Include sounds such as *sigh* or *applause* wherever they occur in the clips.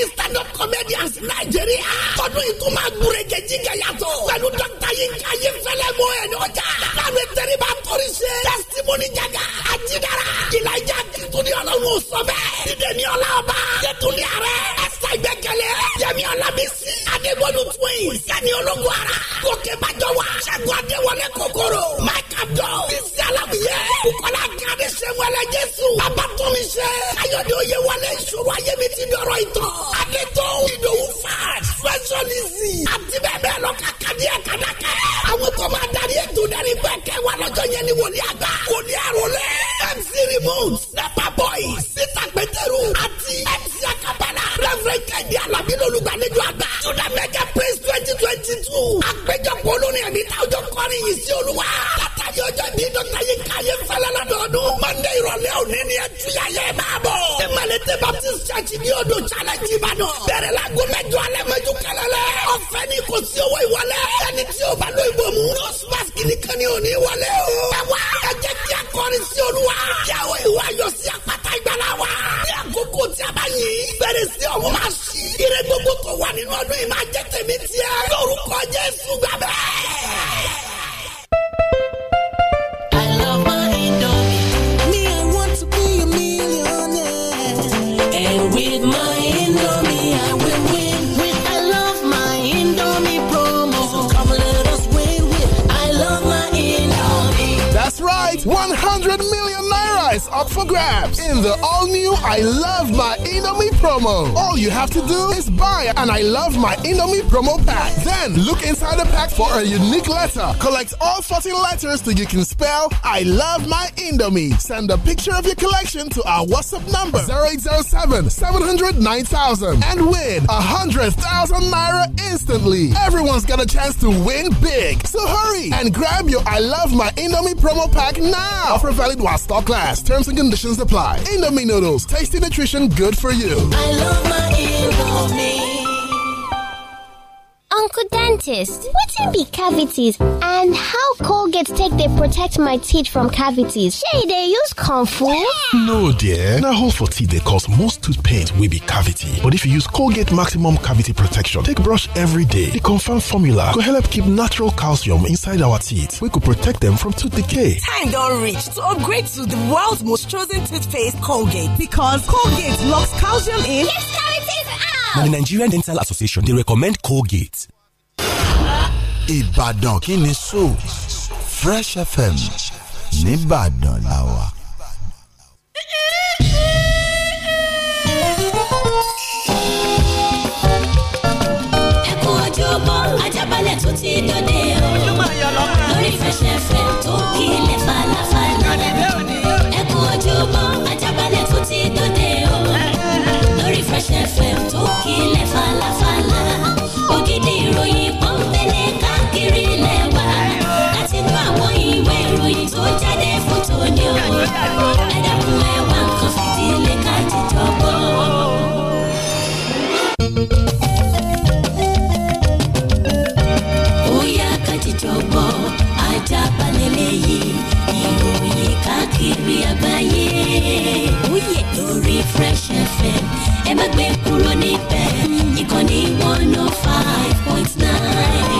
leading stand up comedians Nàìjíríà. Tọdún yìí tún máa gbúrege jíjẹ yàtọ̀. Pẹ̀lú Dr. Yinka Ayéfẹ́lẹ́ mọ ẹni ọjà. Láàrin tẹríba torí ṣe. Testimony jaga. Àjidara. Ìlàjà kìtúni ọlọ́run sọ bẹ́ẹ̀. Dídèmí ọlá ọba. Yẹtùní ààrẹ. Ẹ̀sà ìgbẹ́kẹ̀lé. Yẹmí ọlábísí. Adébọ́lù twin. Sani ológun ara. Gòkè bàjọ́ wa. Ṣẹ́gun Adéwọlé kòkòrò. Mike Abdo. Bísí Alábìyẹ. Bukola Gade Sẹ́wọ́lẹ̀ Jésù. Bàbá Tómi Ṣe. Káyọ̀dé Oyewale. Ìṣòro ayé mi ti dọ̀rọ̀ ìtàn. ní ẹ̀ka dákẹ́. àwọn tó máa darí ètò darí bẹ́ẹ̀ kẹwàá lọ́jọ́ yẹn ni wòlíì àgbà. wòlíì àròlé mc remote nepa boy sita gbẹdẹrù àti mc akabala reverend kẹ́hìndé alábí lolùgbàlejò àgbà. juda mega praise twenty twenty two. àpéjọpọ̀ olórin ẹ̀mí tá ọjọ́ kọrin yìí sí olúwa. látàrí ọjọ́ bí dọ́kítà yìí ká yẹ fẹ́lẹ́ lọ́dọọdún. monday ìrọ̀lẹ́ òní ni ẹ the all new I Love My Indomie promo. All you have to do is buy an I Love My Indomie promo pack. Then look inside the pack for a unique letter. Collect all 14 letters till you can spell I Love My Indomie. Send a picture of your collection to our WhatsApp number 0807 709000 and win 100,000 Naira instantly. Everyone's got a chance to win big. So hurry and grab your I Love My Indomie promo pack now. Offer valid while stock lasts. Terms and conditions apply. Indomie noodles, tasty nutrition, good for you. I love my Indomie. Uncle Dentist, what's in be cavities? kids take they protect my teeth from cavities shey they use use comfort? no dear Now, hold for teeth they cause most tooth pain will be cavity but if you use colgate maximum cavity protection take brush every day the confirmed formula could help keep natural calcium inside our teeth We could protect them from tooth decay time don't reach to upgrade to the world's most chosen toothpaste colgate because colgate locks calcium in yes cavities out The nigerian dental association they recommend colgate ibadan kini so Fresh FM nìbàdàn la wà. ẹkún ojúbọ ajábalẹ̀ tó ti dòde o lórí Fresh FM tó kílẹ̀ falafala ẹkún ojúbọ ajábalẹ̀ tó ti dòde o lórí Fresh FM tó kílẹ̀ falafala ògidì ìròyìn pọ́npẹ́lẹ́ káàkiri lẹ́yìn ìròyìn tó jáde fún tòní o ẹ dẹ́kun ẹ wá nǹkan fìdílé ká jíjọ gbọ́. ó ká jíjọ gbọ́ ajá balẹ̀ lẹ́yìn ìròyìn káàkiri àgbáyé lórí Fresh FM ẹ má gbé kúrò níbẹ̀ ìkànnì one oh five point nine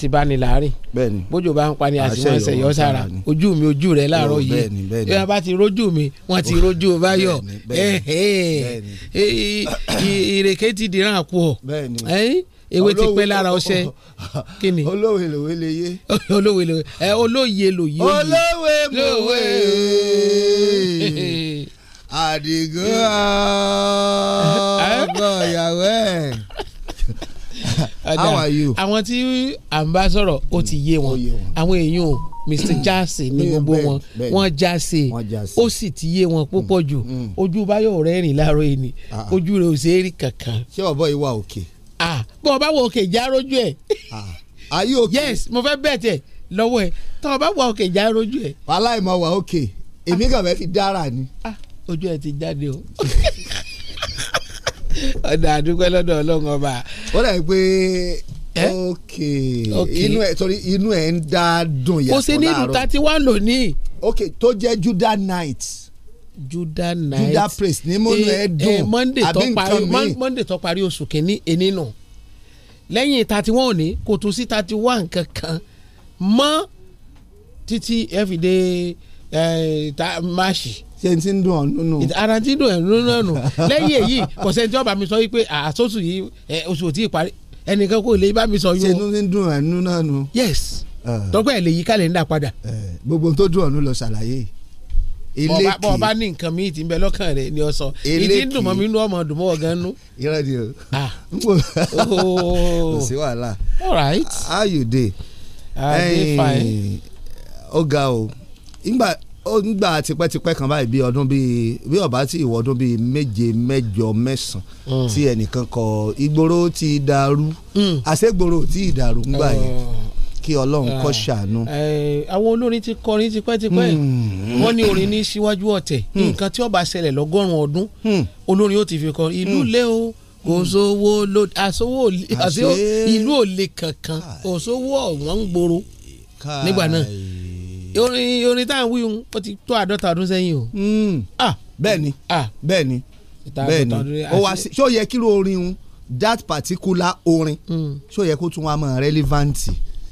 àti báni láàrin bójú bá ń pa ni àsìmọ́ yọ sára ojú mi ojú rẹ láàárọ̀ oh, yìí bí wọ́n bá ti rójú mi wọ́n ti rójú báyọ̀ ìrèké ti dìran àpò ewé ti pẹ́ lára ọṣẹ *laughs* kíni. olówe lòwe lè yé. *laughs* olówe lòwe ẹ olóye lòye. olówe lòwe àdìgún *laughs* ọgbọ̀n ìyàwó ẹ̀ how are you. àwọn tí à ń bá sọ̀rọ̀ ó ti yé wọn àwọn èèyàn o mr hmm. jase ní gbogbo wọn wọn jase ó sì ti yé wọn púpọ̀ hmm. jù hmm. ojú báyọ̀ rẹ̀ rìn láàárọ̀ yìí ni ah. ojú rẹ̀ ò ṣe é rí kankan. ṣé ọ̀bọ ìwà òkè. Ah, bọ́ọ̀ bá wọ òkè já ẹ̀. Ah. ayé òkè. yes mo fẹ́ bẹ̀ tẹ̀ lọ́wọ́ ẹ̀ tọ́ ọ bá wọ òkè já rójú ẹ̀. aláìmọ̀ wà òkè èmi kàn fẹ́ fi dára ni. ojú ẹ ti jáde o. *laughs* ọ̀dà àdúpẹ́ lọ́dọ̀ ọlọ́run ọba. ó dà pé ok inú ẹ torí inú ẹ ń dá dùn yàtọ̀ láàárọ̀. kò sí ní ìlú thirty one lónìí. ok tó jẹ́ Judah night. Judah night Judah praise ní mọ́nú eh, ẹ dùn eh, àbí nǹkan mi. Monday tó parí oṣù kìíní ẹni nù lẹ́yìn thirty one òní kò tún sí thirty one kankan mọ́ títí everyday máàṣì. Uh, eh, ṣe ti dùn ọ́ nínú. ara ti dùn ẹ̀ nínú ẹ̀nu lẹ́yìn èyí kò sẹ́ni tí wọ́n mi sọ yìí pé àsọ́sù yìí oṣù tí ì ẹnìkan kò lè bá mi sọ yìí. ṣe ti dùn ẹ̀ nínú ẹ̀nu. yes ah. tọ́gbà ẹ̀ lè yí kálẹ̀ndà padà. gbogbo tó dùn ọ̀nù lọ ṣàlàyé yìí bọ́ọ̀ bá ní nǹkan míì tí ń bẹ lọ́kàn rẹ̀ ni ọ sọ ìdí ń dùn mọ́ mi nú ọmọ dùn mọ́ ọ̀gán nú. irọ́ *laughs* ó ń gbà tipẹ́tipẹ́ kan báyìí bí ọdún bíi bí ọba tí ìwọ ọdún bíi méje mẹ́jọ mẹ́sàn-án mm. tí ẹnìkan kọ ìgboro ti dàrú mm. àṣegboro ti dàrú ńgbà yẹn oh. kí ọlọ́run kó ah. ṣàánú. Eh, àwọn olórin ti kọrin tipẹ́tipẹ́ hmm. wọ́n ní orin ní síwájú ọ̀tẹ̀ hmm. nǹkan tí ó ṣẹlẹ̀ lọ́gọ́rùn-ún ọdún hmm. olórin yóò ti fi kọ ìlú lé o kò sówó ló àsówó ìlú ò le kankan kò sówó ọ̀wọ́n gbòòrò nígbà náà orin orin tá à ń wí un ó ti tó àádọ́ta ọdún sẹ́yìn o. Hmm. ah bẹ́ẹ̀ ni ah bẹ́ẹ̀ ni bẹ́ẹ̀ ni ó wá sí ṣó yẹ kí ló orin un that particular orin hmm. ṣó yẹ kó tún wá mọ́ relevant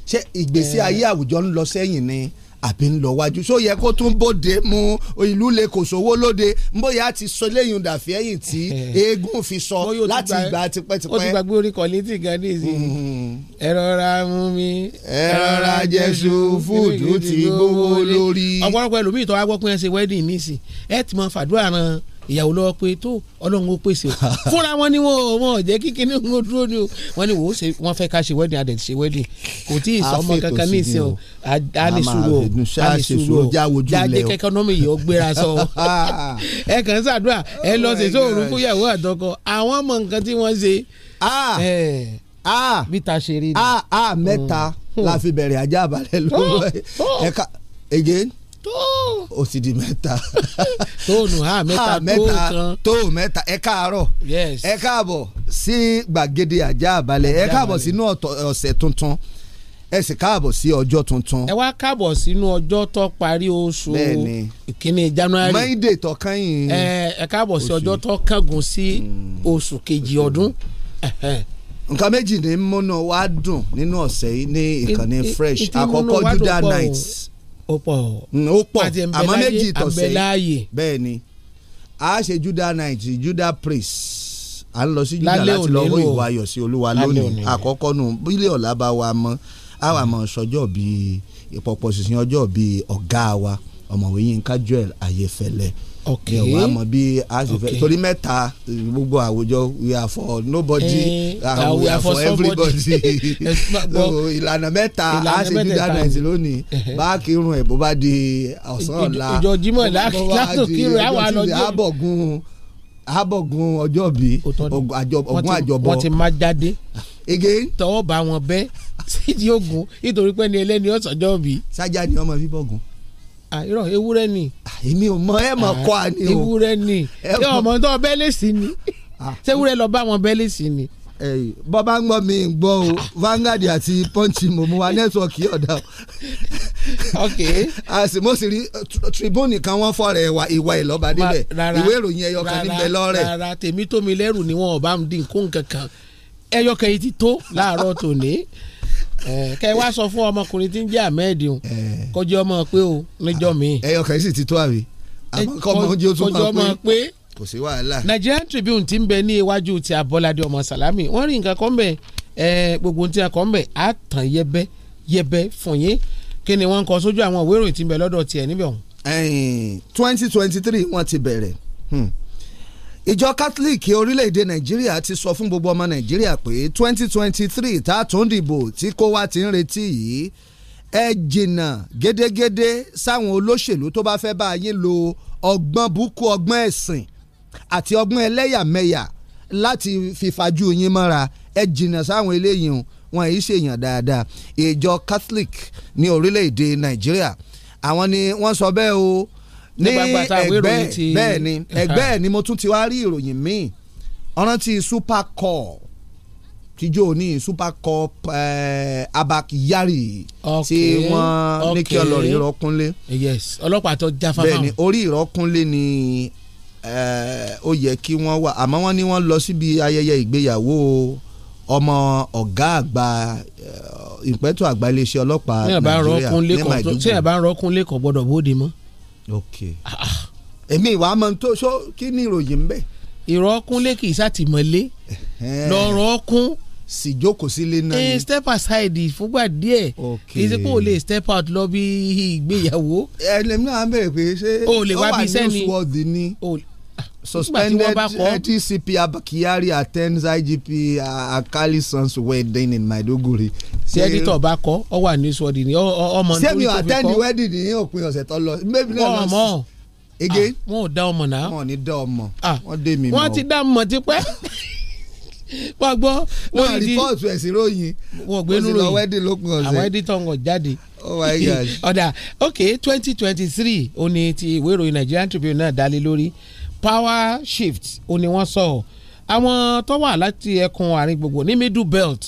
ṣé ìgbésí eh. ayé àwùjọ ń lọ sẹ́yìn ni. Mm àbí ń lọ wájú ṣó yẹ kó tún bóde mu ìlú le kò sówó lóde bóyá ti sọ léyìn dàfí ẹ̀yìn tí *laughs* eégún fi sọ láti ìgbà tipẹ́tipẹ́. ó ti gbàgbé orí kọ̀lẹ́tì gan ní ìsìn mm-hmm. ẹ rọra mú mi. ẹ rọra jẹsùn fúdù ti gbówó lórí. ọ̀pọ̀lọpọ̀ ẹlòmíì tó wá gbọ́ pé ẹ ṣe wedding nísìn ẹ ti mọ fàdúrà ràn ìyàwó lọ́wọ́ pé tó ọlọ́run ó pèsè o *laughs* fúnra wọn ni wọn ò wọn ò jẹ́ kí kinní wọn dúró ni o wọn ni wọn fẹ́ ká ṣe wedding adẹ̀ ṣe wedding kò tí ì sọmọ kankan ní ìsìn o a ní sùúrù o a ní sùúrù o jáde kẹ́kẹ́ nọ́mì yìí gbéra sọ o *laughs* ah. ẹ kàn ń ẹ lọ sí sóòrùn fún ìyàwó àtọkọ àwọn ọmọ nǹkan tí wọ́n ṣe ah. Ah. bí ta ṣe rí ni. mẹ́ta mm. la fi bẹ̀rẹ̀ ajá balẹ̀ lọ́wọ́ *laughs* oh. ẹ̀ ká again tó o ti di mẹ́ta *laughs* tóònù ha mẹ́ta tóò kan tóò mẹ́ta ẹ káàárọ̀ ẹ káàbọ̀ sí gbàgede àjà àbálẹ̀ ẹ káàbọ̀ sínú ọ̀sẹ̀ tuntun ẹ sì káàbọ̀ sí ọjọ́ tuntun. ẹ wá káàbọ̀ sínú ọjọ́ tó parí oṣù kìíní january mayday tó kányìn. ẹ ẹ káàbọ̀ sí ọjọ́ tó kángun sí hmm. oṣù kejì ọdún nǹkan méjì ní múnú wa dùn nínú ọ̀sẹ̀ yìí ní ìkànnì fresh àkọ́kọ́ juda nights ó pọ̀ mm, ó pọ̀ àmọ́ méjì tọ̀sẹ̀ bẹ́ẹ̀ ni a ṣe juda night juda praise à ń lọ sí juda láti lọ wọ ìwà ayọ̀ sí olúwa lónìí àkọ́kọ́ nù bílẹ̀ ọ̀la bá wa mọ́ àwa mọ̀ sọjọ́ bíi ìpọ̀pọ̀ sísìn ọjọ́ bíi ọ̀gá wa ọ̀mọ̀wé Yínká Joel Ayéfẹ́lẹ́ ok yẹn wàá mọ bí a ṣe fẹ́ torí mẹ́ta gbogbo àwùjọ we are for nobody eh, uh, we are for, for everybody *laughs* ìlànà mẹ́ta a ṣe dídá nàìjíríà lónìí báàkì irun ẹ̀ bó bá di ọ̀sán ọ̀la ìjọ Jímọ̀ látòkì rẹ̀ àwọn àlọ́jọ́ àbọ̀gùn àbọ̀gùn ọjọ́ bíi ọgùn àjọbọ wọ́n ti má jáde again. tọwọ́ bá wọn bẹ́ *laughs* sídìí ogun nítorí pé ní ẹlẹ́ni ọ̀sán ọjọ́ bíi. sájà ni ọmọ fíbọ̀gùn irọ́ ewúrẹ́ ni. èmi ò mọ ẹ mọ kọ́ àní o ewúrẹ́ ni ṣé ọmọ tó bẹ́lẹ̀ sí ni ṣé ewúrẹ́ lọ bá wọn bẹ́lẹ̀ sí ni. bọ́ bá ń gbọ́ mi ń gbọ́ o Vanguard àti Punch mo mú wa nẹ́tíwọ̀kì ọ̀dà o. ok. a sì mo sì rí eh, Tribune kan wọ́n fọ́ rẹ̀ ìwà ẹ̀ lọ́ba débẹ̀ ìwé ìròyìn ẹyọ kan níbẹ̀ lọ́rẹ̀. rárá tèmi tó lẹ́rù ni wọn ò bá ń dín kó nǹkan kan yìí ti tó láàárọ̀ tòní kẹ wá sọ fún ọmọkùnrin tí ń jẹ́ ahmed o kọjọ ọmọ pé o níjọ mi. ẹyọ kan sì ti tó àbí àmọ́ kọ ọmọ oúnjẹ tó máa pé kò sí wàhálà. Nigerian Tribune ti ń bẹ ní iwájú ti Abọ́ládé ọmọ Sàlámì wọ́n rí nǹkan kan bẹ̀ gbogbo ohun tí a kàn bẹ̀ yẹbẹ yẹbẹ fún yín kí ni wọ́n ń kọ sójú àwọn ìwé ìròyìn tí ń bẹ lọ́dọ̀ tiẹ̀ níbẹ̀ twenty twenty three wọ́n ti bẹ̀rẹ̀ hmm ìjọ catholic orílẹ̀-èdè nàìjíríà ti sọ fún gbogbo ọmọ nàìjíríà pé twenty twenty three tá a tún dìbò tí kò wá ti ń retí yìí ẹ jìnnà gédégédé sáwọn olóṣèlú tó bá fẹ́ bá yín lo ọgbọ́n burúkú ọgbọ́n ẹ̀sìn àti ọgbọ́n ẹlẹ́yàmẹ̀yà láti fìfàjú yín mọ́ra ẹ jìnnà sáwọn eléyìí wọn èyí ṣèyàn dáadáa ìjọ catholic ní orílẹ̀-èdè nàìjíríà àwọn ni wọ́n sọ bẹ́ẹ̀ o ní ẹgbẹ́ bẹ́ẹ̀ ni ẹgbẹ́ ni mo tún ti wá rí ìròyìn míì ọ̀rántí super call, tíjó ní super cup eh, abak yari tí wọ́n ní kí ọlọ́rin ìrọ́kúnlé. yes ọlọ́pàá tó jáfáfá. bẹ́ẹ̀ ni orí ìrọ́kúnlé ni eh, ó yẹ kí wọ́n wà àmọ́ wọ́n ní wọ́n lọ síbi ayẹyẹ ìgbéyàwó ọmọ ọ̀gá àgbà eh, ìpẹ́tù àgbà iléeṣẹ́ ọlọ́pàá nàìjíríà ní màìdúgbò. tí ẹ̀ bá ń rọ́kúnlé kò gbọ́dọ̀ bóde mọ́. Ah, ah. èmi ìwà mọ̀ tó sọ kí ni ìròyìn ń bẹ. ìrọ̀ kúnlé kì í sàtìmọ́lé lọ́rọ̀ kún sì jókòó sílé náà eh, ni. step aside fúngbà díẹ̀ kì í ṣe kó o lè step out lọ bí ìgbéyàwó. ẹlẹ́mi náà bẹ̀rẹ̀ pé ṣé ó wà ní oṣù ọ̀dì ni suspended TCP Abakari attends IGP Akali San's wedding in Maiduguri. ṣé ẹdítọ̀ bá kọ́ ọ wà ní sọ́ọ́dì ni ọmọ nítorí tó fi kọ́. ṣé mi ò attend the wedding ní òpin ọ̀sẹ̀ tó lọ. wọ́n mọ̀ again. Ah, wọn ò dá ọmọ náà. wọn ò ní dá ọmọ. Ah, wọ́n dé mi mọ́. wọ́n ti dá ọmọ tipẹ́ *laughs* wọ́n gbọ́ lórí di rìpọ́ọ̀tù ẹ̀sìn ròyìn wọ́n gbé nù ròyìn wẹ́dì lópin ọ̀sẹ̀ àwọn ẹ̀dí tọ̀ngàn jáde oh *laughs* ọ̀dà ok twenty twenty three ó ní ti ìwé ìròyìn Nigerian Tribune náà dálé lórí power shift ó ní wọ́n sọ ọ́ àwọn tó wà láti ẹkùn àárín gbogbo ní middle belt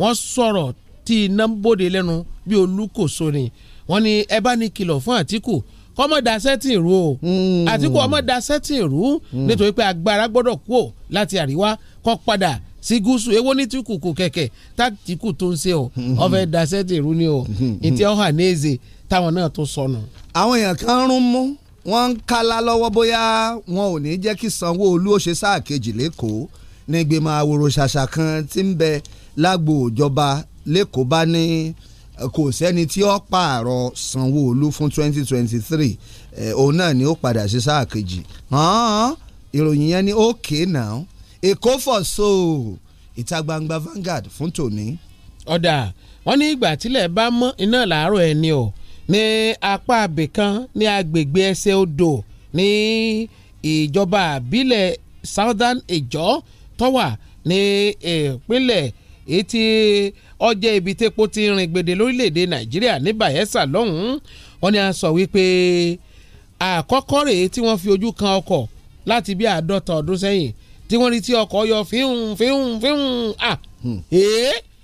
wọ́n sọ̀rọ̀ tí iná ń bòde lẹ́nu bí olúkòso ni wọ́n ní ẹ bá ní kìlọ̀ fún Àtíkù kọ́mọ̀ da sẹ́tì rú o hmm. Àtíkù ọmọ da sẹ́tì rú hmm. nítorí pé agbára gbọ́dọ̀ kú ò láti àríwá kọ́ padà sí gúúsù èwo ní tí kùkù kẹ̀kẹ́ táàtìkù tó ń ṣe o ọ̀fẹ́ da sẹ́tì rú ni o hmm. ìtì ọ̀hánẹ́ẹ̀zẹ̀ táwọn náà tó sọnù. àwọn èèyàn kan rún mú wọ́n ń kálá lọ́wọ́ bóyá wọn ò ní jẹ́ kí Sanwó-Olú ó ṣe sáà kejì lẹ́kọ̀ọ́ ní gbìmọ̀ àwòrò ṣàṣà kan tí ń bẹ lágbo ìjọba lẹ́kọ̀ọ́ bá ní kò sẹ́ni tí ó pààrọ̀ Sanwó-Olú fún 2023 òun náà ni ó padà ṣe sáà kejì ìròyìn yẹn ni ó kéé náà èkó fọ̀ sóò ìta gbangba Vanguard fún tòní. ọ̀dà wọn ní ìgbà tílẹ̀ bá mọ́ iná làárọ̀ ẹni o ní apá abìkan ní agbègbè ẹsẹ̀ odò ní ìjọba àbílẹ̀ southern ìjọ tọ́wà ní ìpínlẹ̀ etí ọjẹ́ ibi tẹ́po ti rìn gbèdé lórílẹ̀‐èdè nàìjíríà ní bayelsa lọ́hùn-ún wọ́n ní a sọ wípé àkọ́kọ́ rèé tí wọ́n fi ojú kan ọkọ̀ láti bí àádọ́ta ọdún sẹ́yìn tí wọ́n rí tí ọkọ̀ yọ fíhùn fíhùn fíhùn à hmm.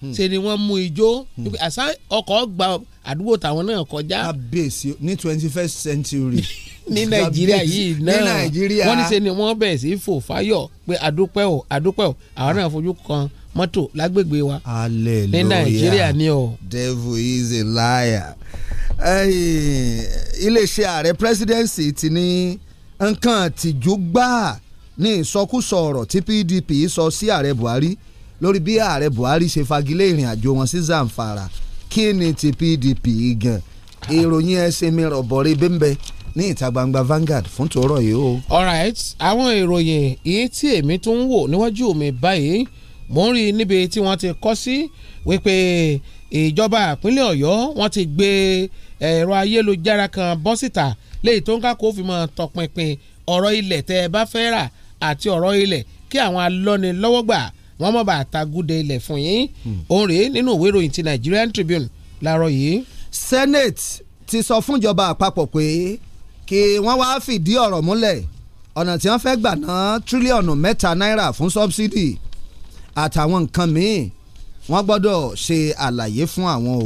Hmm. ṣe ni wọ́n mú ijó hmm. àṣà ọkọ̀ gba àdúgbò táwọn náà kọjá. kábíyèsí ní twenty first century. *laughs* ní nàìjíríà yìí náà ní nàìjíríà wọ́n ní ṣe ni wọ́n bẹ̀rẹ̀ sí fò fáyọ̀ pé àdúpẹ́ o àdúpẹ́ o àwọn náà fojú kan mọ́tò lágbègbè wa. hallelujah ní nàìjíríà ni o. devil is a liar. iléeṣẹ́ ààrẹ presidency ti ní nǹkan àtijọ́ gbáà ní ìsọkúsọ ọ̀rọ̀ tí pdp sọ sí ààrẹ buhari lórí bí ààrẹ buhari ṣe fagilé ìrìn àjò wọn sí zamfara. Si kí ni ti PDP gan ìròyìn ẹsẹ̀ mi rọ̀bọ̀rẹ́ bẹ́ẹ̀ ní ìta gbangba Vanguard fún tòórọ̀ yìí o. alright àwọn ìròyìn èyí tí èmi tún ń wò níwájú mi báyìí mò ń rí níbi tí wọ́n ti kọ́ sí wípé ìjọba ìpínlẹ̀ Ọ̀yọ́ wọ́n ti gbé ẹ̀rọ ayélujára kan bọ́ síta léyìí tó ń kákó fi mọ́ tọpinpin ọ̀rọ̀ ilẹ̀ tẹ́ ẹ bá fẹ́ rà àti ọ̀rọ̀ ilẹ̀ kí àwọn alọ́nilọ́wọ́gbà wọ́n mọ̀ bá àtagúdẹ ilẹ̀ fún yín òun rèé nínú ìwé ìròyìn ti Nigerian Tribune láàárọ̀ yìí. Senate ti sọ fúnjọba àpapọ̀ pé kí wọ́n wá fìdí ọ̀rọ̀ múlẹ̀ ọ̀nà tí wọ́n fẹ́ gbà ná tírílíọ̀nù mẹ́ta náírà fún sọ́bsidì àtàwọn nǹkan míì wọ́n gbọ́dọ̀ ṣe àlàyé fún àwọn o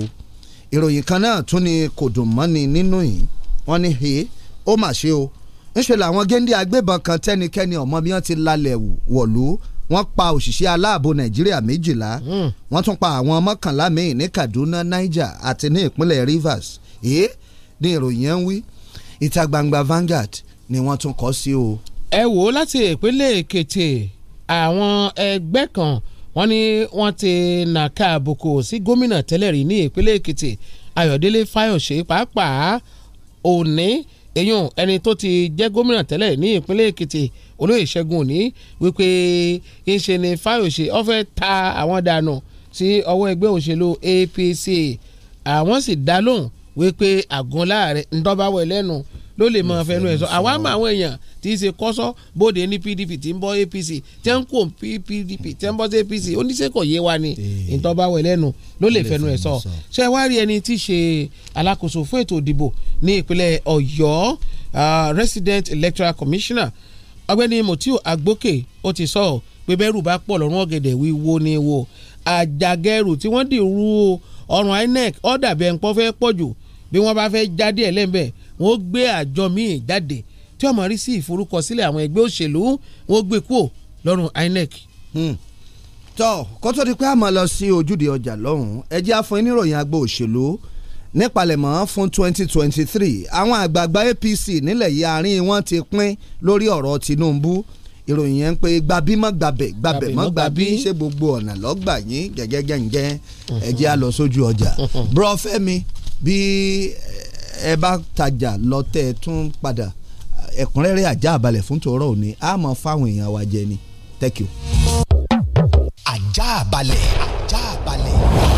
ìròyìn kan náà tún ni kò dùn mọ́ni nínú yìí wọ́n ní he ó mà ṣe o ńṣe làwọn géńdé agbébọn kan tẹ́nikẹ́ni ọ̀mọ́ ti lalẹ̀ wọ̀lú wọ́n pa òṣìṣẹ́ aláàbò nàìjíríà méjìlá hmm. wọ́n tún pa àwọn mọ́kànlá míì ní kaduna niger àti ní ìpínlẹ̀ rivers èé ní ìròyìn ẹ̀ ń wí ìta gbangba Vanguard ni wọ́n tún kọ́ sí o. ẹ wò ó láti ìpínlẹ̀ èkìtì àwọn ẹgbẹ́ kan wọ́n ní wọ́n ti nàka àbùkù sí gómìnà tẹ́lẹ̀ rí ní ìpínlẹ̀ èkìtì ayọ̀délé fáyọ̀ṣe pàápàá òní èyàn ẹni tó ti jẹ́ gómìnà tẹ́lẹ̀ ní ìpínlẹ̀ Èkìtì olóyè Ṣẹ́gun Òní wípé ńṣe ni Fáyọ̀ṣe ó fẹ́ ta àwọn dànù sí ọwọ́ ẹgbẹ́ òṣèlú APC àwọn sì dá lóhùn wípé àgúnláàrẹ ńdọ́báwọ̀ lẹ́nu ló lè mọ fẹnu ẹ sọ àwa mọ àwọn èèyàn tí í ṣe kọ́sọ́ bóde ní PDP tí ń bọ́ APC tẹ́ ń kó PDP tẹ́ ń bọ́ sí APC oníṣẹ́kọ̀ yé wa ni eh, ìtọ́ba wẹ̀ lẹ́nu ló lè fẹnu ẹ sọ ṣé wàá rí ẹni tí í ṣe alákòóso fún ètò ìdìbò ní ìpínlẹ̀ Ọ̀yọ́ resident electoral commissioner ọ̀gbẹ́ni Motiu Agbókè ó ti sọ pé bẹ́rù bá pọ̀ lọ́rùn ọ̀gẹ̀dẹ̀ wíwo ni wo àjàgẹrù tí wọ́n dì rú ọrùn INEC ó dàbí ẹ̀ńpọ́ fẹ́ pọ̀ jù bí wọ́n bá fẹ́ jáde ẹ̀ lẹ́ńbẹ̀ wọ́n gbé àjọ míì jáde tí ọmọ rí sí ìforúkọsílẹ̀ àwọn ẹgbẹ́ òṣèlú wọ́n gbé kúò lọ́rùn INEC. Hmm. tọ́ kó tó di pé a máa lọ sí ojúde ọjà lọ́hùn-ún ẹ jẹ́ oníròyìn agbo òṣèlú nípalẹ̀mọ́ fún 2023 àwọn àgbààgbà APC nílẹ̀ yìí àárín wọn ti pín lórí ọ̀rọ̀ Tinubu ìròyìn yẹn ń pe gbàbí mọ́ gbàbẹ̀ gbàbẹ̀ mọ́ gbàbí ṣé gbogbo ọ̀nà lọ́gbà yín gẹ́gẹ́gẹ́ngẹ́ mm-hmm. ẹ jẹ́ á sójú ọjà mm-hmm. bro Fẹ́mi bí ẹ bá tajà lọ́tẹ̀ tún padà ẹ̀kúnrẹ́rẹ́ àjà àbalẹ̀ fún tòórọ́ òní a máa fáwọn èèyàn wa jẹ ni thank you. àjà àbalẹ̀ àjà àbalẹ̀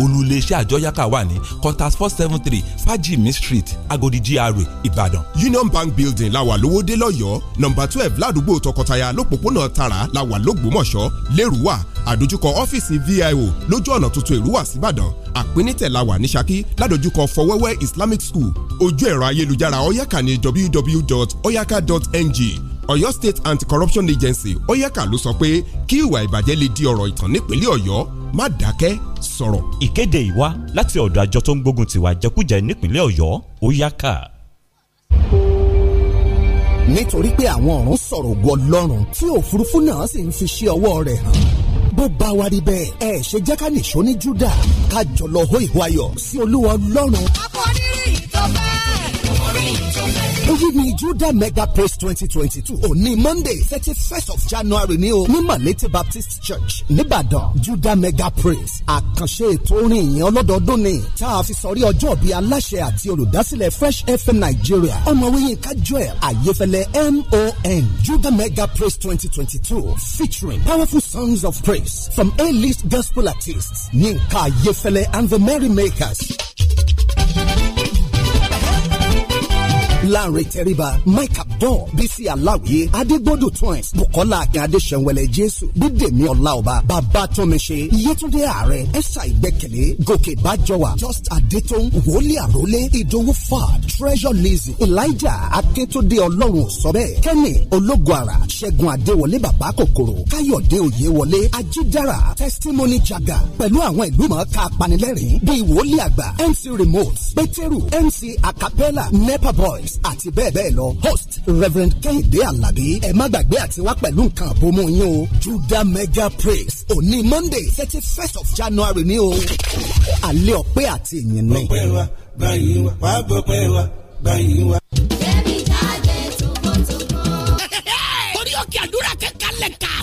olùléṣẹ́ àjọyàká wà ní contact four seven three fajimi street agodi gra ìbàdàn. union bank building làwà lówódé lọ́yọ́ọ́ nọ́mbà twelve ládùúgbò tọkọtaya lọ́pọ̀pọ̀nà tara làwà lógbómọ̀ṣọ́ lẹ́rùwà àdójúkọ ọ́fíìsì vio lójú ọ̀nà tuntun ìrúwà síbàdàn àpínítẹ̀ làwà ní ṣakí ládójúkọ fọwẹ́wẹ́ islamic school ojú ẹ̀rọ ayélujára oyaka ní www.oyaka.ng Ọ̀yọ́ State Anti-Corruption Agency oyaka ló sọ pé kí ìwà ìbàjẹ́ lè di ọ̀rọ̀ ìtàn nípínlẹ̀ Ọ̀yọ́ má dákẹ́ sọ̀rọ̀. Ìkéde ìwá láti ọ̀dọ̀ àjọ tó ń gbógun tiwa jẹkújẹ nípínlẹ̀ Ọ̀yọ́ oyaka nítorí pé àwọn ọ̀run sọ̀rọ̀ wọ lọ́rùn tí òfurufú náà sì ń fi ṣe ọwọ́ rẹ̀ hàn bó bá wa rí bẹ́ẹ̀ ẹ ṣe jẹ́ ká nìṣó ní Júdà ká jọ lọ hó ìhó ayọ̀ sí Olúwa Ọlọ́run. àkòrí ìtọ́fẹ́ orí ìtọ́fẹ́ èyí ni juda mega praise twenty twenty two òní monday thirty first of january Ni o ní malete baptist church nìbàdàn juda mega praise àkànṣe ètò orin ìyẹn ọlọ́dọọdún ni tá a fi sọrí ọjọ́ bíi aláṣẹ àti olùdásílẹ̀ fresh fm nigeria ọmọwé yínká joel ayéfẹ́lẹ́ mon juda mega praise twenty twenty two featuring powerful songs of praise from a-list gospel artists yínká ayéfẹ́lẹ́ and the merrymakers. Lanre Tẹríba Mike Abdul Bisi Aláwìyé Adégbòdù Twins Bukola Akin Adéṣẹ́wẹ̀lẹ̀ Jésù Bídèmí Ọláọba Babátúnmiṣe Yétúndé Ààrẹ Ẹ̀sà Ìgbẹ́kẹ̀lé Gòkè Bájọwà Just Adétún Wòlíì Àrólé Ìdòwú Fà Treasure Lizzy Elijah Akíntúndé Ọlọ́run sọ bẹ́ẹ̀ Kẹ́mi Ológun Àrà Ṣẹ́gun Adéwọlé Bàbá Kòkòrò Káyọ̀dé Òyewọlé Ajídára Testimony Jaga pẹ̀lú àwọn ìlú mọ̀ọ́ká apanilẹ́rìn bíi Wòlíì Àgbà MC Remote Pétérù MC Acapella Nepa Boys cakes àti bẹ́ẹ̀ bẹ́ẹ̀ lọ host reverend kehinde alabi ẹ má gbàgbé àti wá pẹ̀lú nǹkan àbomú yín o judah mega praise òní monday thirty first of january ni o alẹ́ ọpẹ́ àti ìyìn ni. ọpẹ́ wa báyìí wa wàá bọ̀ wa báyìí wa.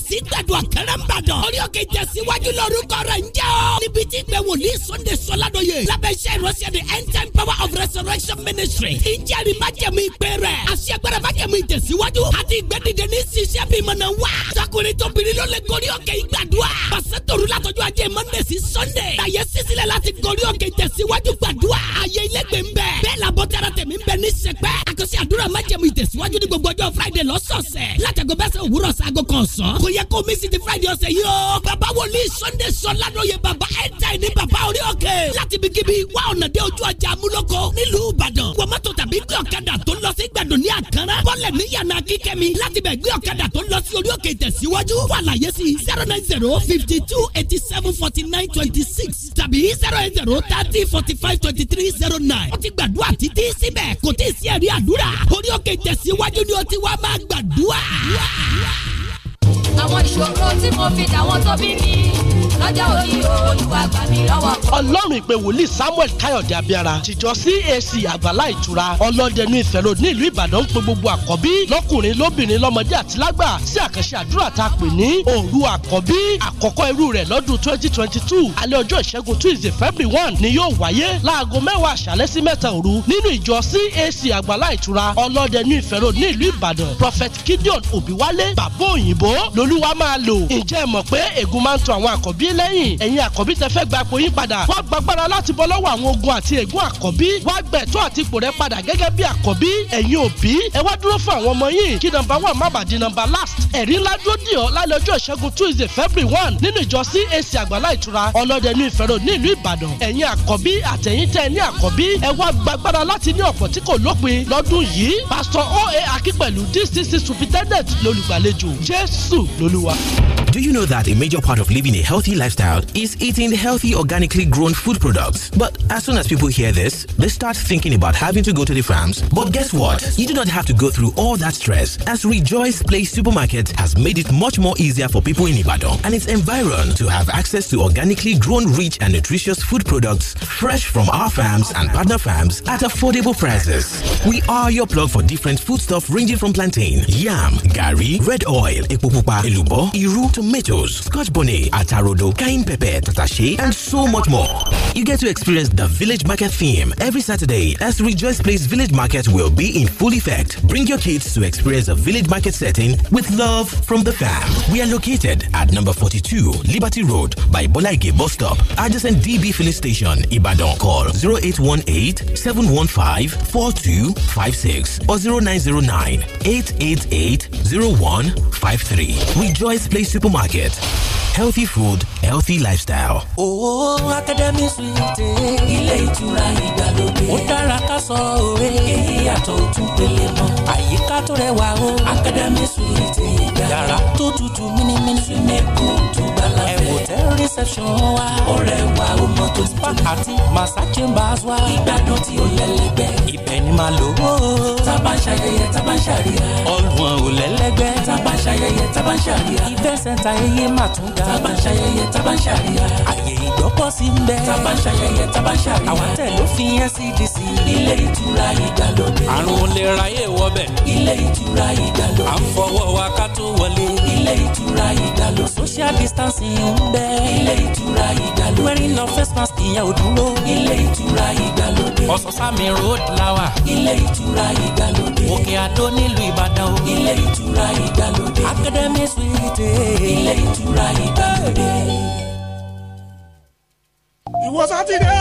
sí gbẹdọ̀ àkẹrẹ ń bàdàn. orí òkè ìjẹsíwájú lórúkọ rẹ̀ ń jẹ́ o. níbi tí ìpè wòlíì sunday sọládọ̀yè lábẹ́ iṣẹ́ ìránṣẹ́ the end time power of resurrection ministry ti ń jẹ́rìí májẹ̀mú ìpè rẹ̀. àṣẹ agbára májẹ̀mú ìjẹsíwájú àti ìgbẹ́dìde ní ṣiṣẹ́ bí mọ̀nà wá. sọkùnrin tóbìnrin ló lè gorí òkè ìgbàdúrà. pàṣẹtòrú látọjú ajé monday sí sunday. láyé sísílẹ̀ láti gorí òkè ìjẹsíwájú gbàdúrà. ayé ilégbè ń bẹ. bẹ́ẹ̀ làbọ̀ tẹ́ra tẹ̀mí ń bẹ ní sẹpẹ́. àkọsí àdúrà májẹ̀mú ìjẹsíwájú ní gbogbo ọjọ́ friday lọ́sọ̀ọ̀sẹ̀. látàgọ́ bẹ́sẹ̀ òwúrọ̀ sago kan sàn. kò y jẹ́ kó mi sì ti friday ọ̀sẹ̀ yìí o. bàbá wòlíì sunday sọ ládòye bàbá ẹ̀ńtà ní bàbá orí òkè. láti bí kíbi wá ọ̀nà dé ojú ọjà amúlòkọ nílùú ìbàdàn. wọ́n mọ́tò tàbí gbé ọ̀kadà tó lọ sí gbàdùn ní àkàrà. bọ́lẹ̀ ní yànnà kíkẹ́mi láti bẹ̀ gbé ọ̀kadà tó lọ sí orí òkè tẹ̀síwájú. wàlàyé sí zero nine zero fifty two eighty seven forty nine twenty six tàbí zero eight zero thirty forty five twenty three zero nine. ó ti gbàdúrà títí síbẹ̀ kò tí ì sí ẹ̀rí àdúrà. orí òkè tẹ̀síwájú ni ó ti wá máa gbàdúrà àwọn ìṣòro tí mo fi dàwọn tó bí mi lọ́jọ́ òní olúwa gbà mí lọ́wọ́. ọlọ́run ìpè wòlíì samuel káyọ̀dé abíára tìjọ cac àgbàlá ìtura ọlọ́dẹnu ìfẹ́ró ní ìlú ìbàdàn ń pe gbogbo àkọ́bí lọ́kùnrin lóbìnrin lọ́mọdé àti lágbà sí àkànṣe àdúrà tá a pè ní òru àkọ́bí àkọ́kọ́ irú rẹ̀ lọ́dún twenty twenty two alẹ́ ọjọ́ ìṣẹ́gun tuesday february one ni yóò wáyé láago mẹ́wàá àṣálẹ́ sí mẹ́ta òru nínú ìjọ cac àgbàlá ìtura ọlọ́dẹnu ìfẹ́ró ní ìlú ìbàdàn prophet gideon òbíwálé bàbá òyìnbó lolúwa máa lò ǹjẹ́ ẹ mọ̀ pé ègún máa ń tan àwọn àkọ́bí yín lẹ́yìn ẹ̀yin àkọ́bí tẹ fẹ́ gba ipò yín padà wọ́n gbàgbára láti bọ́ lọ́wọ́ àwọn ogun àti ègún àkọ́bí wá gbẹ̀tọ́ àti ipò rẹ padà gẹ́gẹ́ bí àkọ́bí ẹ̀yin òbí ẹ wá dúró fún àwọn ọmọ yín kí nọ́mbà one má bàa di nọ́mbà last ẹ̀rí ńlá dúró dì lálẹ́ ọjọ́ ìṣẹ́gun tuesday february one nínú ìjọ cac àgbàlá ìtura ọlọ́dẹ ní ìfẹ́rọ ní ìbàdàn ẹ̀yin àkọ́bí Do you know that a major part of living a healthy lifestyle is eating healthy, organically grown food products. But as soon as people hear this, they start thinking about having to go to the farms. But guess what? You do not have to go through all that stress as Rejoice Place Supermarket has made it much more easier for people in Ibadan and its environment to have access to organically grown, rich, and nutritious food products fresh from our farms and partner farms at affordable prices. We are your plug for different foodstuff ranging from plantain, yam, gari, red oil, ekupupa, elubo, iru, tomatoes, scotch bonnet, atarodo, Kain Pepe, Tatashe, and so much more. You get to experience the village market theme every Saturday as Rejoice Place Village Market will be in full effect. Bring your kids to experience a village market setting with love from the fam. We are located at number 42 Liberty Road by Bolaige Bus Stop, adjacent DB Filling Station, Ibadan. Call 0818 715 4256 or 0909 888 0153. Rejoice Place Supermarket. Healthy food healthy lifestyle. Oh, akademi suwite ilé ìtura ìgbàlódé ó dára ká sọ òwe èyí yàtọ̀ ojú pele mọ́ àyíká tó rẹwà o akademi suwite ìgbà yàrá tó tutù mímímí sinimu tó gbala fẹ́ hotel reception wa ọ̀rẹ́ wa ó mọ tó ti pa àti massa chambers wa ìgbádùn tí ó lẹ́lẹ́gbẹ́ ibẹ̀ ni màá lò ó. tábà ń ṣayẹyẹ tábà ṣàríyá ọgbọ̀n ò lẹ́lẹ́gbẹ́ tábà ṣayẹyẹ tábà ṣàríyá ìfẹsẹ̀ta ẹyẹ mà tún ga tábà ṣayẹyẹ tábà ń ṣàríyá. àyè ìgbọ́pọ̀ sí ń bẹ. tábà ń ṣayẹyẹ tábà ń ṣàríyá. àwọn tẹ̀ ló fi NCDC. E ilé ìtura ìgbàlódé. àrùn lè ráyè wọbẹ̀. ilé ìtura ìgbàlódé. à ń fọwọ́ wa ká tó wọlé. ilé ìtura ìgbàlódé. social distancing ń bẹ. ilé ìtura ìgbàlódé. wearing no face mask ìyẹn ò dúró. ilé ìtura ìgbàlódé. ọ̀sán-sámi road lawa. ilé ìtura ìgbàlódé. òkè àdó nílùú ìbàdàn o. ilé ìtura ìgbàlódé. academy suite. ilé ìtura ìgbàlódé ìwọ sátidé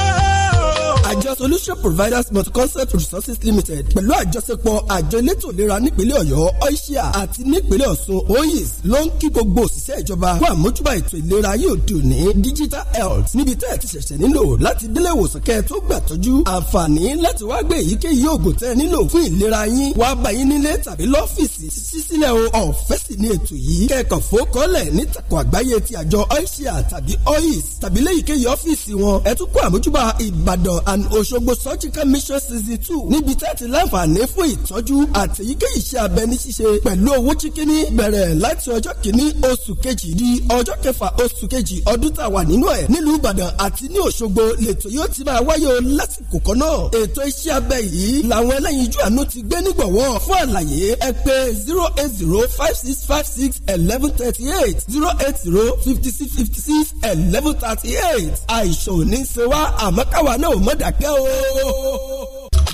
àjọ solution providers multi-concept resources limited pẹ̀lú àjọṣepọ̀ àjọ elétò ìlera nípínlẹ̀ ọ̀yọ́ oisia àti nípínlẹ̀ ọ̀ṣun oyis ló ń kí gbogbo òṣìṣẹ́ ìjọba kó àmójúbà ètò ìlera yóò dùn ní digital health níbi tẹ́ ẹ̀ ti ṣẹ̀ṣẹ̀ nílò láti délé ìwòsàn kẹ́ ẹ tó gbà tọ́jú àǹfààní láti wá gbé èyíkéyìí òògùn tẹ́ ẹ nílò fún ìlera yín wá bá yín nílé tàbí lọ́fíìsì sísílẹ̀ o ọ̀fẹ́ sì ni ètò yìí kẹ́kọ̀ọ́ fòókọ́lẹ̀ ní takùn àgbáyé ti àjọ oisia tàbí oyis tàbí léyìíkéyìí ọ́fíìsì wọn ẹ tún kó àmójúbà ìbàdàn and Òṣogbo surgical mission season two níbi tẹ́ ti láǹfààní fún ìtọ́jú àti èyíkéyìí iṣẹ́ abẹ ní ṣíṣe pẹ̀lú owó chíkíní bẹ̀rẹ̀ láti ọjọ́ kìíní oṣù kejì di ọjọ́ kẹfà oṣù kejì ọdún tá a wà nínú ẹ̀ nílùú Ìbàdàn àti ní Òṣogbo lẹ́tọ̀ yóò ti máa wáyé o lásìkò kan náà ètò iṣẹ́ abẹ yìí làwọn ẹlẹ́yinjú àánú ti gbé nígbọ̀wọ́ fún àlàyé ẹ pè zero eight zero five six five six eleven thirty eight zero eight zero fifty six fifty six eleven thirty eight àìsàn ò ní í ṣe wá àmọ́ káwa náà ò mọ̀ ṣàkẹ́ o.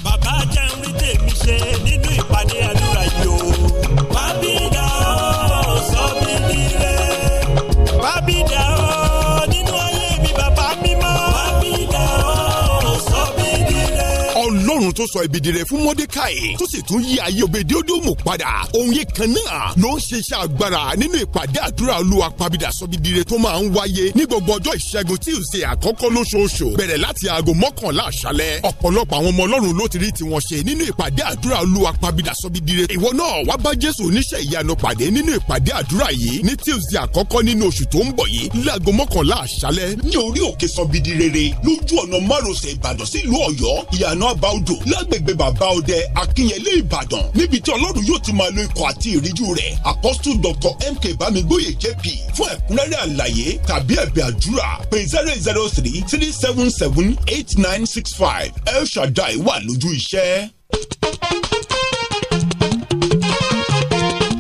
bàbá jẹ́ ń rí tèmi ṣe nínú ìpàdé àdúrà yìí o. bábí dá ọ̀ sọ́bí nílé. bábí ọlọ́run tó sọ ibi dire fún mọ́dékàì tó sì tún yí ayé òbèdéódòmù padà òun yìí kan náà ló ń ṣe iṣẹ́ agbára nínú ìpàdé àdúrà olúwa pàbídà sọbidire tó máa ń wáyé ní gbogbo ọjọ́ ìṣẹ́gun tíìsì àkọ́kọ́ lóṣooṣù bẹ̀rẹ̀ láti aago mọ́kànlá àṣálẹ́ ọ̀pọ̀lọpọ̀ àwọn ọmọ ọlọ́run ló ti rí tiwọn ṣe nínú ìpàdé àdúrà olúwa pàbídà sọbidire ìwọ náà wá bá jésù oníṣẹ́ ìyanu pàdé nínú ìpàdé àdúrà yìí ní tíìsì àkọ́kọ́ nínú oṣù tó ń bọ̀ yìí láago mọ́kànlá àṣálẹ́ ní orí òkè sọbidire lójú odò lágbègbè bàbá ọdẹ akínyẹlé ìbàdàn níbi tí ọlọ́run yóò ti máa lo ikọ̀ àti ìríjú rẹ̀ apostle dr mk bámigbóyè jp fún ẹ̀kúnrẹ́rẹ́ àlàyé tàbí ẹ̀bẹ̀ àdúrà pé zero zero three three seven seven eight nine six five el shaddai wà lójú iṣẹ́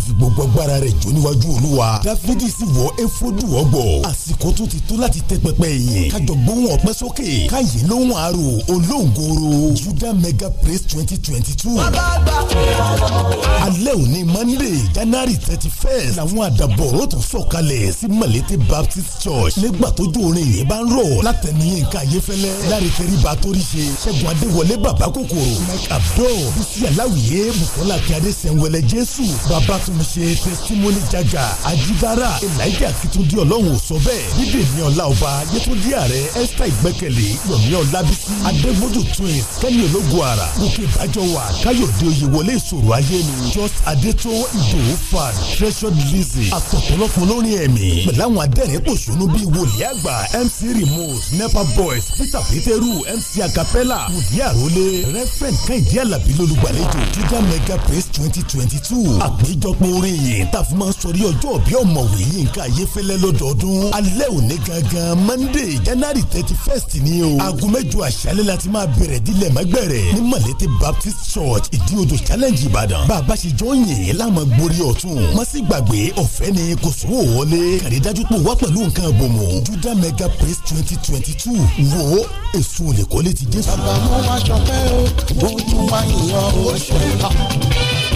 sì fi gbogbo agbára rẹ̀ jó níwájú olúwa dáfídì sì wọ efodu ọgbọ̀ àsìkò tó ti tó láti tẹ pẹpẹ yìí kájọ gbóhùn ọpẹ́ sókè káyé lóhùn àrò olóńgòrò judah mega praise twenty twenty two alẹ́ òní monday january thirty first làwọn àdàbọ̀rọ̀ tó sọ̀kalẹ̀ sí malete baptist church nígbà tó jó orin yìí bá ń rọ̀ látẹ̀nìyàn ká yé fẹ́lẹ́ láre tẹríba torí ṣe ṣẹ́gun adéwọlé bàbá kòkòrò mike abdul bísí aláwìyé bukola kí adé sẹ́wẹ́lẹ́ jésù bàbá àtúnṣe testimony jaga ajibara elijah akitunde ọlọ́run ò sọ bẹ́ẹ̀ dídè ní ọlá ọba yẹtúndí ààrẹ esther ìgbẹ́kẹ̀lé yomi ọlábísí adébójú twins kẹ́ni ológun ara gòkè ìbájọ́wà káyọ̀dé oyèwọlé ìṣòro ayé ni just adétó ìdòwú fan treasured lizzy àtọ̀tọ̀lọ́kun lórí ẹ̀mí pẹ̀lú àwọn adẹ́rìn pòṣónú bíi wòlíì àgbà mc remote nepa boys peter peteru mc acapella wòlíì àrólé reverend kẹ́hìndé alábí lólùgbàlejò giga mega praise twenty twenty two àpéjọ ọ̀pọ̀lọpọ̀ orin yìí tá a fi máa ń sọrí ọjọ́ òbí ọ̀mọ̀wé Yínká Ayéfẹ́lẹ́ lọ́dọọdún alẹ́ òní gangan Monday January thirty first ni o aago mẹ́jọ àṣálẹ́ la ti máa bẹ̀rẹ̀ dílẹ̀ mẹ́gbẹ̀rẹ̀ ní Malete Baptist Church ìdí odò challenge Ìbàdàn bàbá ṣe jọ ń yìn láàmú gborí ọ̀tún má sì gbàgbé ọ̀fẹ́ ni kò sówó wọlé kàdé dájú pé wá pẹ̀lú nǹkan àbòmọ̀ Judah mega praise twenty twenty two wo èso olè kọ́lé ti Jésù. bàbá mo máa ṣọpẹ́ o mo tún máa yìnyín o ṣe é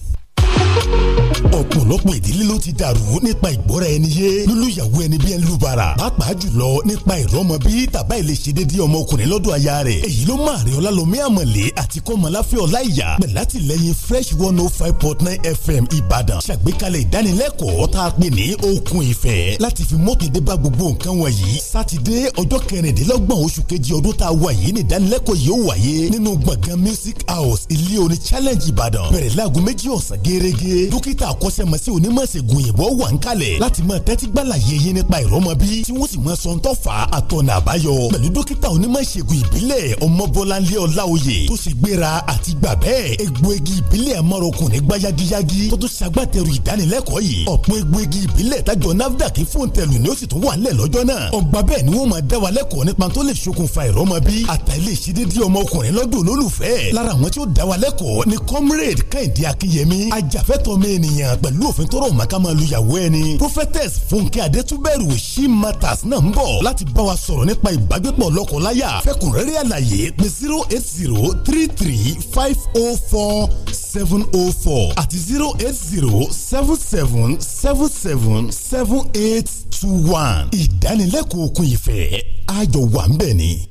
ọ̀pọ̀lọpọ̀ ìdílé ló ti dàrú nípa ìgbọ́ra ẹni yé lólùyàwó ẹni bí ẹni lùbàrà pàápàá jùlọ nípa ìrọmọ bí tàbá ilé ṣe dédé ọmọkùnrin lọ́dọ̀ aya rẹ̀ èyí ló máa rí ọlálọ́mí àmọ̀lé àti kọ́mọláfẹ́ ọláìyá pẹ̀lú àtìlẹ́yìn fresh one oh five point nine fm ìbàdàn ṣàgbékalẹ̀ ìdánilẹ́kọ̀ọ́ tá a pè ní okun ìfẹ́ láti fi mọ́tòdé bá gbogbo nǹkan wọ̀nyí sátidé ọjọ́ kẹrìndínlọ́gbọ̀n oṣù kejì ọdún tá a wà yìí ní ìdánilẹ́kọ̀ọ́ yìí ó music house ilé challenge ìbàdàn bẹ̀rẹ̀ láago méjì ọ̀sán géérég yege dókítà akọ́ṣẹ́mọṣẹ́ onímọ̀ ìṣègùn òyìnbó wà ń kalẹ̀ láti máa tẹ́tí gbàlàyé yín nípa ìrọmọbí tí wọ́n sì máa sọ ń tọ́fà àtọ̀nà àbáyọ pẹ̀lú dókítà onímọ̀ ìṣègùn ìbílẹ̀ ọmọbọ́láńlé ọláoyè tó sì gbéra àti gbà bẹ́ẹ̀ egbòogi ìbílẹ̀ amọ̀rọ̀kùnrin gbá yagiyagi tó tún ṣagbátẹrù ìdánilẹ́kọ̀ọ́ yìí ọ̀pọ̀ ni ó sì tún wà ńlẹ̀ lọ́jọ́ ni wọ́n máa dá wa lẹ́kọ̀ọ́ nípa tó lè ṣokùnfà ìrọmọbí àtàlẹ́ ìṣedédé ọmọkùnrin lọ́dún olólùfẹ́ lára àwọn tí ó dá wa lẹ́kọ̀ọ́ ni comrade ìfẹ́tọ̀ mi ènìyàn pẹ̀lú òfin tó rọ̀ màkà máa lu ìyàwó ẹni. prophetess funke adétúbẹ̀rù she matters náà ń bọ̀ láti bá wa sọ̀rọ̀ nípa ìbágbépọ̀ lọ́kọ̀láyà fẹ́kùnrẹ́rẹ́ àlàyé pé zero eight zero three three five oh four seven oh four àti zero eight zero seven seven seven seven seven eight two one ìdánilẹ́kọ̀ọ́ òkun ìfẹ́ àjọ wà ń bẹ̀ ni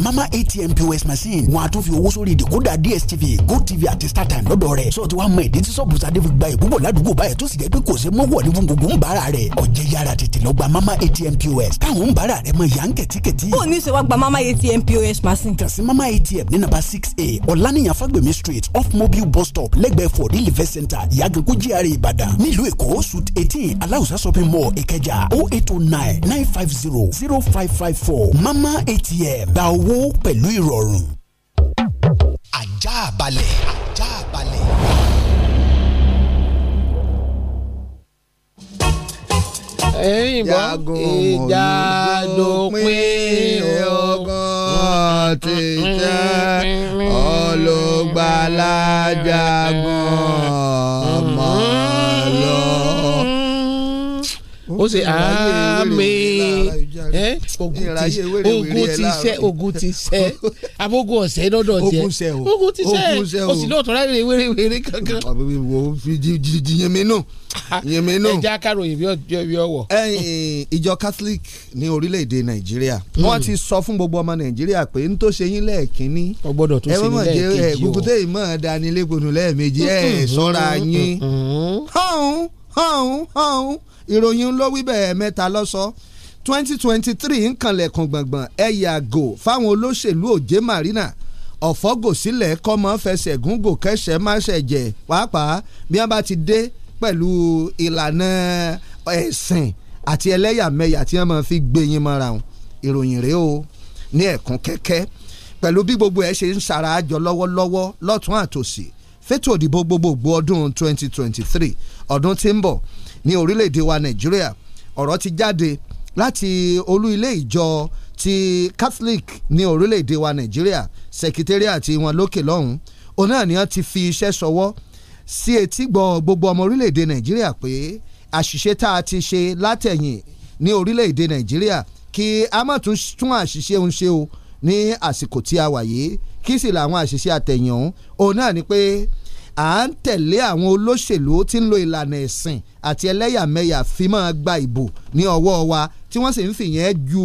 mama atm pos machine wọn a tún fi owó sórí ìdìkúdà dstv gotv àti startime lọ́dọ̀ rẹ̀ sọ ti wá mọ ìdí tí sọ́ọ̀bù sadé fi gba ìbúbọ̀ ládùúgbò báyìí tó sì jẹ́ pé kò ṣe mọ́wọ́ ní gbogbo ń bára rẹ̀ ọ̀jẹ̀ yára tètè lọ gba mama atm pos táwọn ń bára rẹ̀ mọ ìyá ń kẹ̀tíkẹ̀tí. ó ní ṣe wá gba mama atm pos machine. kàn sí mama atm ní nàbà six a ọ̀lànìyàn fagbemi street off mobile bus stop lẹ́gbẹ̀ẹ́ for real event center ìyàgànkú gr ìbàdàn nílùú èkó suit eighteen aláùsá shopping mall ìkẹjà o oh eight o oh nine nine five zero zero five five four mama atm gba owó owó pẹ̀lú ìrọ̀rùn ajá balẹ̀ ajá balẹ̀. ìbọn ìjà dópin ọgán ti jẹ́ olùgbàlà jagun lọ. ó sì àmì ẹ eh, ogun ti ogun ti sẹ ogun ti sẹ abogun ọsẹ lọ́dọ̀ tiẹ ogun ti sẹ o sì lóòótọ́ láì rè wéré wéré kankan. wo fi jìjì yẹmi nù yẹmi nù. ẹ já káròyìn bí ọwọ. ìjọ catholic ní orílẹ̀-èdè nàìjíríà hmm. wọ́n ti sọ fún gbogbo ọmọ nàìjíríà pé n tó ṣe yín lẹ́ẹ̀kínní ẹ wọ́n mọ̀ jẹ́ gúgúté ìmọ̀ dánilégbonú lẹ́ẹ̀mejì ẹ̀ sọ́ra hmm, hmm, yín hàn hàn hàn ìròyìn ló wí bẹ́ẹ̀ mẹ́ta lọ́sọ̀ọ́ twenty twenty three nkanlẹ̀kùn gbọ̀ngbọ̀n ẹ yàgò fáwọn olóṣèlú òjé marina ọ̀fọ́gòsílẹ̀ kọ́mọ fẹsẹ̀ gúngò kẹsẹ̀ máṣẹ̀ jẹ pàápàá bí wọ́n bá ti dé pẹ̀lú ìlànà ẹ̀sìn àti ẹlẹ́yàmẹ̀yà tí wọ́n máa fi gbẹ̀yìn mọ́ra wọn ìròyìn rèé o ní ẹ̀kún kẹ́kẹ́ pẹ̀lú bí gbogbo ẹ̀ ṣe ń ṣàràjọ lọ́wọ́lọ́wọ́ lọ́tún àtòsí fẹ́tò òdìbò gbogbogbò ọdún 2023 ọdún tí ń bọ̀ ní orílẹ̀-èdè wa Nàìjíríà ọ̀rọ̀ ti jáde láti olú ilé ìjọ ti Catholic ní orílẹ̀-èdè wa Nàìjíríà secretariat wọn lókè lọ́hùn òun náà ni wọ́n ti fi iṣẹ́ sọwọ́ sí etí gbọ́ gbogbo ọmọ orílẹ̀-èdè Nàìjíríà pé àṣìṣe tá a ti ṣe látẹ̀yìn ní orílẹ̀-èdè Nàìjíríà kí a má tún tún àṣìṣe òun ṣe o ní àsìkò tí a wà yìí kí sì làwọn àṣìṣe àtẹ̀yìn ọ̀hún òun náà ni pé à ń tẹ̀lé àwọn olóṣèlú tí ń lo ìlànà ẹ̀sìn àti ẹlẹ́yàmẹ̀yà fi gba ìbò ní ọwọ́ wa tí wọ́n sì ń fìyẹn ju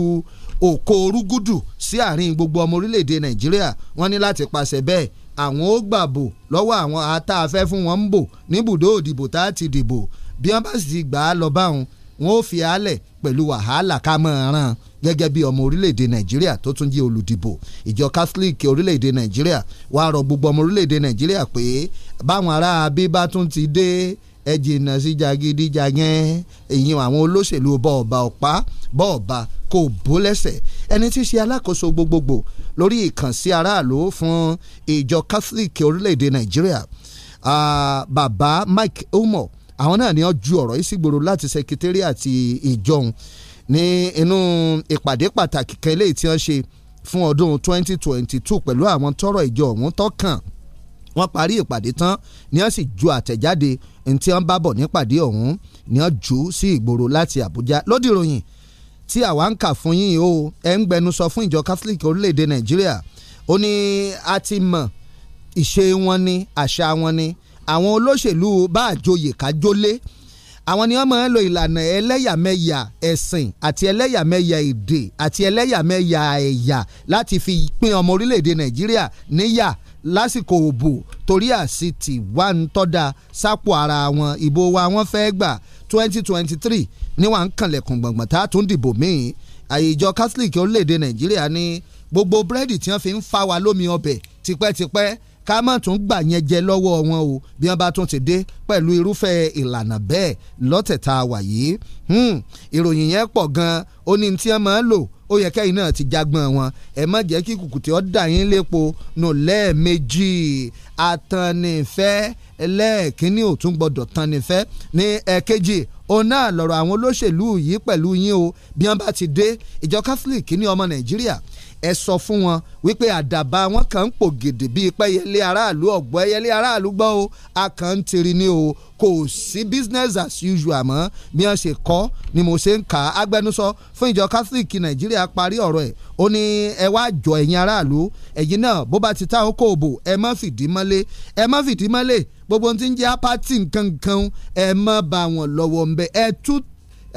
òkò orúgúdù sí àárín gbogbo ọmọ orílẹ̀-èdè nàìjíríà wọ́n ní láti pàṣẹ bẹ́ẹ̀ àwọn ó gbàbò lọ́wọ́ àwọn àtàfẹ́ fún wọn ń bò níbùdó òdìbò tá a ti dìbò bí wọ́n bá sì ti gbà á lọ báwọn wọn ó fi àálẹ̀ pẹ̀lú wàhálà ká mọ̀ ọ́ràn gẹ́gẹ́ bí ọmọ orílẹ̀-èdè nàìjíríà tó tún jẹ́ olùdìbò ìjọ catholic orílẹ̀-èdè nàìjíríà wàá rọ gbogbo ọmọ orílẹ̀-èdè nàìjíríà pé báwọn ará abẹ́ tún ti dé ẹ jìnnà sí jagidijagan èyìn àwọn olóṣèlú bọ́ọ̀bà ọ̀pá bọ́ọ̀bà kò bó lẹ́sẹ̀ ẹni tí í ṣe alákòóso gbogbogbò lórí ìkànsí aráàlú fún ìjọ Catholic orílẹ̀-èdè Nàìjíríà bàbá Mike Omo àwọn náà ni wọ́n ju ọ̀rọ̀ yìí sígboro láti sẹkítẹ́rì àti ìjọun ní inú ìpàdé pàtàkì kan eléyìí tí wọ́n ṣe fún ọdún 2022 pẹ̀lú àwọn tọ́rọ̀ ìjọ ọ̀hún tọ́kàn wọ́n parí ìpàdé tán ni wọ́n sì ju àtẹ̀jáde tí wọ́n bá bọ̀ nípàdé ọ̀hún ni wọ́n jù ú sí ìgboro láti Àbújá lódì ìròyìn tí àwa ń kà fún yín o ẹ̀ ń gbẹnusọ fún ìjọ Catholic orílẹ̀-èdè Nàìjíríà ó ní a ti mọ̀ ìṣe wọn ni àṣà wọn ni àwọn olóṣèlú bá àjòyè kájólé àwọn ni wọ́n máa ń lo ìlànà ẹlẹ́yàmẹ̀yà ẹ̀sìn àti ẹlẹ́yàmẹ̀yà èdè àti ẹlẹ́yàmẹ̀yà ẹ̀yà láti fi pín ọmọ orílẹ̀-èdè nàìjíríà níyà lásìkò òbò torí àsìtì wà ń tọ́da sápò ara wọn ìbò wa wọ́n fẹ́ gbà 2023 ni wọ́n ń kànlẹ̀kùn gbọ̀ngbọ̀n tá a tún dìbò míì àyíjọ catholic orílẹ̀-èdè nàìjíríà ní gbogbo búrẹ́dì tí wọ́n fi ń fa wa lómi ọbẹ̀ tipẹ́tipẹ́ ká má tún gbà yẹn jẹ lọ́wọ́ wọn o bí wọ́n bá tún ti dé pẹ̀lú irúfẹ́ ìlànà bẹ́ẹ̀ lọ́tẹ̀ tá a wà yìí hmm, ìròyìn yẹn pọ̀ gan-an ó ní tí wọ́n máa ń lò ó yẹ kẹ́yìn náà ti jagbọ́n wọn ẹ má jẹ́ kí kùkùté ọ́ yín lépo nù lẹ́ẹ̀mejì àtànìfẹ́ lẹ́ẹ̀kínní ò tún gbọ́dọ̀ tànìfẹ́ ní ẹ̀kejì òun náà lọ̀rọ̀ àwọn olóṣèlú yìí pẹ̀lú yín o bí wọ́n bá ti dé ìjọ Catholic ní ọmọ Nàìjíríà ẹ sọ fún wọn wípé àdàbà wọn kàn ń pò gèdè bíi pẹ́yẹlé aráàlú ọ̀gbọ́ ẹyẹlé aráàlú gbọ́ o a kàn ń tiri ní o kò sí business as usual mọ́ bí wọ́n ṣe kọ́ ni mo ṣe ń kà á agbẹnusọ fún ìjọ Catholic Nàìjíríà parí ọ̀rọ̀ ẹ̀ ó ní ẹ wá jọ ẹ̀yin aráàlú ẹ̀yin náà bó bá ti táwọn kò bò ẹ má fìdí mọ́lé ẹ má fìdí mọ́lé gbogbo ohun tí ń jẹ́ apáti nkankan ẹ má bá wọn lọ́wọ́ ń bẹ ẹ tún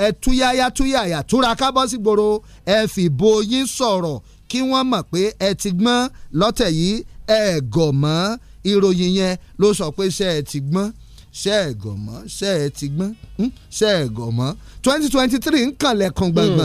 ẹ túyáyá túyàyà túra kábọ́ gbòòrò ẹ fìbò yín sọ̀rọ̀ kí wọ́n mọ̀ pé ẹ ti gbọ́n lọ́tẹ̀ yìí ẹ gọ̀ mọ́ ìròyìn yẹn ló sọ pé ṣe ẹ ti gbọ́n ṣe ẹ gọ̀ mọ́ ṣe ẹ ti gbọ́n hm? ṣe ẹ gọ̀ mọ́ twenty twenty three ń kànlẹ̀kùn hmm.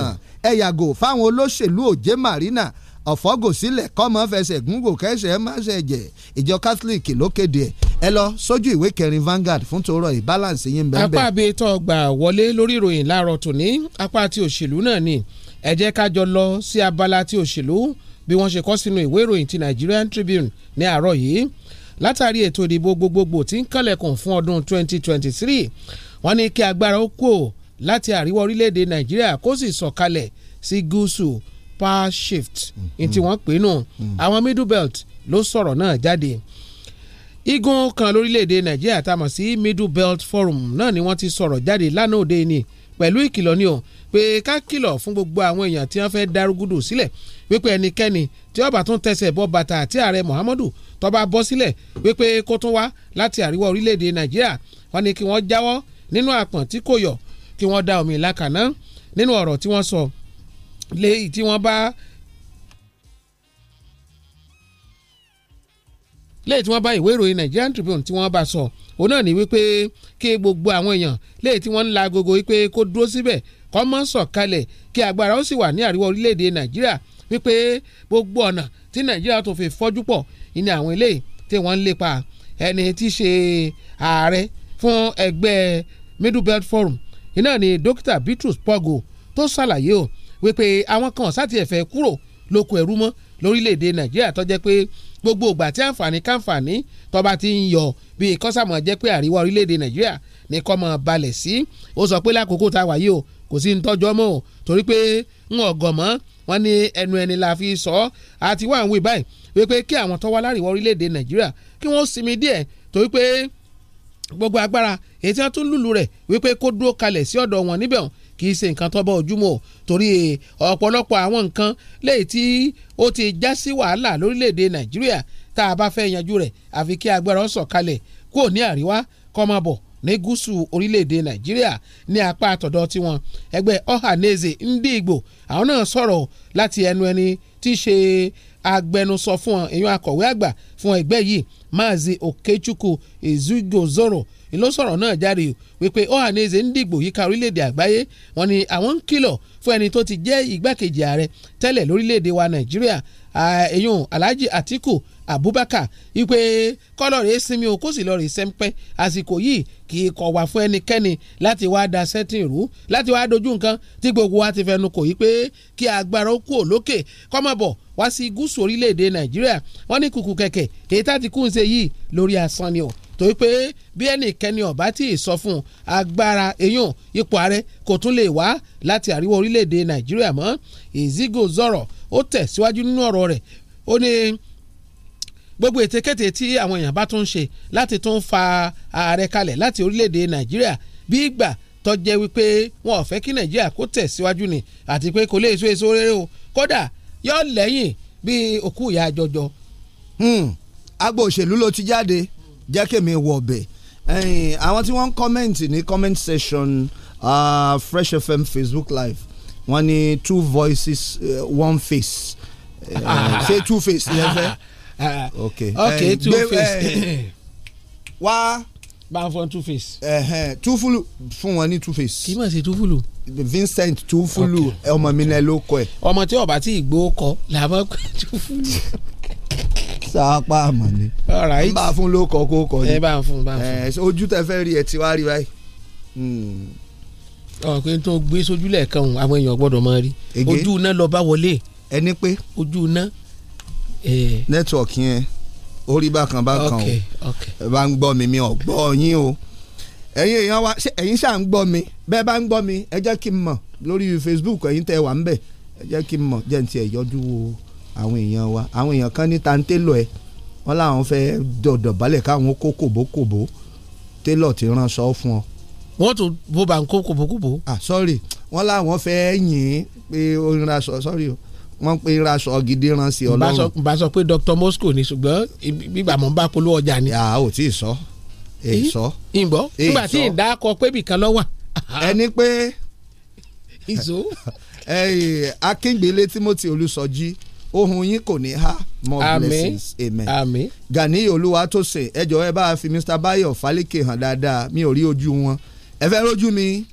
ẹ yàgò fáwọn olóṣèlú òjé marina ọ̀fọ́gòsílẹ̀ kọ́mọ fẹsẹ̀ gúngò kẹsẹ̀ máṣẹ̀ jẹ́ ìjọ catholic ló kéde ẹ̀ ẹ lọ sójú ìwé kẹrin Vanguard fún tòrọ ìbálànsì yín bẹ́ẹ̀ bẹ́ẹ̀. apá abẹ́tọ̀ gbà wọlé lórí ìròyìn láàárọ̀ tòní apá àti òṣèlú náà ni. Benbe ẹ jẹ́ ká jọ lọ sí abala ti òṣèlú bí wọ́n ṣe kọ sínú ìwé ìròyìn ti Nigerian Tribune ní àárọ̀ yìí látàrí ètò ìdìbò gbogbogbò tí ń kànlẹ̀kùn fún ọdún 2023 wọ́n ní kí agbára ó kò láti àríwá orílẹ̀-èdè Nàìjíríà kó sì sọ̀kalẹ̀ sí gúúsù power shift ní tí wọ́n pè nù àwọn middle belt ló sọ̀rọ̀ náà jáde igun kan lórílẹ̀-èdè Nàìjíríà tá a mọ̀ sí middle belt forum náà ni wọ́n ti sọ̀rọ̀ jáde lánàá òde ni pẹ̀lú ìkìlọ̀ ni o pé ká kìlọ̀ fún gbogbo àwọn èèyàn tí wọ́n fẹ́ darúgúdù sílẹ̀ wípé ẹnikẹ́ni tí ọba tún tẹsẹ̀ bọ́ bàtà àti ààrẹ Muhammadu tó bá bọ́ sílẹ̀ wípé kó tún wá láti àríwá orílẹ̀-èdè Nàìjíríà wọ́n ní kí wọ́n jáwọ́ nínú àpọ̀n tí kò yọ kí wọ́n da omi làkàná nínú ọ̀rọ̀ tí wọ́n sọ léyìí tí wọ́n bá léyìí tí wọ́n bá ìwé ìròyìn Nigerian Tribune tí wọ́n bá sọ òun náà ní wípé kí gbogbo àwọn èèyàn léyìí tí wọ́n ń la agogo wípé kó dúró síbẹ̀ kọ́mọ́ sọ̀kalẹ̀ kí agbára ó sì wà ní àríwá orílẹ̀-èdè nàìjíríà wípé gbogbo ọ̀nà tí nàìjíríà tó fi fọ́jú pọ̀ ìní àwọn eléyìí tí wọ́n ń lépa ẹni tí ṣe ààrẹ fún ẹgbẹ́ middle belt forum iná ni dókítà Bitrus Pogo tó ṣàlàyé o wípé àwọn kan sáti ẹ̀fẹ̀ kúrò lóko ẹ̀rú mọ́ lórílẹ̀‐èdè nàìjíríà tó jẹ́ pé gbogbo ìgbà tí àǹfààní káǹfààní tó bá ti ń yọ bíi kọ́sàmọ̀ jẹ́ pé àríwá orílẹ̀‐èdè nàìjíríà ní kọ́ mọ̀ balẹ̀ sí ó sọ pé lákòókò tá a wà o kò sí ntọ́jọ́ mọ́ o torí pé ń ọ̀gọ̀ mọ́ wọn ní ẹnu ẹni la fi sọ ọ́ àti wà ń wí báyìí wípé kí àwọn tó wá láríwá orílẹ̀-èdè nàìjíríà kí wọ́n sinmi díẹ̀ torí pé gbogbo agbára èyí tí wọ́n tún lùlù rẹ̀ wípé kó dúró kalẹ̀ sí ọ̀dọ̀ wọn níbẹ̀ kì í ṣe nǹkan tó bọ́ ojúmọ́ torí ọ̀pọ̀lọpọ̀ àwọn nǹkan léyìí tí ó ti já sí wàhálà lórílẹ̀‐èdè nàìjíríà tá a bá fẹ́ yanjú rẹ̀ àfi kí agbára ó sọ̀kalẹ̀ kúò ní àríwá kó máa bọ̀ ní gúúsù orílẹ̀-èdè nàìjíríà ní apá àtọ̀dọ̀ tiwọn ẹgbẹ́ Ohanaeze Ndigbo àwọn náà sọ̀rọ̀ láti ẹnu ẹni tí í ṣe agbẹnusọ fún èèyàn akọ̀wé àgbà fún ẹgbẹ́ yìí Maazị Okechukwu Ezugozoro ló sọ̀rọ̀ náà jáde wípé Ohanaeze Ndigbo yíká orílẹ̀-èdè àgbáyé wọn ni àwọn ń kìlọ̀ fún ẹni tó ti jẹ́ igbákejì ààrẹ tẹ́lẹ̀ lórílẹ̀-èdè wa nàìjíríà èèyàn Alhaji Atiku Abubakar ipe kọ́lọ́rì sinmi o kó sì lọ́ọ̀rì sẹ́ńpẹ́ àsìkò yìí kì í kọ̀ wá fún ẹnikẹ́ni láti wá da sẹ́tìn rú láti wá dojú nǹkan tí gbogbo wa ti fẹnu kò yí pé kí agbára ó kú òlókè kọ́mọ̀bọ̀ wá sí gúúsù orílẹ̀-èdè Nàìjíríà wọ́n ní kùkù kẹ̀kẹ́ èyí tá ti kún un ṣe yìí lórí asán ni o torí pé bí ẹnìkẹ́ni ọ̀bá tí ì sọ fún agbára eyín ipò ààrẹ kò tún lè wá láti àríwá orílẹ̀-èdè Nàìjíríà mọ́ Ezigo zọ̀rọ̀ ó tẹ̀ síwájú nínú ọ̀rọ̀ rẹ̀ ó ní gbogbo ètekéte tí àwọn èèyàn bá tún ń ṣe láti tún fa ààrẹ kalẹ̀ láti orílẹ̀-èdè nàìjíríà bí ìgbà tó jẹ́ wípé wọn ò fẹ́ kí nàìjíríà kó tẹ̀síwájú ni àti pé kò lè so èso rere o kódà yóò lẹ́yìn bí òkú ìyá jọjọ. Hmm, agbo òṣèlú ló ti jáde jẹ́ kèmi wọ̀ ọ̀bẹ̀ àwọn tí wọ́n ń kọ́mẹ̀ǹtì ní comment section uh, Fresh FM Facebook Live wọ́n ní two voices uh, one face eh, *laughs* ṣé uh, two face yẹn fẹ́. *laughs* ok *laughs* ok eh, two face. Eh, eh, eh, wá. bá two face. Eh, túfúlù fún wọn ní two face. kì í mọ̀ sí túfúlù. Vincent túfúlù ọmọ mi náà ló kọ ẹ. ọmọ tí ọba tí ìgbó kọ làbọ̀ pé *laughs* túfúlù. sápá àmọ̀ ni. n bá a fún ló kọ kó kọ ni. ẹ bá a fún bá a fún. Eh, ojú tẹ fẹ́ rí ẹ ti wá rí báyìí hmm. ọ pé tó gbé sójúlẹ̀ kan àwọn èèyàn gbọ́dọ̀ máa rí ojú iná lọ bá wọlé. ẹni pé. ojú iná Eh. nẹ́tíwọ̀kì yẹn orí bákan bákan o ẹ bá ń gbọ́ mi mi ò gbọ́ yín o ẹ̀yin èèyàn wa ẹ̀yin ṣáà ń gbọ́ mi bẹ́ẹ̀ bá ń gbọ́ mi ẹ jẹ́ kí n mọ̀ lórí Facebook ẹ̀yin tẹ́ wà ń bẹ̀ ẹ jẹ́ kí n mọ̀ jẹ́ n tiẹ̀ yọjú wo àwọn èèyàn wa àwọn èèyàn kan ní tantélò ẹ̀ wọ́n láwọn fẹ́ dọ̀dọ̀ balẹ̀ káwọn kó kòbókòbó télò ti rán fún ọ. wọ́n tún bó ba ń kó kòbókòbó. ah sorry wọ́n láwọn fẹ́ yìn pé ó ra sọ sorry o wọ́n pe raṣọ gidi ránṣẹ́ ọlọ́run. n bá sọ pé Dr Moscow ni ṣùgbọ́n gbígbà mọ́ bá polówó ọjà ni. a ò tí ì sọ èyí sọ. ìbọ̀ nígbà tí ìdá kọ pé bìkan lọ wà. ẹni pé. *laughs* ìṣó. akíngbélé Timothy Olùsọjí ohun yín kò ní há more amen. blessings amen. amen. Gani Olúwatósìn ẹ jọ̀ọ́ ẹ bá a fi Mr Bayo Falike hàn dáadáa mi ò rí ojú wọn ẹ fẹ́ rójú mi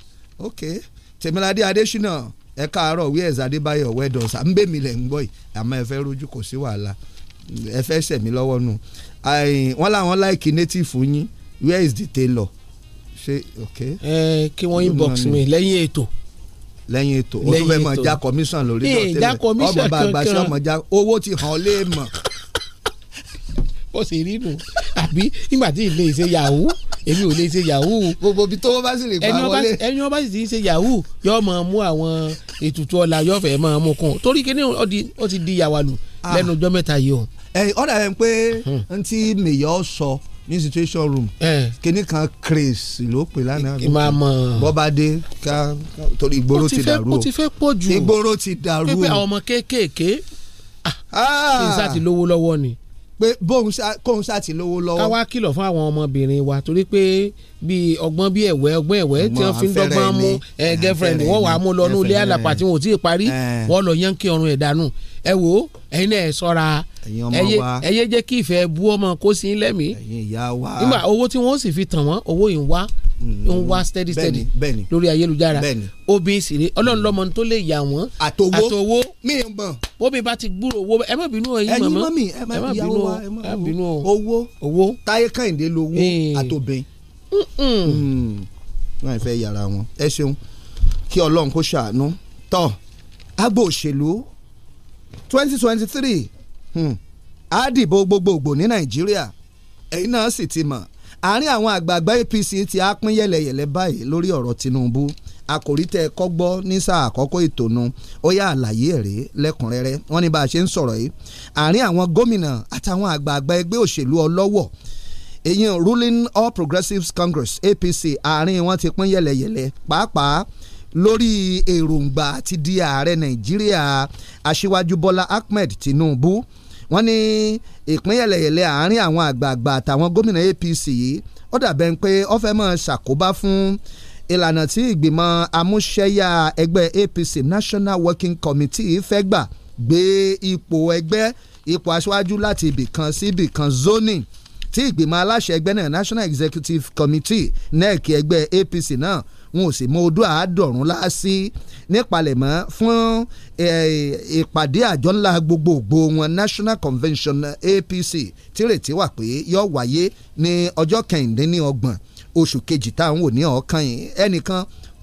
ok Tèmiládé Adésínà ẹ káàárọ̀ wí ẹ̀zá adébáyọ̀ wẹ́dọ̀sà ń bèmí lẹ̀ ń gbọ́ yìí àmọ́ ẹ fẹ́ rojú kò sí wàhálà ẹ fẹ́ sẹ̀mí lọ́wọ́ nu wọ́n láwọn láìkí native yín where is the tailor ṣe ok. ẹ kí wọ́n inbox mi lẹ́yìn ètò lẹ́yìn ètò o tún fẹ́ mọ̀ já commission lórí ọ̀tẹ́lẹ̀ ọmọ bá gbàṣẹ́ ọmọ já owó ti hàn lé mọ̀. *laughs* bó ṣe rí nù àbí nígbà tí ilé iṣẹ́ yahoo èmi ò lè ṣe yahoo. gbogbo ibi tó bá sì lè gbà wọlé. ẹni wọn bá sì ti ń ṣe yahoo yóò máa mú àwọn ètùtù ọ̀la yóò fẹ́ máa mú kún torí kíní ó ti di yàwálù ah. lẹ́nu ọjọ́ mẹ́ta yìí o. ẹ ọ̀dà yẹn pé hmm. ntí mèyọ́ sọ ní situation room kíní kan craze ló pè lánàá mi bọ́ba dé ká torí ìgboro ti dàrú o ìgboro ti dàrú o. pé àwọn ọmọ kéékèèké ah, ah. kí n sá ti lówó lọ́wọ́ ni pé kóun ṣáàtì lówó lọ́wọ́. káwá kìlọ̀ fún àwọn ọmọbìnrin wa torí pé bíi ọgbọ́n bíi ẹ̀wẹ́ ọgbọ́n ẹ̀wẹ́ tí wọ́n fi ń dọ́gbọ́n mú girlfriend wọ́n wàá mú lọ ní ilé àlàpà tí wọ́n ò tí ì parí wọ́n lọ yánkì ọrùn ẹ̀ dànù ẹ wò ó ẹ̀yin náà ẹ ṣọ́ra ẹyẹ jẹ́ kí ìfẹ́ bú ọmọ kó sí í lẹ́mí nígbà owó tí wọ́n sì fi tàn wọ́n owó yìí ń wá mm. ń wá steady steady lórí ayélujára obì ìsìrè ọlọ́run lọ́mọ tó lè yà wọ́n àtòwó obì bá ti gbúrò owó ẹ má bínú ẹ̀yin mọ̀mọ́ ẹ̀yin mọ̀mí ẹ má bínú ọ ẹ má bínú ọ owó owó táyé kẹ́hìndé lowó eh. àtòbìn mm. wọn fẹ́ yàrá wọn ẹ ṣeun kí ọlọ́run kó ṣàánú tọ́ agbo twenty twenty three á hmm. dìbò gbogbogbò ní nàìjíríà èyí náà sì ti mọ̀ àárín àwọn àgbààgbà APC ti á pín yẹlẹyẹlẹ báyìí lórí ọ̀rọ̀ Tinubu àkòrí tẹ kọ́gbọ́ ní sáà àkọ́kọ́ ìtònu ó yá àlàyé ẹ̀rẹ́ lẹ́kùnrẹ́rẹ́ wọ́n ní bá a ṣe ń sọ̀rọ̀ yìí àárín àwọn gómìnà àtàwọn àgbààgbà ẹgbẹ́ òṣèlú ọlọ́wọ̀ èyí ruling All Progressives Congress APC àárín wọn ti pín yẹlẹyẹlẹ pàápàá lórí èròǹgbà àti di ààrẹ nàìjíríà aṣíwájú bọ́lá ahmed tinubu wọ́n ní ìpín yẹ̀lẹ̀yẹ̀lẹ̀ àárín àwọn àgbààgbà àtàwọn gómìnà apc yìí ó dàbẹ̀ ń pé ó fẹ́ mọ̀ ṣàkóbá fún ìlànà tí ìgbìmọ̀ amúṣẹ́yà ẹgbẹ́ apc national working committee fẹ́ gbà gbé ipò ẹgbẹ́ ipò aṣáájú láti ibìkan sí ibìkan zoning tí ìgbìmọ̀ aláṣẹ ẹgbẹ́ náà national executive committee nec ẹgbẹ́ apc náà wọn ò sì mọ odò àádọ́rùn láásí nípalẹ̀mọ́ fún ìpàdé àjọ ńlá gbogbogbò wọn National Convention APC tírètí wà pé yóò wáyé ní ọjọ́ kẹ̀hìndínlọ́gbọ̀n oṣù kejì táwọn ò ní ọ̀kan yìí ẹnìkan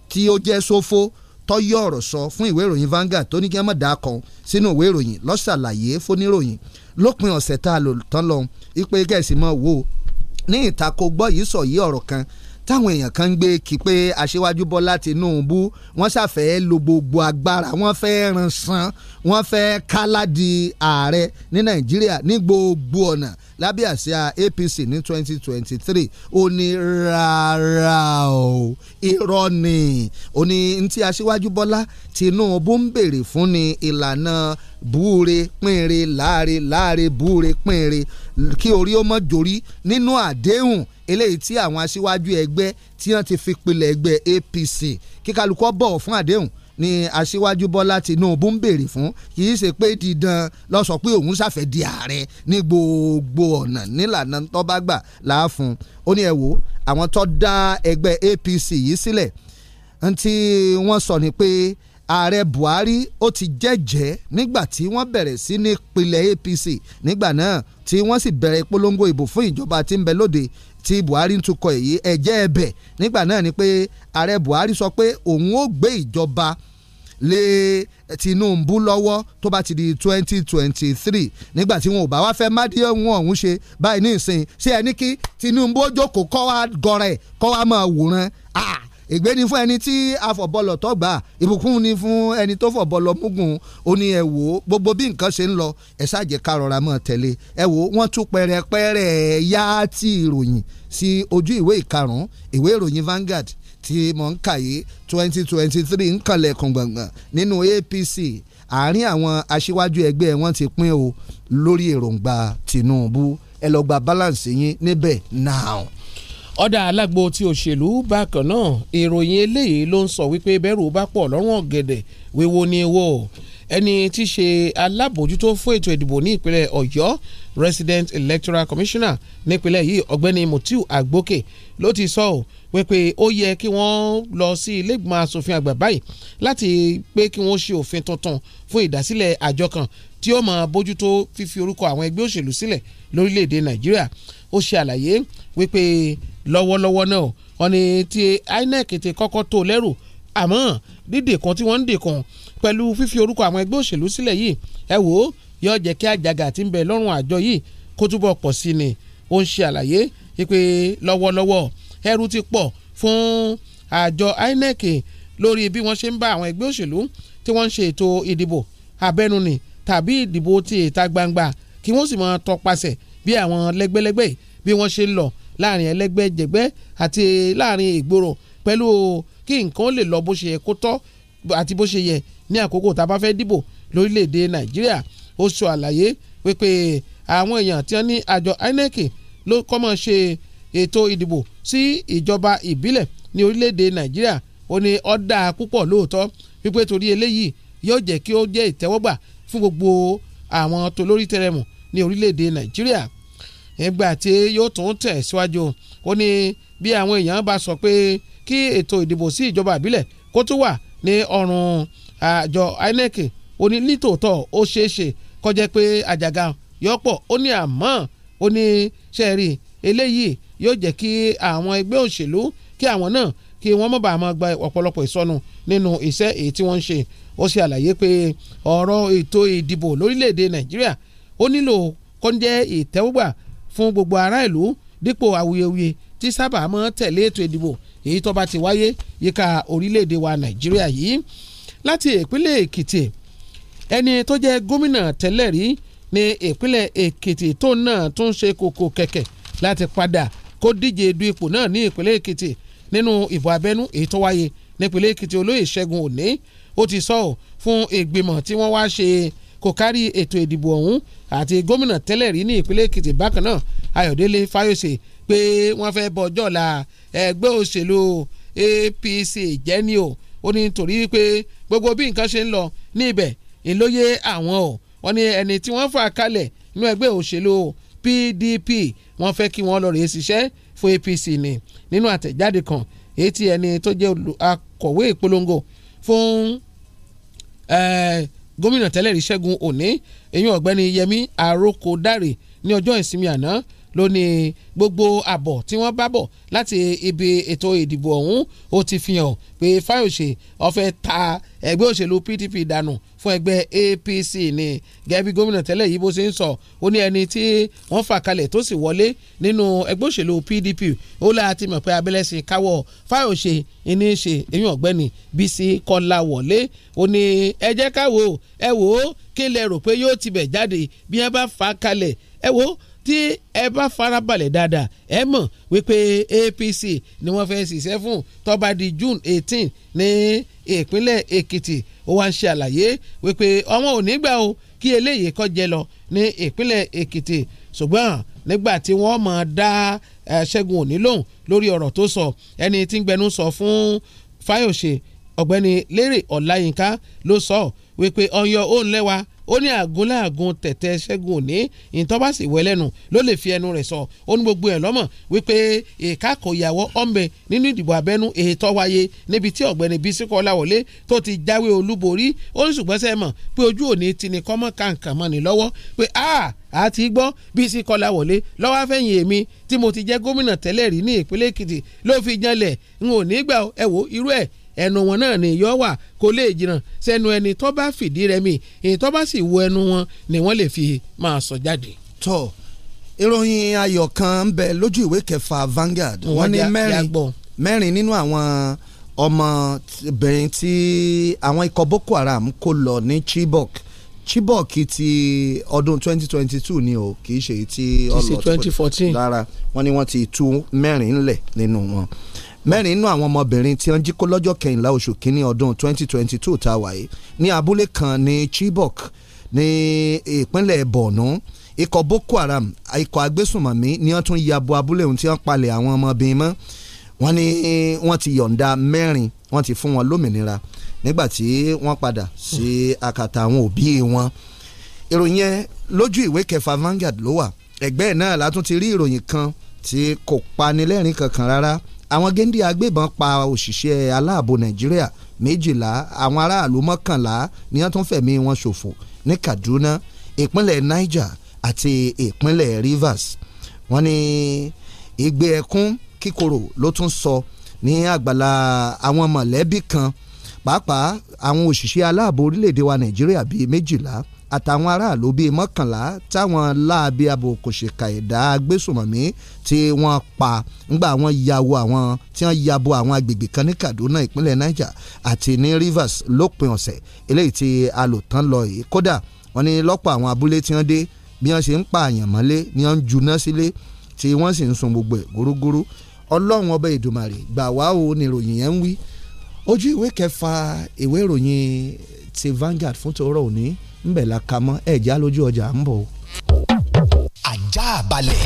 tí ó jẹ́ sófó tọ́yọ̀ ọ̀rọ̀ sọ fún ìwé ìròyìn Vanguard tó ní kí wọ́n má dáa kan sínú ìwé ìròyìn lọ́sàlàyé fóníròyìn lópin ọ̀sẹ̀ tá a lò tán lọ ipe gẹ̀ẹ́sì mọ́ ní ìtako gbọ́ yìí sọ yìí ọ̀rọ̀ kan táwọn èèyàn kan ń gbé kí pé aṣíwájú Bọ́lá Tinubu wọ́n ṣàfẹ́ lo gbogbo agbára wọ́n fẹ́ ran san wọ́n fẹ́ kálá di ààrẹ ní Nàìjíríà ní gbogbo ọ̀nà lábẹ́ àsíá APC ní 2023 ó ní rárá o irọ́ ni ó ní ntí aṣíwájú Bọ́lá Tinubu ń béèrè fún ni ìlànà búure pínre láre láre búure pínre kí orí ó mọ́ jórí nínú àdéhùn eléyìí tí àwọn aṣíwájú ẹgbẹ́ tí wọ́n ti fi pilẹ̀ ẹgbẹ́ APC kíkálukọ́ bọ̀ fún àdéhùn ni aṣíwájú bọ́lá tinúbù ń béèrè fún kì í ṣe pé dídán lọ sọ pé òun ṣàfẹ́ di ààrẹ ní gbogbo ọ̀nà nílànà tó láàfún ó ní ẹ wo àwọn tó dá ẹgbẹ́ APC yìí sílẹ̀ ntí wọ́n sọ ni pé ààrẹ buhari ó ti jẹ́jẹ́ nígbà tí wọ́n bẹ̀rẹ̀ sí ní pilẹ̀ APC nígbà náà tí wọ́n sì bẹ̀rẹ̀ ìpolongo ìbò fún ìjọba tí ń bẹ lóde tí buhari ń tukọ̀ èyí ẹ̀jẹ̀ ẹ̀bẹ̀ nígbà náà ni pé ààrẹ buhari sọ pé òun ó gbé ìjọba lé Tinubu lọ́wọ́ tó bá ti di twenty twenty three nígbà tí wọn ò bá wá fẹ́ mádìyàn wọn ọ̀hún ṣe báyìí ní ìsìn ṣé ẹni kí Tinubu jókòó kọ́ wa gọ̀rẹ̀ kọ́ wa máa wòran ègbé ni fún ẹni tí afọ̀bọlọ̀ tọ́gbà ìbùkún ni fún ẹni tó fọ̀bọlọ̀ múgùn ó ní ẹ wò ó gbogbo bí nǹkan ṣe ń lọ ẹ ṣáàjẹ́ ká rọra mọ́ tẹ̀lé ẹ wò ó wọ́n tún pẹ̀rẹ̀pẹ̀rẹ̀ yá ti ìròyìn sí ojú ìwé ìkarùn ìwé ìròyìn Vanguard tí mo ń kà yìí twenty twenty three ńkànlẹ̀kùn gbọ̀ngàn nínú APC àárín àwọn aṣíwájú ẹgbẹ́ wọn ti pín o lórí èròǹgbà Tinubu ẹ lọ gba balance yín níbẹ̀ now ọ̀dà alágbo tí òṣèlú bákan náà ìròyìn eléyìí ló ń sọ wípé bẹ́rù bá pọ̀ lọ́rùn ọ̀gẹ̀dẹ̀ wíwo ni wò ẹni tí í ṣe alábòjútó fún ètò ìdìbò ní ìpínlẹ̀ ọ̀yọ́ resident electoral commissioner nípínlẹ̀ yìí ọ̀gbẹ́ni mutiu agboke ló ti sọ ọ́ wípé ó yẹ kí wọ́n lọ sí ilé ìgbìmọ̀ asòfin àgbà báyìí láti pé kí wọ́n ṣe òfin tuntun fún ìdásílẹ̀ àjọ kan tí ó máa bójútó fífi orúkọ àwọn ẹgbẹ́ òṣèlú sílẹ̀ lórílẹ̀‐èdè nàìjíríà ó ṣe àlàyé wípé lọ́wọ́lọ́wọ́ náà wọ́n ní ti inec ti kọ́kọ́ tó lẹ́rù àmọ́ dídè kan tí wọ́n ń dè kan pẹ̀lú fífi orúkọ àwọn ẹgbẹ́ òṣèlú sílẹ̀ yìí ẹ wò ó yóò jẹ́ kí àjàgà tí ń bẹ lọ́rùn àjọ yìí kó túbọ̀ pọ̀ sí ni ó ń ṣe àlàyé wípé lọ́wọ́lọ́wọ́ ẹrù ti pọ̀ fún àjọ INEC lórí bí wọ́n ṣe ń bá àwọn ẹgbẹ́ òṣèlú tí wọ́n ń ṣe ètò ìdìbò abẹ́nuni tàbí ìdìbò ti ìta gbangba kí wọ́n sì máa tọpasẹ̀ bí àwọn lẹ́gbẹ́lẹ́gbẹ́ bí wọ́n ṣe ń lọ láàrin ẹlẹ́gbẹ́jẹgbẹ́ àti láàrin ìgboro pẹ̀lú kí nǹkan lè lọ bó ṣe yẹ kó tọ́ àti bó ṣe yẹ ní àkókò tá a bá fẹ́ dìbò lórílẹ̀‐èdè nàìjíríà ó sọ àlàyé wípé àwọn èèyàn tí wọ́n ní àjọ INEC ló kọ́ mọ́ ṣe ètò ìdìbò sí ìjọba ìbílẹ̀ ní orílẹ̀-èdè nàìjíríà ó ní ọ̀dà púpọ̀ lóòótọ́ wípé torí eléyìí yóò jẹ́ kí ó jẹ́ ìtẹ́wọ́gbà fún gbogbo àwọn tó lórí tẹrẹmù ní orílẹ̀-èdè nàìjíríà ìgbà tí yóò tún tẹ̀ síwájú ó ní bí àwọn èèyàn bá sọ pé kí ètò ìdìbò sí ìjọba ìbílẹ̀ kó tún wà ní ọrùn àjọ INEC ó ní nítòótọ́ ó ṣeé ṣe kó pé àjàgà yọ̀pọ̀ ó ní àmọ́ ó ní ṣẹ́ẹ̀rì eléyìí yóò jẹ́ kí àwọn ẹgbẹ́ òṣèlú kí àwọn náà kí wọ́n mọ̀bà máa gba ọ̀pọ̀lọpọ̀ ìsọnù nínú iṣẹ́ èyí tí wọ́n ń ṣe ó ṣe àlàyé pé ọ̀rọ̀ ètò ìdìbò lórílẹ̀‐èdè nàìjíríà ó nílò kó ń jẹ́ ìtẹ́wọ́gbà fún gbogbo ará ìlú dípò awuyewuye tí sábà máa tẹ̀lé ètò ìdìbò èyí tó bá ti wáyé yíká orílẹ̀‐èdè wa nàìjíríà yìí láti ìpínlẹ̀ èkìtì ẹni tó jẹ́ gómìnà tẹ́lẹ̀ rí ní ìpínlẹ̀ èkìtì tó náà tún ṣe kòkò kẹ̀kẹ̀ láti padà kó díje du ipò náà ní ìpínlẹ̀ Èkìtì nínú ìbò abẹ́nú èyí tó wáyé nípínlẹ̀ Èkìtì olóyè Ṣẹ́gun Òní ó ti sọ ọ́ fún ìgbìmọ̀ tí wọ́n wá ṣe kò kárí ètò ìdìbò ọ̀hún àti gómìnà tẹ́lẹ̀ rí ní ìpínlẹ̀ Èkìtì bákan náà Ayọ̀délé Fáyọ̀sẹ̀ pé wọ́n fẹ́ bọ ọjọ́ ọ̀la ẹgbẹ́ òṣèlú APC jẹ́ ni o ó ní torí pé gbogbo bí nǹkan ṣe ń lọ ní ìlóye àwọn o wọ́n ní ẹni tí wọ́n fà kalẹ̀ nínú ẹgbẹ́ òṣèlú PDP wọ́n fẹ́ kí wọ́n lọ rèé ṣiṣẹ́ fún APC ni nínú àtẹ̀jáde kan etí ẹni tó jẹ́ akọ̀wé ìpolongo fún gómìnà tẹ́lẹ̀ rí Ṣẹ́gun Òní èyí ọ̀gbẹ́ni Yẹmí Àrókòdárè ní ọjọ́ ìsinmi àná ló ní gbogbo àbọ̀ tí wọ́n bá bọ̀ láti ibi ètò ìdìbò ọ̀hún ó ti fi hàn pé Fáyọ̀ṣe ó ta ẹgbẹ́ òṣèlú PDP dànù fún ẹgbẹ́ APC ni gẹ́gẹ́ bí gómìnà tẹ́lẹ̀ yìí bó ṣe ń sọ ó ní ẹni tí wọ́n fà kalẹ̀ tó sì wọlé nínú ẹgbẹ́ òṣèlú PDP ó láà ti mọ̀ pé abẹ́lẹ́sìn káwọ́ Fáyọ̀ṣe ní í ṣe eyín ọ̀gbẹ́ni Bísí Kọ́láwọlé ó ní ẹ jẹ́ káwọ́ kí lẹ rò pé yóò tibẹ̀ jáde bí wọ́n bá fà kalẹ̀ ẹ tí ẹ bá farabalẹ̀ dáadáa ẹ mọ̀ wípé APC ni wọ́n fẹ́ ṣiṣẹ́ fún tó di June eighteen ní ìpínlẹ̀ Èkìtì ó wá ń ṣe àlàyé wípé àwọn ò ní gbà o kí eléyìí kó jẹ lọ ní ìpínlẹ̀ Èkìtì ṣùgbọ́n nígbà tí wọ́n mọ̀ dá Ṣẹ́gun Òní lóhùn lórí ọ̀rọ̀ tó sọ ẹni tí ń gbẹnu sọ fún Fáyọ̀ṣe ọ̀gbẹ́ni Lérè Ọláyínká ló sọ wípé ọyọ òun lẹ́wà ó ní àgúnláàgún tẹ̀tẹ̀ ṣẹ́gun òní ìtọ́bàsì wẹ́lẹ́nu ló lè fi ẹnu rẹ̀ sọ ó ní gbogbo ẹ̀ lọ́mọ̀ wípé ìkákòyàwó ọ̀mẹ nínú ìdìbò abẹ́nú èyí tó wáyé níbi tí ọ̀gbẹ́ni Bísí Kọ́láwọlé tó ti jáwé olúborí ó ní ṣùgbọ́n sẹ́ mọ̀ pé ojú òní ti ní kọ́mọ́ kàǹkàn mọ́ni lọ́wọ́ pé a àti gbọ́ Bísí Kọ́láwọlé lọ́wọ́ afẹ́yìn èmi tí mo ti jẹ́ gómìnà tẹ́lẹ̀ rí ní ìpínlẹ̀ Èkìtì ló fi janlẹ̀ n ò ní gbà ẹ wo irú ẹ̀ ẹnu wọn náà ni yọ wà kó lè jìnnà sẹ́nu ẹni tó bá fìdí rẹmi èyí tó bá sì wo ẹnu wọn ni wọ́n lè fi máa sọ jáde. tó ìròyìn ayọ̀ kan ń bẹ lójú ìwé kẹfà Vanguard wọ́n ní mẹ́rin mẹ́rin nínú àwọn ọmọbìnrin tí àwọn ikọ̀ Boko Haram kó lọ ní Chibok Chibok ti ọdún 2022 ni o kì í ṣe ti ọlọ́ọ̀tì 2014 rárá wọ́n ní wọ́n ti tú mẹ́rin lẹ̀ nínú wọn. No, mẹ́rin nínú àwọn ọmọbìnrin tí wọ́n jí kó lọ́jọ́ kẹyìnlá oṣù kínní ọdún 2022 tá a wáyé ní abúlé kan ní Chibok ní ìpínlẹ̀ Borno ikọ̀ Boko Haram ikọ̀ agbésùnmọ̀mí ni wọ́n tún ya bo abúlé ohun tí wọ́n palẹ̀ àwọn ọmọbìnrin mọ́ wọ́n ní wọ́n ti yọ̀ǹda mẹ́rin wọ́n ti fún wọn lómìnira nígbà tí wọ́n padà sí akata àwọn òbí wọn ìròyìn yẹn lójú ìwé kẹfà Vanguard ló wà ẹgbẹ́ náà látún ti rí ìròyìn kan tí kò panilẹ́rìn kankan rárá àwọn géńdé agbébọn pa òṣìṣẹ́ aláàbò nàìjíríà méjìlá àwọn aráàlú mọ́kànlá ni wọ́n tún fẹ̀mí wọn ṣòfò ní kaduna ìpínlẹ̀ niger àti ìpínlẹ̀ rivers wọ́n ní ìgbé ẹkún kíkorò ló tún sọ ní àgbàlá àwọn mọ̀lẹ́bí kan pàápàá àwọn òṣìṣẹ́ aláàbò orílẹ̀-èdè wa nàìjíríà bíi méjìlá àtàwọn aráàlú bíi mọ́kànlá táwọn láabi abo kò ṣèkà ẹ̀dá agbésùmọ̀mí tí wọ́n pa ńgbà wọ́n yabo àwọn tí wọ́n yabo àwọn agbègbè kan ní Kaduna ìpínlẹ̀ Niger àti ní Rivers lópin ọ̀sẹ̀ eléyìí tí alòtán lọ yìí kódà wọ́n ní lọ́pọ̀ àwọn abúlé tí wọ́n dé bí wọ́n ṣe ń pa àyàn mọ́lé ni wọ́n ń juná sílé tí wọ́n sì ń sun gbogbo ẹ̀ gúrúgúrú ọlọ́run ọba ìdùmarè gbà wá o níròyìn yẹn ń wí ojú ìwé kẹfà ìwé ìròyìn ti Vanguard fún tòórọ́ òní ńbẹ̀ la ka mọ́ ẹ̀já lójú ọjà ń bọ̀. ajá balẹ̀.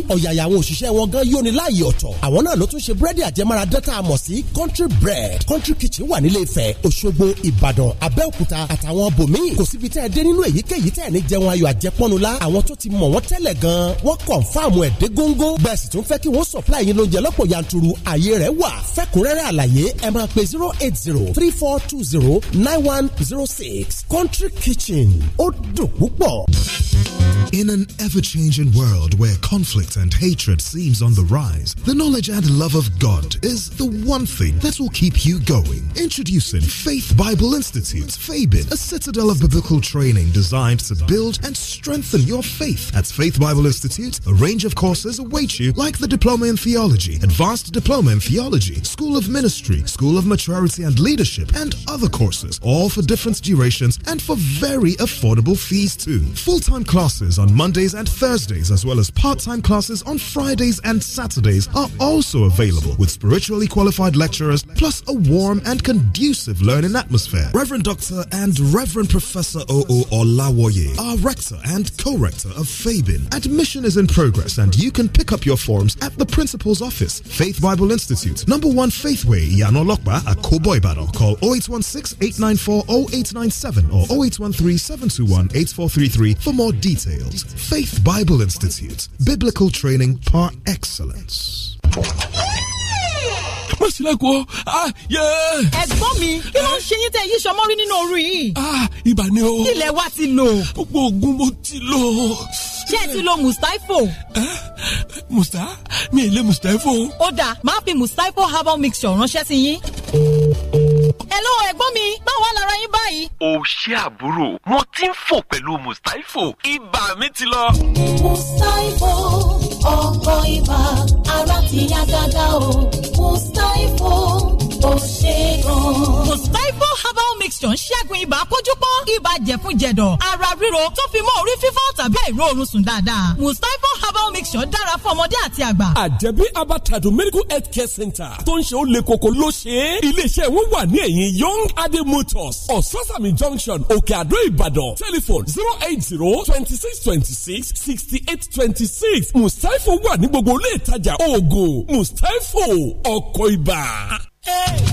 ọ̀yàyà àwọn òṣìṣẹ́ wọn gan yóò ní láàyè ọ̀tọ̀ àwọn náà ló tún ṣe búrẹ́dì àjẹmára dẹ́ta àmọ̀ sí country bread country kitchen wà nílé Ifẹ̀ Òṣogbo Ìbàdàn Abẹ́òkúta àtàwọn bòmíì kò síbi tẹ́ ẹ dé nínú èyíkéyìí tẹ́ ẹ ní jẹun ayọ̀ àjẹpọ́nula àwọn tó ti mọ̀ wọ́n tẹ́lẹ̀ gan wọ́n kọ̀ǹfàmù ẹ̀ dé góńgó bẹ́ẹ̀ In an ever-changing world where conflict conflict and hatred seems on the rise, the knowledge and love of God is the one thing that will keep you going. Introducing Faith Bible Institute, FABIN, a citadel of biblical training designed to build and strengthen your faith. At Faith Bible Institute, a range of courses await you like the Diploma in Theology, Advanced Diploma in Theology, School of Ministry, School of Maturity and Leadership, and other courses, all for different durations and for very affordable fees too. Full-time classes on Mondays and Thursdays as well as part-time classes classes on Fridays and Saturdays are also available with spiritually qualified lecturers plus a warm and conducive learning atmosphere. Reverend Dr. and Reverend Professor O.O. Olawoye are rector and co-rector of Fabin. Admission is in progress and you can pick up your forms at the principal's office, Faith Bible Institute, number 1 Faithway, Yano Lokba, Akobo Ibadan. Call 0816-894-0897 or 0813-721-8433 for more details. Faith Bible Institute, Biblical medical training par excellence. má sílẹ̀kùn ọ́ ah, yẹ. ẹ̀gbọ́n mi kí ló ń eh. ṣe yín tẹ́ yí sọmọ́ rí nínú orí yìí. Ah, ibà ni o. ilẹ̀ wa ti lò. gbogbo oògùn mo ti lò. ṣé ẹ ti lo mustapho. Eh, musa mi ò lè mustapho. ó dáa máa fi mustapho herbal mixture ránṣẹ́ sí yín. Hello ẹ̀gbọ́n mi, báwo lára yín báyìí? O ṣé àbúrò, wọ́n ti ń fò pẹ̀lú Mustapho. Ibà mi ti lọ. Mustapho, ọkọ̀ ibà, ara ti yá gágá o. Mustapho, ò ṣe gan. Mustapho calcium ṣẹ́gun ibà kójúpọ́ ibà jẹ̀fun ara ríro tó fi mọ́ orí fífọ́ tàbí àìró oorun sùn dáadáa mustapha herbal mixture dára fún ọmọdé àti àgbà. àjẹbí abatadu medical health care center tó ń ṣe ó le koko ló ṣe é iléeṣẹ́ wọn wà ní ẹ̀yìn young adé motors ososami junction òkè àdó ìbàdàn telephone zero eight zero twenty six twenty six sixty eight twenty six mustapha wà ní gbogbo ilé ìtajà oògùn mustapha ọkọ̀ ibà. Hey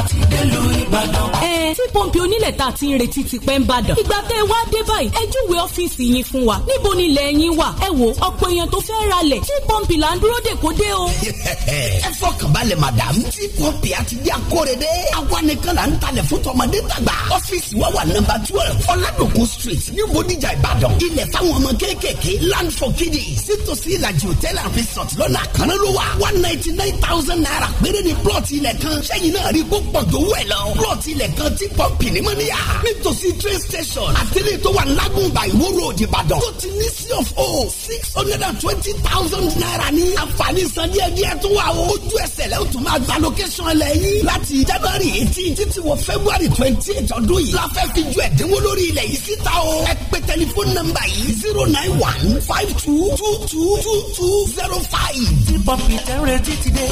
àti délùú Ìbàdàn. ẹ tí pọ́ǹpì onílẹ̀ tá a ti ń retí ti pẹ́ ń bàdàn. ìgbà tẹ́ ẹ wá dé báyìí ẹ júwe ọ́fíìsì yín fún wa níbo ni ilẹ̀ yín wà. ẹ wo ọ̀pọ̀ èèyàn tó fẹ́ ra lẹ̀ tí pọ́ǹpì là ń dúró dè kó dé o. *laughs* ẹ fọkàn balẹ̀ madam tí pọ́ǹpì àti bí akóredé awa nìkan là ń talẹ̀ fún tọmọdé tàgbà. ọ́fíìsì wa wà nọ́mbà twelve ọ̀làdòkun street ní bódìjà ìbàdàn. ilẹ̀ fáwọn ọmọ kéékèèké land for kiddies sítòsí ìlàjì hòtẹ́ẹ̀lì àfisọ̀t lọ́nà àkànlélówà one ninety nine thousand naira péré ni plọ̀tì kan sẹ́yìn náà rí pọ̀ tó wẹ̀ lọ. plọ̀tì ilẹ̀ kan tí pọ́ǹpì ní mọ́níyà. nítòsí train station àtẹ̀lé tó wà lágùnbà ìwó road ìbàdàn. tó ti ní sí of o six hundred and twenty thousand naira ní. àǹfààní san díẹ̀ díẹ̀ tó wà o. ojú ẹsẹ̀ lẹ́yìn tó máa gba location ẹlẹ́ yìí. láti january eighteen títí wọ february twenty eight ọdún yìí. la fẹ́ fi ju ẹ̀dínwó lórí ilẹ̀ yìí síta o. ẹ pe tẹlifóònù nọ́mbà yìí zero nine one five two two two two two zero five. tí pọ́ǹpì tẹ́ ń retí ti dé.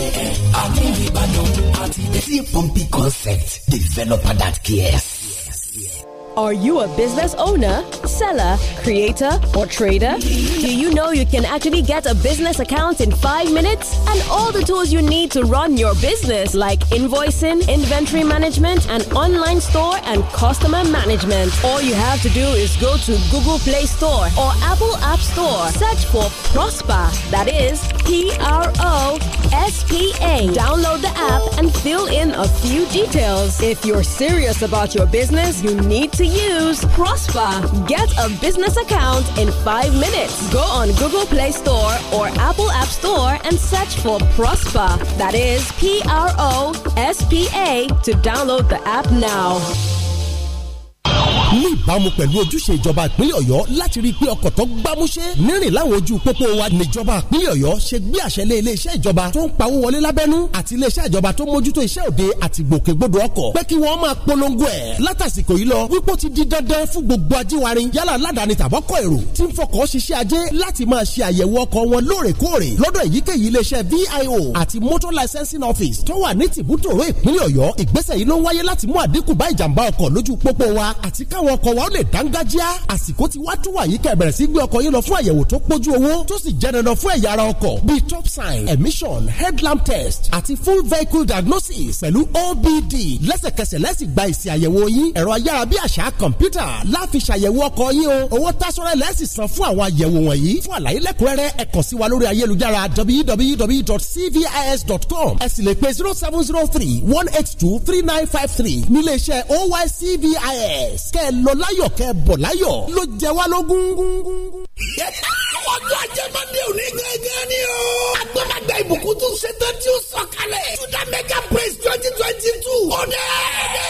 àti ìbàdàn àti ìdẹ́. tí pọ́ǹpì concept developer that cares. Are you a business owner, seller, creator, or trader? Do you know you can actually get a business account in five minutes? And all the tools you need to run your business, like invoicing, inventory management, an online store, and customer management. All you have to do is go to Google Play Store or Apple App Store. Search for Prosper, that is P R O S P A. Download the app and fill in a few details. If you're serious about your business, you need to use Prosper. Get a business account in five minutes. Go on Google Play Store or Apple App Store and search for Prosper. That is P R O S P A to download the app now. ní ìbámu pẹ̀lú ojúṣe ìjọba ìpínlẹ̀ ọ̀yọ́ láti rí i pé ọkọ̀ tó gbámúṣé nírìn láwọn ojú pópó wa níjọba ìpínlẹ̀ ọ̀yọ́ ṣe gbé àṣẹ lé iléeṣẹ́ ìjọba tó ń pawó wọlé lábẹ́nú àti iléeṣẹ́ ìjọba tó mójútó iṣẹ́ òde àti gbòkègbodò ọkọ̀ pé kí wọ́n máa polongo ẹ̀ látàsìkò yìí lọ wípé ti di dandan fún gbogbo ajíwárin yálà aládàáni tàbọ́kọ̀ èrò tí ń fọkọ̀ ṣiṣẹ́ ajé láti máa ṣe àyẹ̀wò ọkọ̀ wọn lóòrèkóòrè lọ́dọ̀ èyíkéyìí iléeṣẹ́ VIO office tó wà ní tìbútòrò ìpínlẹ̀ ọ̀yọ́ ìgbésẹ̀ yìí ló ń wáyé láti mú àdínkù bá ìjàmbá ọkọ̀ wa àti àti káwọn ọkọ̀ wa ó lè dángájíá àsìkò ti wá tún wà yìí kẹ́ bẹ̀rẹ̀ sí gbé ọkọ̀ yín lọ fún àyẹ̀wò tó pójú owó tó sì jẹ́ dandan fún ẹ̀yà ara ọkọ̀ bíi top sign emission headlamp test àti full vehicle diagnosis pẹ̀lú OBD lẹ́sẹ̀kẹsẹ̀ lẹ́sìn gba ìsìn àyẹ̀wò yín ẹ̀rọ ayára bí àṣá kọ̀mpútà láfi ṣàyẹ̀wò ọkọ̀ yín o owó tásọ̀rẹ́ lẹ́sìn san fún àwọn àyẹ̀wò wọ̀nyí fún àlàyé lẹ́kùnrẹ́rẹ́ ẹ kàn sí wa lórí ayélujára www.cvis.com ẹ sì lè pe zero seven zero three one eight two three nine five three nílé iṣẹ́ oycvis kẹ́ ẹ lọ láyọ̀ kẹ́ ẹ bọ̀ láyọ̀ ló jẹ wá lógún. ọjọ́ ajé sátọ́dẹ̀ òní gángan ni o. agbọ́dàgbà ìbùkún tún ṣetán tí ó sọ̀kalẹ̀. juda mega praise twenty twenty two. ó dẹ́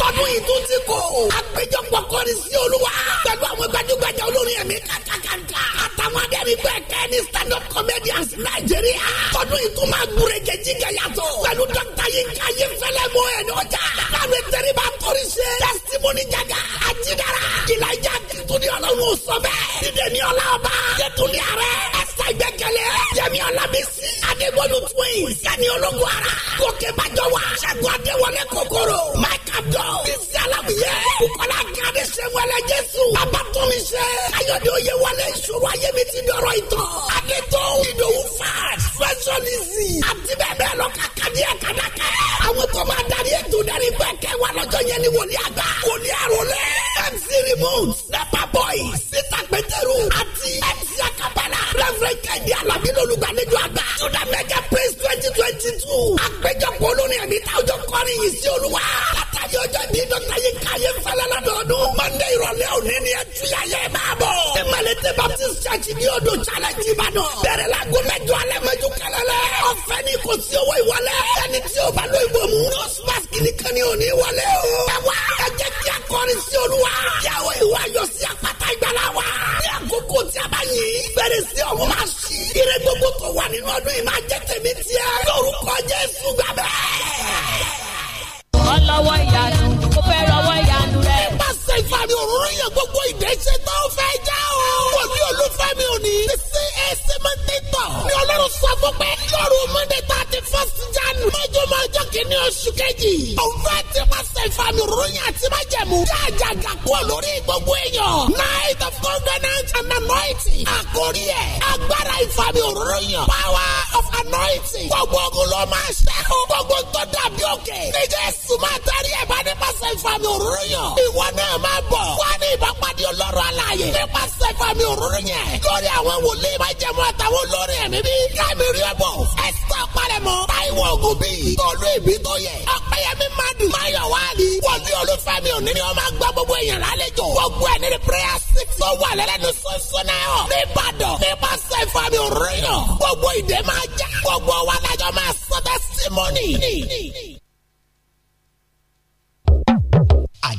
tọdún yìí tún ti kó. àpéjọpọ̀ kọrin sí olúwa. pẹ̀lú àwọn gbajúgbajà olórin ẹ̀mí kàkàkàkà. àtàwọn adẹ́rìn bẹ́ẹ̀ kẹ́ ni stand up comedians nàìjíríà. tọdún yìí tún máa gbúrege jíjẹ yàtọ̀. pẹ̀lú dókítà yìí ká yé fẹ́lẹ́ mọ ẹ̀ lọ́jà. láàrin tẹ̀rí bá kọrin ṣe. testimony jaga àjidara. ìlàjà kìtùnú ọlọ́run sọ bẹ́ẹ̀. dídé ní ọlá ọba. yẹtùnú ààrẹ. ẹsẹ̀ gbẹ́kẹ̀lé. Yẹmi Ọlábísí. Adébólú twins. Yanni ológun ara. Gòkè Bájọ wa. Ṣẹ́gun Adéwọlé kòkòrò. Mike Abdul. Bísí Alábíyé. Bukola Gade Sẹ́wọ́lẹ̀ Jésù. Babatunmi ṣe. Káyọ̀dé oyè wọlé ìṣòro ayé mi ti dọ̀rọ̀ ìtàn. Adétò Ìdòwú Fad. Fẹ́sọ̀lìsì. Àti bẹ́ẹ̀ bẹ́ẹ̀ lọ kàkàdí ẹ̀kadàkẹ́. Àwọn tó máa darí ètò darí gbẹ̀kẹ́ wa lọ́jọ́ yẹn ni wòlíì àgbà. Wòlíì àròlé. MC Remote. Nepa Boy. Sita Gbẹdẹrù. Àti MC Akabala. Reverend kẹ́hìndé alábí lolùgbàlejò àgbà juda mega praise twenty twenty two àpéjọpọ̀ olórin ẹ̀mí táwùjọ kọrin yìí sí olúwa látàrí ọjọ́ bí dọ́kítà yìí káyé fẹ́lẹ́ lọ́dọọdún monday ìrọ̀lẹ́ òní ni ẹtú yàyẹ máa bọ̀ emalete baptist church ní ọdún challenge ìbàdàn bẹ̀rẹ̀ la gó mẹ́jọ alẹ́ mẹ́jọ kẹlẹ́lẹ́ ọ̀fẹ́ ni kò sí owó ìwọlé ẹni tí o bá lọ ìbomú nose mask ni ò ní wọlé o ẹ wá ẹ kí a sí olúwa yàwó ìwà yọ sí àpáta ìgbàlá wa ní àkókò tí a bá yìn fèrèsé ọ̀hún máa Ire gbogbo tó wà nínú ọdún yìí máa jẹ́ tèmi tiẹ̀. Lórúkọ Jésù gbàgbẹ́. Ọlọ́wọ́ ìyanu níparí òróró yẹn gbogbo ìdẹ́sẹ̀ tó fẹ́ já o. wòlíì olúfẹ́mi òní ti CAC ni ọlọ́run sọ fún pé lóru monday thirty first jan mọ́jọ́ mọ́jọ́ kìíní oṣù kejì. òun fẹ́ ti pàṣẹ ìfàmì òróró yẹn àti májẹ̀mú. jájà gàkúọ̀ lórí gbogbo èèyàn. night of covenant and anointing. àkórí ẹ̀ agbára ìfàmì òróró yẹn. power of anointing. gbogbo ogun ló máa ṣẹ́ o. gbogbo tó dàbí òkè. níjẹ́ sùnmọ́ àtàrí ẹ̀ bá máa bọ̀ wá ní ìbápadì ọlọ́run aláàyè nípasẹ̀ fami òróró yẹn lórí àwọn wòlíì máa jẹmọ́ àtàwọn olórin ẹ̀mí bí kámi rí ẹ̀bọ̀ ẹ̀sítà parẹ́mọ́ táìwọ̀ ogun bí tọ́lú ìbí tó yẹ ọ̀pẹ̀yẹmí madu máyọ̀ wáàlì wọlé olúfẹ́mi òní ni wọ́n máa gba gbogbo èèyàn lálejò gbogbo ẹ̀ ní prayer six tó wà lẹ́lẹ́nu sọ́sọ́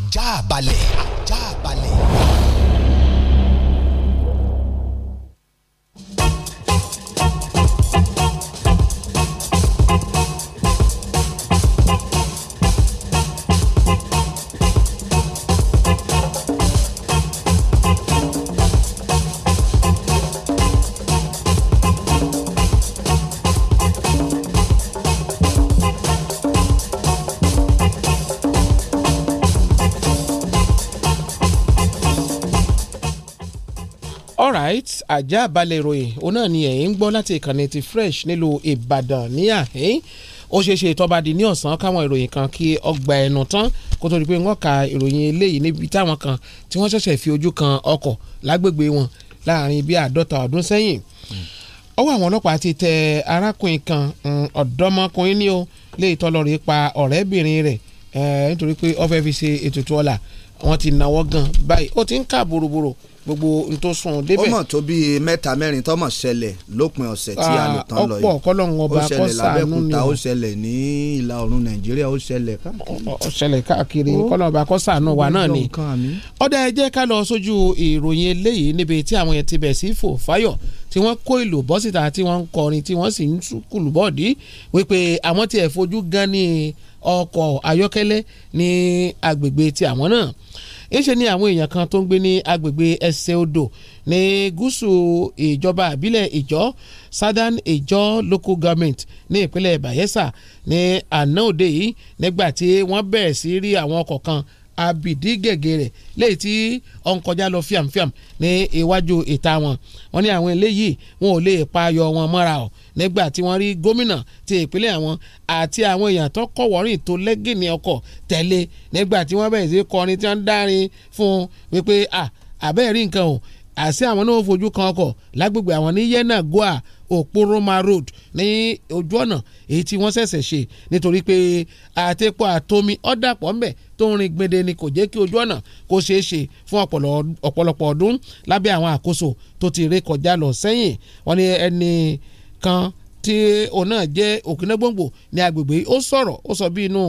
àjà balẹ̀ àjà balẹ̀. ajá balẹ̀ ìròyìn òun náà ni ẹ̀yin ń gbọ́ láti ìkànnì ti fresh nílùú ìbàdàn ní àhín ó ṣeé ṣe tọ́ba di ní ọ̀sán káwọn ìròyìn kan kí ọgbà ẹnu tán kó tó di pé wọ́n ka ìròyìn eléyìí níbi táwọn kan tí wọ́n ṣẹ̀ṣẹ̀ fi ojú kan ọkọ̀ lágbègbè wọn láàrin bíi àádọ́ta ọdún sẹ́yìn ọwọ́ àwọn ọlọ́pàá ti tẹ arákùnrin kan mm, ọ̀dọ́mọkùnrin ní o lè tọ́lọ́rì pa ọ̀rẹ́bìnrin rẹ̀ eh, nítorí pé ó fẹ́ fi ṣe ètùtù ọlà wọ́n ti náwó gan báyìí ó ti ń kà bòròbòrò gbogbo n tó sùn débẹ̀. ó mọ̀ tó bíi mẹ́ta mẹ́rin tó mọ̀ ṣẹlẹ̀ lópin ọ̀sẹ̀ tí a lò tán lọ yìí. Ah, ọ̀pọ̀ kọ́lọ́hún ọba kọ́ sànú ni ó ṣẹlẹ̀ lábẹ́kúta ó ṣẹlẹ̀ ní ìlà oòrùn nàìjíríà ó ṣẹlẹ̀ káàkiri. ó ṣẹlẹ̀ káàkiri kọ́lọ́hún ọba kọ́ sànú wa náà ni. ọ̀dà ẹ jẹ́ ká lọ sójú ìròyìn eléyìí níbi tí àwọn yẹn ti bẹ̀ sí fò fáyọ̀ tí wọ́n kó ìlú bọ́ síta tí wọ́n ń kọrin tí wọ́n sì ń kùlù bọ́ọ̀dì wípé àwọn ti ẹ̀ fojú gan ni ọkọ̀ ayọ́kẹ́lẹ́ ní agbègbè ti àwọn náà èṣe ni àwọn èèyàn kan tó ń gbé ní agbègbè ẹsẹ̀ odò ní gúúsù ìjọba àbílẹ̀ ìjọ southern ìjọ local government ní ìpínlẹ̀ bayelsa ní àná òde yìí nígbà tí wọ́n bẹ̀rẹ̀ sí rí àwọn ọkọ̀ kan abidi gègé rẹ̀ léyìí tí ó ń kọjá lọ fíàmfíàm ní iwájú ìta wọn wọn ní àwọn eléyìí wọn ò lè pa ayọ̀ wọn mọ́ra o nígbà tí wọ́n rí gómìnà ti ìpínlẹ̀ àwọn àti àwọn èèyàn tó kọ̀wọ́rìn tó lẹ́gìnì ọkọ̀ tẹ̀lé nígbà tí wọ́n bẹ̀rẹ̀ sí kọrin tí wọ́n dárin fún wípé àbẹ́ẹ̀rí nǹkan o àṣẹ àwọn náà fojú kan ọkọ̀ lágbègbè àwọn ní yenagoa òpóroma road ní ojú ọ̀nà èyí tí wọ́n ṣẹ̀ṣẹ̀ ṣe nítorí pé àtẹ̀pọ̀ àtomi ọ̀dàpọ̀ ńbẹ̀ tó ń rin gbèdé ni kò jẹ́ kí ojú ọ̀nà kó ṣeé ṣe fún ọ̀pọ̀lọpọ̀ ọdún lábẹ́ àwọn àkóso tó ti rékọjá lọ sẹ́yìn wọ́n ní ẹnì kan tí òun náà jẹ́ òkúnẹ́gbòǹgbò ní agbègbè ó sọ̀rọ̀ ó sọ bí inú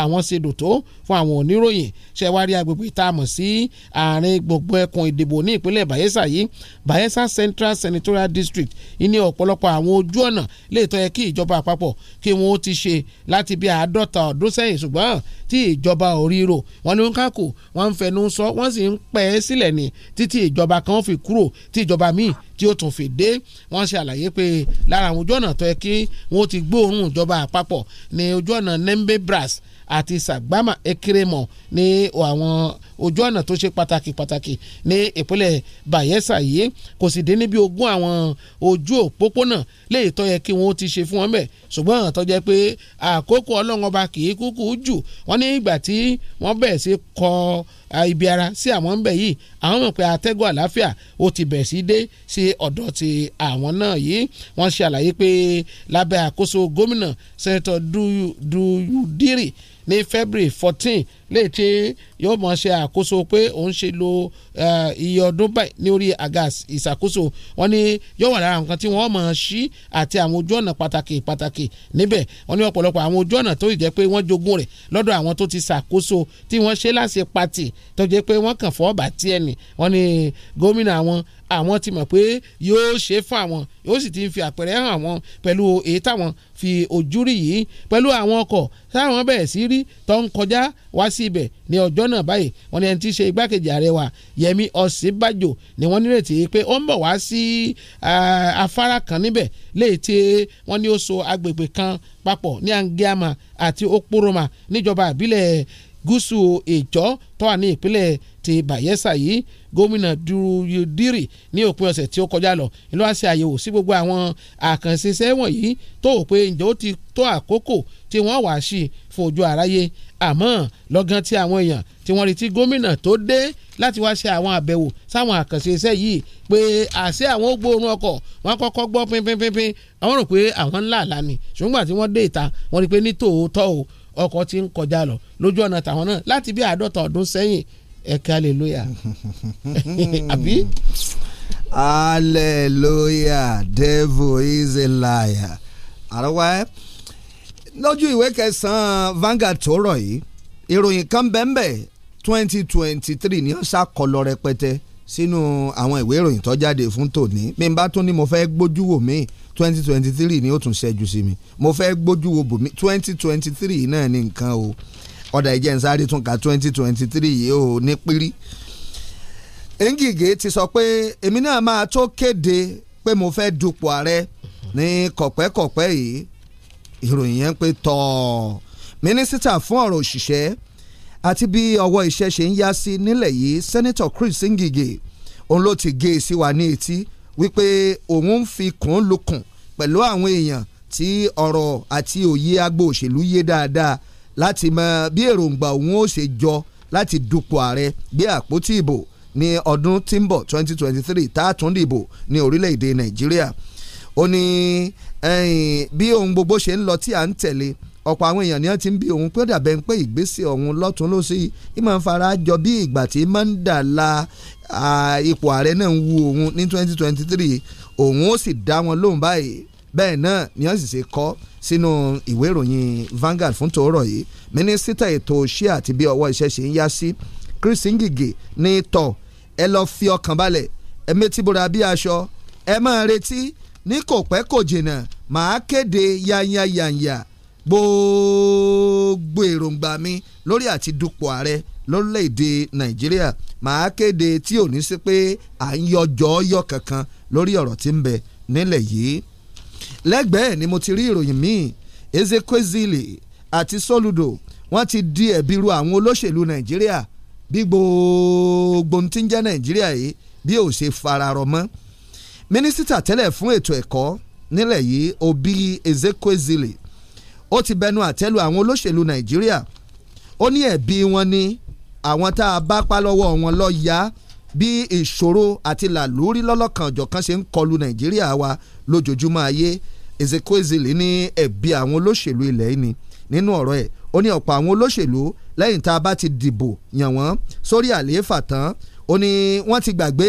àwọn ṣe dò tó fún àwọn oníròyìn ṣẹ̀wárí agbègbè tá a mọ̀ sí àárín gbogbo ẹkùn ìdìbò ní ìpínlẹ̀ Bayelsa yìí Bayelsa Central Senatorial District ìní ọ̀pọ̀lọpọ̀ àwọn ojú ọ̀nà lè tọ́ yẹ kí ìjọba àpapọ̀ kí wọ́n ó ti ṣe láti bí àádọ́ta ọdún sẹ́yìn ṣùgbọ́n tí ìjọba òríro wọn ni ó ń kákò wọn ń fẹnu sọ wọn sì ń pẹ́ sílẹ̀ ní títí ìjọba kan fi kúrò tí ìjọba míì tí ó tún fi dé wọn ṣe àlàyé pé lára àwọn ojú ọ̀nà tó yẹ kí wọn ti gbóòórùn ìjọba àpapọ̀ ní ojú ọ̀nà nembe brass àti Sàgbámà Ekeremo ní àwọn ojú ọ̀nà tó ṣe pàtàkì pàtàkì ní ìpínlẹ̀ Bayelsa yìí kò sì dín níbi ogún àwọn ojú òpópónà léyìí tó yẹ kí wọ́n ti ṣe fún wọn bẹ̀ ṣùgbọ́n tó jẹ́ pé àkókò ọlọ́run ọba kì í kúkú jù wọ́n ní ìgbà tí wọ́n bẹ̀rẹ̀ sí kọ́ ọ́ ibi ara sí àwọn ń bẹ yìí àwọn mọ̀ pé atẹ́gùn àlàáfíà ó ti bẹ̀ sí dé sí ọ̀dọ̀ ti àwọn náà yìí wọ́n ṣàlàyé pé lábẹ́ àkóso gómìnà sẹ́ńtọ̀ duyudiri ní February fourteen léyìí tí yóò mọ̀ ṣe àkóso pé òun ṣe lo iye ọdún báyìí ní orí àga ìṣàkóso wọn ni yóò wà lára nǹkan tí wọ́n mọ̀ sí àti àwọn ojú ọ̀nà pàtàkì pàtàkì níbẹ̀ wọ́n ní ọ̀pọ̀lọpọ̀ àwọn ojú ọ̀nà tó jẹ́ pé wọ́n jogún rẹ̀ lọ́dọ̀ àwọn tó ti ṣàkóso tí wọ́n ṣe láṣẹ pati tó jẹ́ pé wọ́n kàn fọ́ ọ̀bà tiẹ̀ ni wọ́n ní gómìnà àwọn àwọn ti mọ̀ pé yóò ṣe fún àwọn yóò sì ti fi àpẹẹrẹ hàn wọn pẹ̀lú èyí táwọn fi ojú rí yìí pẹ̀lú àwọn ọkọ̀ táwọn bẹ̀rẹ̀ sí rí tó ń kọjá wá sí ibẹ̀ ní ọjọ́ náà báyìí wọ́n ní ẹni tí í ṣe igbákejì ààrẹ wa Yẹmi Ọ̀sínbàjò ni wọ́n nírètí pé ó ń bọ̀ wá sí afárá kan níbẹ̀ léyìí tí wọ́n ní ó so agbègbè kan papọ̀ ní Angiama àti Okporoma níjọba ìbílẹ̀ gúúsù ìjọ tó wà ní ìpínlẹ̀ ti Bayelsa yìí gómìnà Durudiri ní òpin ọ̀sẹ̀ tí ó kọjá lọ ìlú àṣẹ àyẹ̀wò sí gbogbo àwọn àkànṣeṣẹ́ wọ̀nyí tó ò pé ǹjẹ́ ó ti tó àkókò tí wọ́n wàá sí fojú àráyé àmọ́ lọ́gán tí àwọn èèyàn tí wọ́n retí gómìnà tó dé láti wá ṣe àwọn àbẹ̀wò sáwọn àkànṣe yìí pé àṣẹ àwọn ó gbóòórùn ọkọ̀ wọ́n kọ́kọ́ gbọ́ pínpínpínpín àwọn rò pé àwọn ńlá àlá ni ṣùgbọ́n àti wọ́n dé ìta wọ́n rí pé ní o ọkọ̀ ti ń kọjá lọ lójú ọ̀nà tàwọn náà láti bí àádọ́ta ọdún sẹ́yìn ẹ̀ka aleluya *laughs* àbí. hallelujah devil is a liar àrọ́wá ẹ́ lójú ìwé kẹsàn-án Vanguard tó rọ̀ yìí ìròyìn kan bẹ́ẹ̀ twenty twenty three ni ó ṣàkọlọ rẹpẹtẹ sínú àwọn ìwé ìròyìn tó jáde fún tòní bí bá tún ní mo fẹ́ gbójú míì twenty twenty three ni ó tún ṣẹ́jú sí mi mo fẹ́ gbójú wo bòmí twenty twenty three náà ni nǹkan o ọ̀dà ìjẹ́ ń sáré tún ka twenty twenty three yìí ó ní pírí. Ngige ti sọ pé èmi náà máa tó kéde pé mo fẹ́ dupò ààrẹ ní kọ̀pẹ́kọ̀pẹ́ yìí ìròyìn yẹn pé tọ̀ mínísítà fún ọ̀rọ̀ òṣìṣẹ́ àti bí ọwọ́ iṣẹ́ ṣe ń yá sí nílẹ̀ yìí sẹ́nitọ̀ Chris Ngige òun ló ti gé e sí wa ní etí wípé òun ń fi kàn án lókun pẹ̀lú àwọn èèyàn tí ọ̀rọ̀ àti òye agbo òṣèlú yé dáadáa láti mọ bí èròǹgbà òun ó ṣe jọ láti dupò ààrẹ bí àpótí ìbò ní ọdún tí ń bọ̀ 2023 tá a dìbò ní orílẹ̀-èdè Nàìjíríà ó ní bí ohun gbogbo ṣe ń lọ tí à ń tẹ̀lé ọ̀pọ̀ àwọn èèyàn ni wọ́n ti ń bi òun pé ó dàbẹ̀ ń pé ìgbésẹ̀ ọ̀hún lọ́tún ló sí i máa ń fara jọ bí ìgbà tí máa ń dà la ipò ààrẹ náà ń wu òun ní twenty three òun ó sì dá wọn lóhùn báyìí bẹ́ẹ̀ náà ni wọ́n sì ṣe kọ sínú ìwé ìròyìn Vanguard fún tòórọ̀ yìí mínísítà ètò òṣì àti bí ọwọ́ iṣẹ́ ṣe ń yá sí Chris Ngige ní tọ̀ ẹ lọ́ọ́ fi ọkàn balẹ̀ ẹ méjì bóra bí aṣọ ẹ máa retí ní kò pẹ́ kò jìnnà màá kéde yányányányá gbogbo èròǹgbà mi lórí àti dupò ààrẹ lórílẹ̀‐èdè nàìjíríà màá kéde tí ò ní sí pé à ń yọjọ́ yọ kankan lórí ọ̀rọ̀ tí ń bẹ nílẹ̀ yìí lẹ́gbẹ̀ẹ́ ni mo ti rí ìròyìn míì Ezekwesili àti Soludo wọ́n ti di ẹ̀bi ru àwọn olóṣèlú nàìjíríà bí gbogbo ti ń jẹ́ nàìjíríà yìí bí ò ṣe fararọ mọ́ mínísítà tẹ́lẹ̀ fún ètò ẹ̀kọ́ nílẹ̀ yìí Obi Ezekwesili ó ti bẹnu àtẹ́lu àwọn olóṣèlú nàìjíríà ó ní ẹ̀bi wọn ni àwọn tá a bá pa lọ́wọ́ wọn lọ ya bí ìṣòro àti làlórí lọ́lọ́kan ọ̀jọ̀kan ṣe ń kọlu Nàìjíríà wa lójoojúmọ́ ayé Ezekwesili ní ẹ̀bi àwọn olóṣèlú ilẹ̀ yìí ni nínú ọ̀rọ̀ ẹ̀ ó ní ọ̀pọ̀ àwọn olóṣèlú lẹ́yìn tá a bá ti dìbò yàn wọ́n sórí àlééfà tán ó ní wọ́n ti gbàgbé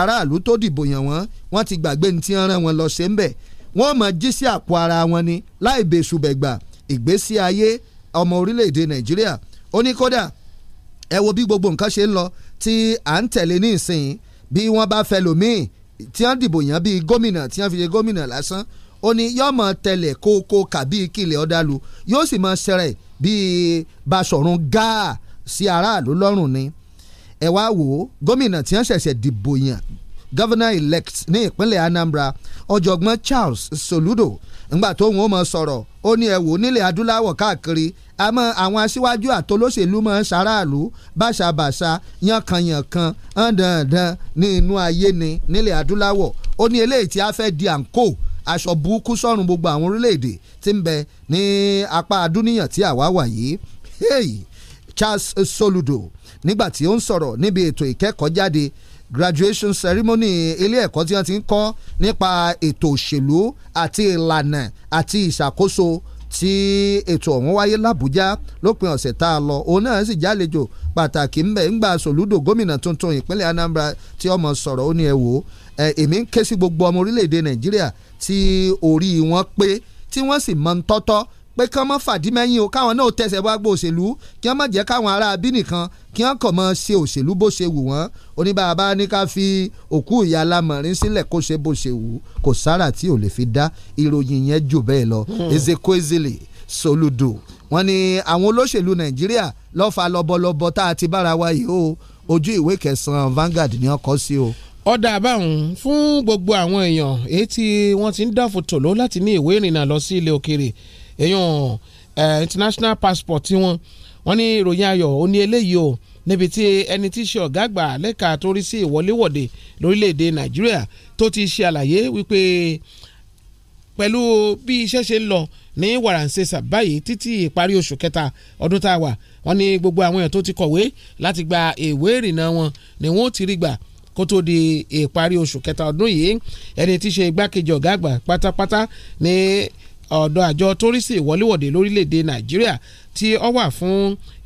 aráàlú tó dìbò yàn wọ́n wọ́n ti gbàgbé ní tí wọ́n rán wọn lọ ṣe ń bẹ̀ wọ́n mọ̀ jí sí àpò ara wọn ni láì bẹ̀sùbẹ̀gbà ìgbésí ayé ọmọ orílẹ̀-èdè Nàìjíríà ó ní kódà ẹ wo bí gbogbo nǹkan ṣe ń lọ tí à ń tẹ̀lé ní ìsìn bí wọ́n bá fẹ́ lòmíì tí wọ́n dìbò yàn bíi gómìnà tí wọ́n fi ṣe gómìnà lásán ó ní yóò mọ tẹlẹ̀ kókó kàbí kílẹ̀ ọ̀dàlù yóò sì mọ ṣẹrẹ̀ bíi Basọ̀run gáà sí aráàlú lọ́rùn ni ẹ wá wò ó gómìnà tí wọ́n ṣẹ̀ṣẹ̀ dìbò yàn governor elect ní ìpínlẹ̀ Anambra ọ̀jọ̀gbọ́n Charles Soludo ńgbà tó òun ó mọ sọ̀rọ̀ ó ní ẹ wò nílẹ̀ adúláwọ̀ káàkiri àmọ́ àwọn aṣíwájú àtolóṣèlú mọ́ sàráàlú báṣabàṣa yànkanyànkan ọ̀dàndàn ní inú ayé ni nílẹ̀ adúláwọ̀ ó ní eléyìí tí a fẹ́ di àǹkó aṣọ burúkú sọ́run gbogbo àwọn orílẹ̀-èdè tí ń bẹ ní apá adúníyàn tí àwa wà yìí hey, Charles Soludo nígbà tí ó ń sọ̀rọ̀ níbi ètò ìkẹ́kọ̀ọ́ jáde graduation ceremony ilé ẹ̀kọ́ tí wọ́n ti ń kọ́ nípa ètò òṣèlú àti ìlànà àti ìṣàkóso tí ètò ọ̀hún wáyé làbújá lópin ọ̀sẹ̀ tá a lọ òun náà sì jálejò pàtàkì ńbẹ ńgbà sòlúdò gómìnà tuntun ìpínlẹ̀ Anambra tí ọmọ sọ̀rọ̀ ó ní ẹ wò ó èmi ń ké sí gbogbo ọmọ orílẹ̀-èdè Nàìjíríà tí orí wọn pé tí wọ́n sì mọ ń tọ́tọ́ pé kí wọ́n mọ́ fàdí mẹ́yìn o káwọn náà tẹ̀sẹ̀ wá gbọ́ òṣèlú kí wọ́n mọ̀ jẹ́ káwọn ará abí nìkan kí wọ́n kọ̀ mọ́ ṣe òṣèlú bó ṣe wù wọ́n oníbàbá ní ká fi òkú ìyá alámọ̀rin sílẹ̀ kó ṣe bó ṣe wù kò sára tí ò lè fi dá ìròyìn yẹn jù bẹ́ẹ̀ lọ hmm. Ezekwesili Soludo wọ́n ní àwọn olóṣèlú Nàìjíríà lọ́fà lọ́bọ̀lọ́bọ̀ tá a ti bára wa yìí o ojú ìwé kẹsàn-án Vanguard ni wọ́n kọ sí o ọ̀dà àbáhùn fún gbogbo àwọn èèyàn èyí tí wọ́n ti ń dáfò tòló láti ní ìwé ìrìnnà lọ sí ilé òkèèrè èyàn international passport tí wọ́n wọ́n ní ìròyìn ayọ̀ ó ní eléyìí o níbi tí ẹni tí í ṣe ọ̀gá àgbà lẹ́ka tó rí sí ìwọléwọ̀de lórílẹ̀‐èdè nàìjíríà tó ti ṣe àlàyé wípé pẹ̀lú bí iṣẹ́ ṣe ń lọ ní wàràǹsẹ̀sà báyìí títí ìparí oṣù kẹta ọdún tá a wà wọ́n ní gbogbo àwọn èèyàn tó ti kọ̀wé láti gba ìwé ìrìnnà wọn ni wọ́n ti rí gbà kó tó di ìparí oṣù kẹta ọdún yìí ẹni tí ṣe igbákejì ọ̀gá àgbà pátápátá ní ọ̀dọ̀ àjọ tó rí sí ìwọléwọ̀de lórílẹ̀‐èdè nàìjíríà tí ó wà fún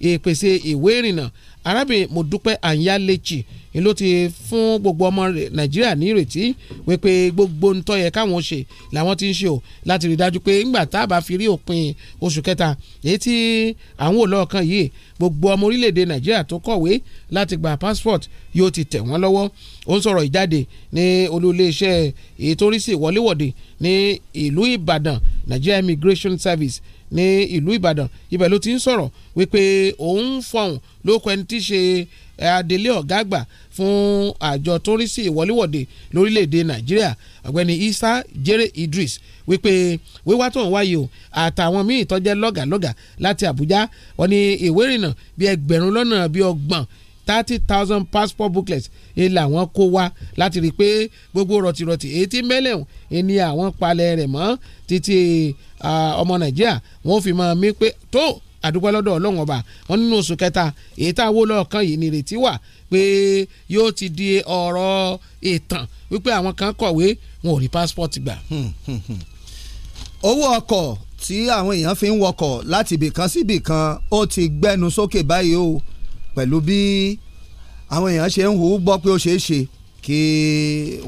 ìpèsè ìwé ìrìnnà arábìnrin mọ̀dúpẹ́ anyalechi ni ló ti fún gbogbo ọmọ nàìjíríà ní ìrètí wípé gbogbo ń tó yẹ káwọn ṣe làwọn ti ń ṣe o láti rí dájú pé ńgbà tá a bá fi rí òpin oṣù kẹta èyí tí àwọn olóòkan yìí gbogbo ọmọ orílẹ̀-èdè nàìjíríà tó kọ̀wé láti gba passport yóò ti tẹ̀ wọ́n lọ́wọ́ ó ń sọ̀rọ̀ ìjáde ní olú iléeṣẹ́ ètò oríṣi ìwọléwọ̀de ní ìlú ìbàdàn Nigeria Immigration Service ní ìlú Ìbàdàn ibẹ̀ ló ti ń sọ̀rọ̀ wípé òun fọhùn ló kọ ẹni tí í ṣe eh, adelé ọ̀gá àgbà fún àjọ tó rí sí ìwọléwọ̀de lórílẹ̀‐èdè Nàìjíríà ọ̀gbẹ́ni Isa Jere Idris wípé wíwá tó ń wáyé o àtàwọn míì tó jẹ́ lọ́gàlọ́gà láti Àbújá wọ́n ní ìwé ìrìnnà bíi ẹgbẹ̀rún lọ́nà bíi ọgbọ̀n thirty thousand passport booklets èyí làwọn kó wá láti rí i pé gbogbo rọ̀tìrọ̀tì èyí tí mẹ́lẹ̀hùn ẹni àwọn palẹ̀ rẹ̀ mọ́ títí ọmọ nàìjíríà wọ́n fi mọ́ mi pé tó àdúgbò lọ́dọ̀ ọlọ́run ọba wọn nínú oṣù kẹta èyí tá a wó lọ́ọ̀kan yìí ní ìrètí wà pé yóò ti di ọ̀rọ̀ ìtàn wípé àwọn kan kọ̀wé wọn ò rí passport gbà. Hmm, hmm, hmm. owó ọkọ̀ tí àwọn èèyàn fi ń wọkọ̀ láti ibìkan sí ibìkan ó ti gbẹ́nu sókè báyìí o. So pẹ̀lú bí àwọn èèyàn ṣe ń hù ú gbọ́ pé ó ṣeé ṣe kí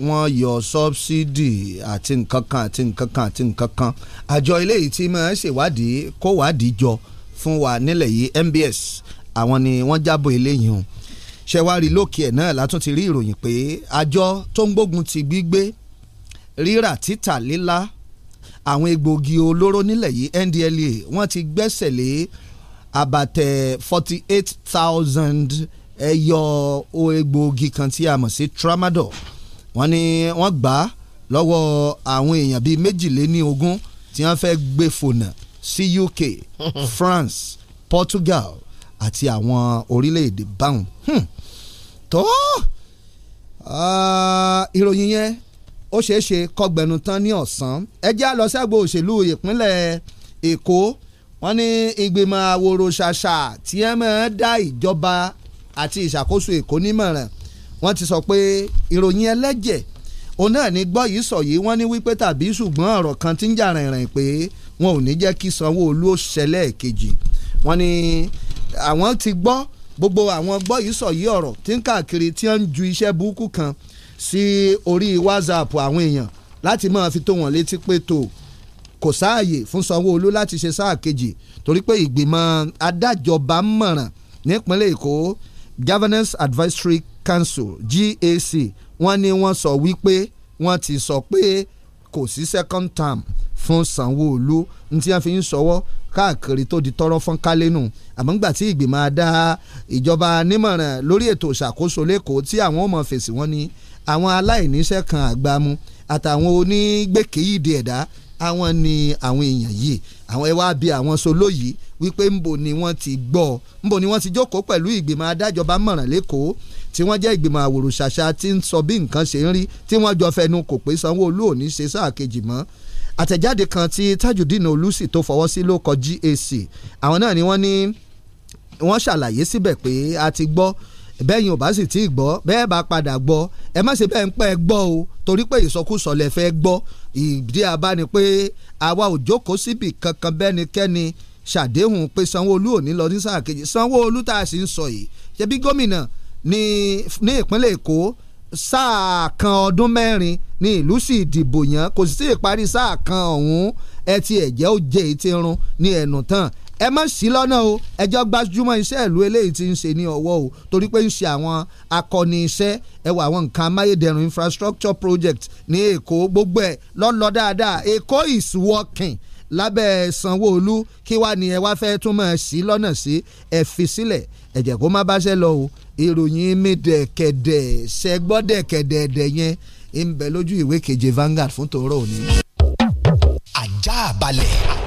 wọ́n yọ sọ́bsidì àti nǹkan kan àti nǹkan kan àti nǹkan kan àjọ eléyìí tí máa ń ṣèwádìí kó wádìí jọ fún wa nílẹ̀ yìí MBS àwọn ni wọ́n jábọ̀ eléyìí hàn ṣẹ̀wárí lókè ẹ̀ náà látún ti rí ìròyìn pé àjọ tó ń gbógun ti gbígbé rírà títà lílá àwọn egbògi olóró nílẹ̀ yìí NDLEA wọ́n ti gbẹ́sẹ̀ lé about forty eight thousand ẹyọ egbòogi kan tí a mọ̀ sí tramadol wọ́n ní wọ́n gbà á lọ́wọ́ àwọn èèyàn bíi méjìléní ogún tí wọ́n fẹ́ gbé fònà sí UK *laughs* France Portugal àti àwọn orílẹ̀-èdè báwọn. Hmm. tó ah, ìròyìn yẹn ó ṣeé ṣe kọgbẹ̀nu tán ní ọ̀sán ẹ jẹ́ àlọ́ṣẹ́gbò òṣèlú ìpínlẹ̀ Èkó. E wọ́n ní ìgbìmọ̀ àwòrò ṣàṣà tí ẹ máa dá ìjọba àti ìṣàkóso èkó nímọ̀ràn wọ́n ti sọ pé ìròyìn ẹlẹ́jẹ̀ òun náà ní gbọ́ yìí sọ yìí wọ́n ní wípé tàbí ṣùgbọ́n ọ̀rọ̀ kan ti ń jà rìnrìn pé wọn ò ní jẹ́ kí Sanwó-Olú ó ṣẹlẹ̀ kejì wọ́n ní àwọn ti gbọ́ gbogbo àwọn gbọ́ yìí sọ yìí ọ̀rọ̀ tí ń káàkiri tí wọ́n ń ju iṣẹ́ burúkú kan sí orí WhatsApp àwọn èèyàn láti máa fi tó wọn létí pé tó kò sáàyè fún Sanwó-Olú láti ṣe sáà kejì torí pé ìgbìmọ̀ adájọba mọ̀ràn nípínlẹ̀ Èkó Governance Advisory Council GAC wọ́n ní wọ́n sọ wípé wọ́n ti sọ pé kò sí second term fún Sanwó-Olú ní tí wọ́n fi ń sọwọ́ káàkiri tó di tọrọ fún kálẹ́nù àmọ́ ńgbà tí ìgbìmọ̀ adá ìjọba nímọ̀ràn lórí ètò ìṣàkóso lẹ́kọ̀ọ́ tí àwọn ọmọ fèsì wọn ni àwọn aláìníṣẹ́ kan àgbàmu àtàwọn onígbèkéyìdì ẹ̀dá àwọn ni àwọn èèyàn yìí àwọn ẹ wá bí àwọn solóyìí wípé ńbo ni wọ́n ti gbọ́ ńbo ni wọ́n ti jókòó pẹ̀lú ìgbìmọ̀ adájọba mọ̀ràn lẹ́kọ̀ọ́ tí wọ́n jẹ́ ìgbìmọ̀ àwòrán-ṣàṣà tí ń sọ bí nǹkan ṣe ń rí tí wọ́n jọ fẹnu kò pé Sanwó-Olú ò ní ṣe sáà kejì mọ́ àtẹ̀jáde kan tí Tajudeen Olùsì tó fọwọ́ sí ló kọ GAC àwọn náà ni wọ́n ní wọ́n ṣàlàyé síbẹ̀ pé a ti gbọ́ bẹ́yìn ò bá sì tí ì gbọ́ bẹ́ẹ̀ bá padà gbọ́ ẹ má ṣe bẹ́ẹ̀ ń pẹ́ gbọ́ o torí pé ìsọkúsọ lẹ fẹ́ gbọ́ ìdí abá ni pé àwa ò jókòó síbi kankan bẹ́nikẹ́ni ṣàdéhùn pé sanwó-olú ò ní lọ ní sáà kejì sanwó-olú tá a sì ń sọ yìí ṣebí gómìnà ní ìpínlẹ̀ èkó sáà kan ọdún mẹ́rin ní ìlú sì dìbò yàn kò sì tí ì sáà kan ọ̀hún ẹ ti ẹ̀jẹ̀ ó jẹ́ ètí ní ẹ̀nù tán ẹ má sí lọ́nà o ẹjọ́ gbajúmọ̀ iṣẹ́ ìlú eléyìí ti ń ṣe ní ọwọ́ o torí pé ń ṣe àwọn akọni iṣẹ́ ẹwà àwọn nǹkan amáyédẹrùn infrastructure project ní Èkó gbogbo ẹ̀ lọ́lọ́ dáadáa Èkó is working lábẹ́ Sanwó-Olú kí wàá ní ẹ wá fẹ́ tún mọ̀ sí lọ́nà sí ẹ fi sílẹ̀ ẹ̀jẹ̀ kó má báṣẹ́ lọ o ìròyìn mi dẹ̀kẹ̀dẹ̀ ṣẹgbọ́dẹ̀kẹ̀dẹ̀dẹ̀ yẹn ń bẹ lójú ìwé keje Vanguard fún tòórọ́ òní. ajá balẹ̀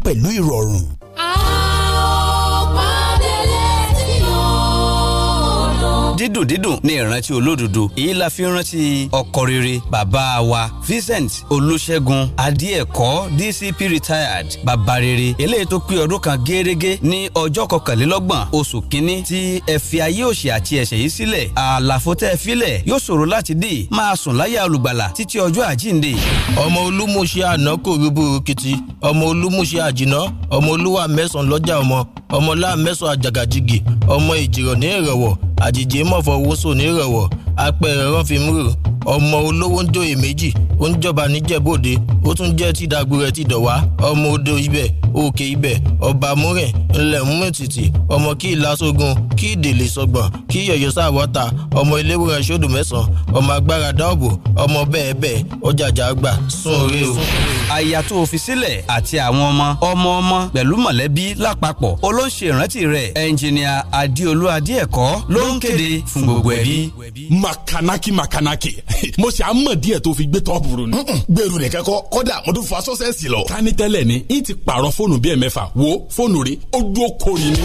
pẹ̀lú ìrọ̀rùn. a ó pàdé lẹ́ dídùn dídùn ní ìrántí olódodo èyí la fi rántí ọkọ rere bàbá wa Vincent Olúṣẹ́gun Adíẹ̀kọ́ DCP retired bàbá rere eléyìí tó pé ọdún kan gẹ́rẹ́gẹ́ ní ọjọ́ kọkànlélọ́gbọ̀n oṣù kínní tí ẹ fi ayé òṣì àti ẹ̀ṣẹ̀ yìí sílẹ̀ àlàfo tẹ́ ẹ filẹ̀ yóò ṣòro láti dì máa sùn láyà olùgbàlà títí ọjọ́ àjíǹde. ọmọ olúmúṣe àná kò rúbú rúkìtì ọmọ olúmúṣe àjìná ọmọ olúwa mẹ́sàn-án lọ́jà ọmọ ọmọlá àjàgàjìgì ọmọ ìjìrọ̀ ní ìrọ̀wọ̀ àjèjì mọ̀fọ̀wọ́sọ nírọ̀wọ̀ apẹ̀rẹ̀ rọ́fìmúrù ọmọ olówó ń joyè méjì ó ń jọba níjẹ̀bọ̀dé ó tún jẹ́ ti dàgbùrẹ̀ ti dọ̀wá ọmọ odò ibẹ̀ òkè ibẹ̀ ọba múrìn ńlẹ̀ múmìtìtì ọmọ kí ìlàsógun kí ìdèlè sọgbọ̀n kí yọ̀yọ̀ sàwọ́ta ọmọ iléwòrán ṣòdù mẹ́sàn-án ọmọ agbára dáàbò ọmọ bẹ́ẹ̀ bẹ́ẹ̀ ọjàjà àgbà sún orí o. àyà tó o fi sílẹ̀ àti àwọn ọmọ ọmọ ọmọ pẹ̀lú mọ̀lẹ́bí lápapọ̀ olóṣèrántí rẹ̀ ẹnjìnìà adéolú adéẹ̀kọ́ ló ń kéde délé fún gbogbo ẹbí. makanaki makanaki *laughs* mo ṣe àmọ̀ díẹ̀ tó fi gbé tọ́pù rò ní. gbèrú nìkan kọ́ kọ́dà mo tún fa sọ́sẹ́sì lọ. tani tẹ́lẹ̀ ni n ti pààrọ̀ fóònù bíi ẹ̀mẹ́fà wo fóònù rí ó dúró kórì ni.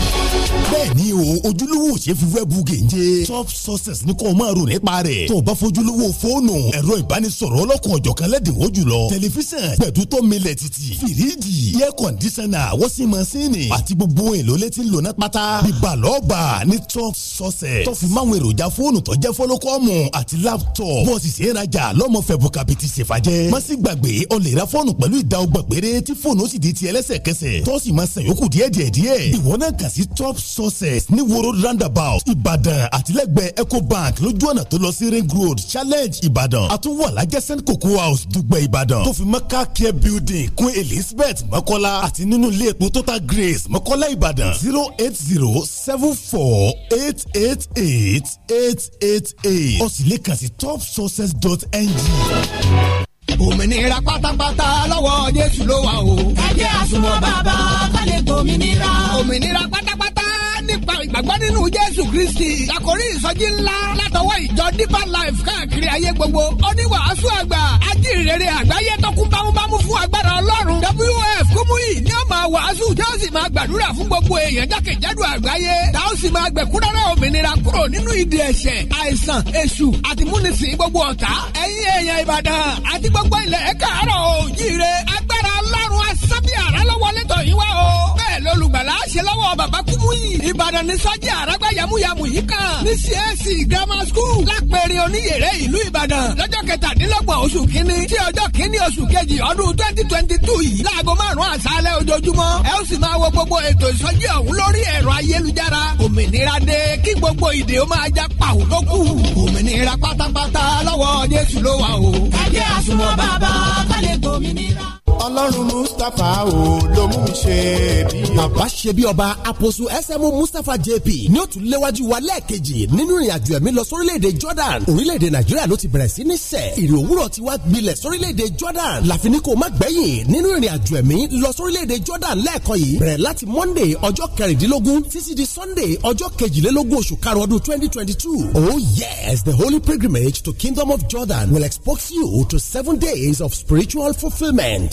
bẹ́ẹ̀ni o ojúlówó ṣe fífẹ́ bu gèje top success ni kò máa rò nípa rẹ̀ tó o bá fojúlówó fóònù ẹ̀rọ ìbánisọ̀rọ̀ ọlọ́kùn ọ̀jọ̀kan lẹ́dínwó jùlọ tẹlifíṣàn gbẹ̀dútọ́ milẹ̀ títì fìríjì air conditioner wọ́sí masínì àti gbogbo èlò létí lónà pátá bíbalọ́ọ̀bà ní top success tó máwọn èròjà fóònù tó jẹ́ fọlọ́kọ́mù àti láptọ̀pù bọ́ọ̀sì sì ń rajà lọ́mọ fẹ̀bù kàbìtì ṣèfàjẹ́ má sì gbàgbé o lè ra fóònù pẹ̀lú ìdá ọgbà péré tí fóònù ó sì di ti ẹlẹ́sẹ̀kẹsẹ̀ tó sì máa ṣàn yòókù díẹ̀díẹ̀ díẹ̀ ìwọ náà kà sí top sources ní woro roundabout ìbàdàn àtìlẹ́gbẹ̀ẹ́ ecobank lójú ọ̀nà tó lọ sí ring road challenge ìbàdàn àtúwọ̀ alájẹsẹ́n cocoa house dùgbẹ̀ ìbàdàn tó fi maka care building kún elizabeth mọ́kọ́lá àti nínú ilé epo total grace mọ́kọ́lá ìbàdàn zero eight zero seven four eight eight eight eight eight eight eight ó sì lè kàn sí topsources.ng òmìnira pátápátá lọ́wọ́ Jésù ló wà o. ẹ jẹ́ àsùnwọ̀n bàbá ká lè gbòmìnira. òmìnira pátápátá nípa ìgbàgbọ́ nínú Jésù Kristi. Àkòrí ìsọjí ńlá látọwọ́ ìjọ Deeper Life káàkiri ayé gbogbo. Oníwàásù àgbà ajínrere àgbáyé tó kún bámúbámú fún agbára Ọlọ́run. WF kúmúyì ni ó máa wàásù tí ó sì máa gbàdúrà fún gbogbo èèyàn jákèjádò àgbáyé tá ó sì máa gbẹ̀kúrẹ́rẹ́ òmìnira kúrò nínú ìdè ẹ̀ṣẹ̀ àìsàn èṣù àti múnisìn gbogbo ọ̀tá ẹ̀yin èèyàn Ìbàdàn àti gbogbo ilẹ̀ káàárọ̀ òjíire agbára ọlọ́run asábíà lọ́wọ́lé tọ̀ yín wá o. bẹ́ẹ̀ lọ́lùgbàlà ṣe lọ́wọ́ bàbá Kúmúyì. Ìbàdàn ní sọ́jí àràgbà yàmúyàmú yìí kan. ní CAC grammar school lápẹ̀rẹ̀ oníyèrè ìlú Ìbàdàn. lọ́jọ́ kẹtàdínlọ́gbọ̀n oṣù kínní sí ọjọ́ kínní oṣù kejì ọdún twenty yìí. láago márùn márùn-ún àṣálẹ́ ojoojúmọ́ ẹ ó sì máa wo gbogbo ètò ìsọjí ọ̀hún lórí ẹ̀rọ ayélujára òmìnira dé kí gbogbo ìdè ó máa já pàwó lókù òmìnira pátápátá lọ́wọ́ Jésù ló wà o. kájẹ́ àsùnwọ̀n bàbá kálẹ̀ gbòmìnira ọlọ́run mustapha o ló mú mi ṣe bí ọba. bàbá ṣe bí ọba àpòsù ẹsẹmú mustapha jp ní ó tún léwájú wa lẹ́ẹ̀kejì nínú ìrìnàjò ẹ̀mí lọ sórílẹ̀‐èdè jordan orílẹ̀‐èdè nàìjíríà ló ti bẹ̀rẹ̀ sí ní sẹ̀ ìrì òwúrọ̀ ti wá gbilẹ̀ sórílẹ̀‐èdè jordan láfi ní kó má gbẹ̀yìn nínú ìrìnàjò ẹ̀mí lọ sórílẹ̀‐èdè jordan lẹ́ẹ̀kan yìí bẹ̀rẹ̀ láti monday ọjọ́ kẹrìndínlógún títí di sunday ọjọ́ kejìlélógún oṣù karùn-ún ọdún twenty twenty two oh yes the holy pilgrimage to kingdom of jordan will expose you to seven days of spiritual fulfilment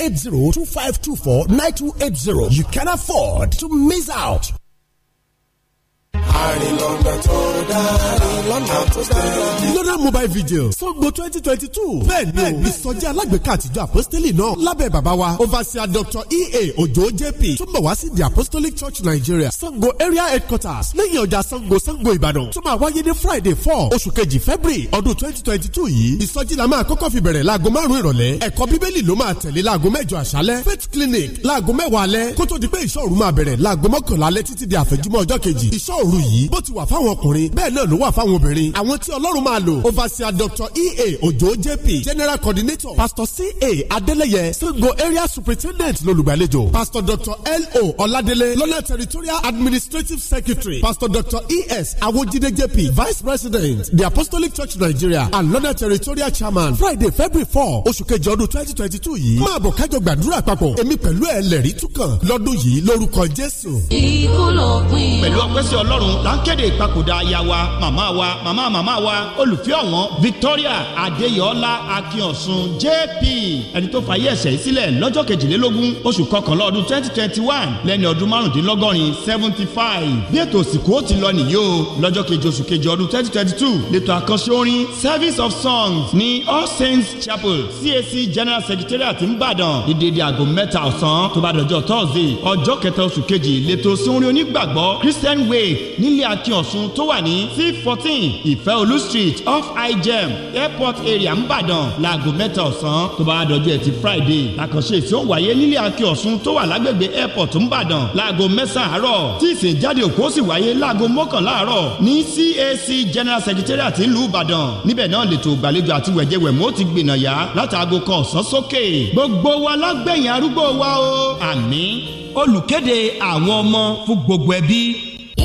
eight zero two five two four nine two eight zero. You can afford to miss out. lọ́nà mobile vigil sango twenty twenty two bẹ́ẹ̀ ni ìsọjí alágbèéká àtijọ́ apostoli náà lábẹ́ bàbá wa overseer doctor ea ojo jp túnbọ̀ wá sí the apostolic church nigeria sango area headquarters lẹ́yìn ọjà sango sango ìbàdàn tó máa wáyé ní friday four oṣù kejì february ọdún twenty twenty two yìí ìsọjí la máa kọ́kọ́ fi bẹ̀rẹ̀ láago márùn-ún ìrọ̀lẹ́ ẹ̀kọ́ bíbélì ló máa tẹ̀lé láago mẹ́jọ àṣálẹ́ faith clinic láago mẹ́wàá alẹ́ kó tó di pé ìṣọ́ òru máa bẹ̀rẹ̀ láago mọ́kànlá alẹ́ títí di àfẹ̀júmọ́ yìí bó ti wà fáwọn ọkùnrin bẹ́ẹ̀ náà ló wà fáwọn obìnrin àwọn tí ọlọ́run máa lò overseer dr ea ojo jp general coordinator pastor ca adeleye sango area superintendent lolùgbàlejò pastor dr lo ọládélé lọ́nà territorial administrative secretary pastor dr es awojide jp vice president the apostolic church nigeria and lọ́nà territorial chairman friday february four oṣù kejì ọdún twenty twenty two yìí máa bọ̀ kájọ gbàdúrà papọ̀ èmi pẹ̀lú ẹ̀ lẹ́rìí túkàn lọ́dún yìí lórúkọ jésù. ìkúlọ̀ pin. pẹ̀lú ọpẹ́ sí ọlọ́run la ń aya wa màmá wa màmá màmá wa olùfẹ́ ọ̀wọ́n Victoria Adéyọ̀ọ́lá Akínọ̀sùn JP ẹni tó fàyè ẹ̀sẹ̀ yìí sílẹ̀ lọ́jọ́ kejìlélógún oṣù kọkànlá ọdún twenty twenty one lẹ́ni ọdún márùndínlọ́gọ́rin seventy five bí ètò òsìnkú ó ti lọ nìyí o lọ́jọ́ kejì oṣù kejì ọdún twenty twenty two lẹ́tọ̀ àkànṣe orin service of songs ní All Saints Chapel CAC General Secretariat ńbàdàn ní déédéé aago mẹ́ta ọ̀sán tó bá dọjọ́ Thursday ọjọ́ kẹta oṣù kejì lẹ́tọ̀ sí orin onígbàgbọ́ Christian Wave ní nílé àti ọ̀sùn tó wà ní c fourteen ìfẹ́ olú street off igem airport area ńbàdàn láago mẹ́ta ọ̀sán tó bá dọjú ẹtì friday àkànṣe tí ó wáyé nílé àti ọ̀sùn tó wà lágbègbè airport ńbàdàn láago mẹ́sàn-án àárọ̀ tí ìsìnjáde òkú ó sì wáyé láago mọ́kànlá àárọ̀ ní cac general secretariat ìlú ìbàdàn níbẹ̀ náà lètò ìgbàlejò àti wẹ̀jẹ̀wẹ̀mú ó ti gbìnàyà látàgò kan ọ̀sán sókè gbogbo wa lágbẹ̀yìn arúgbó wa o àmín olùkéde àwọn ọmọ fún gbogbo ẹbí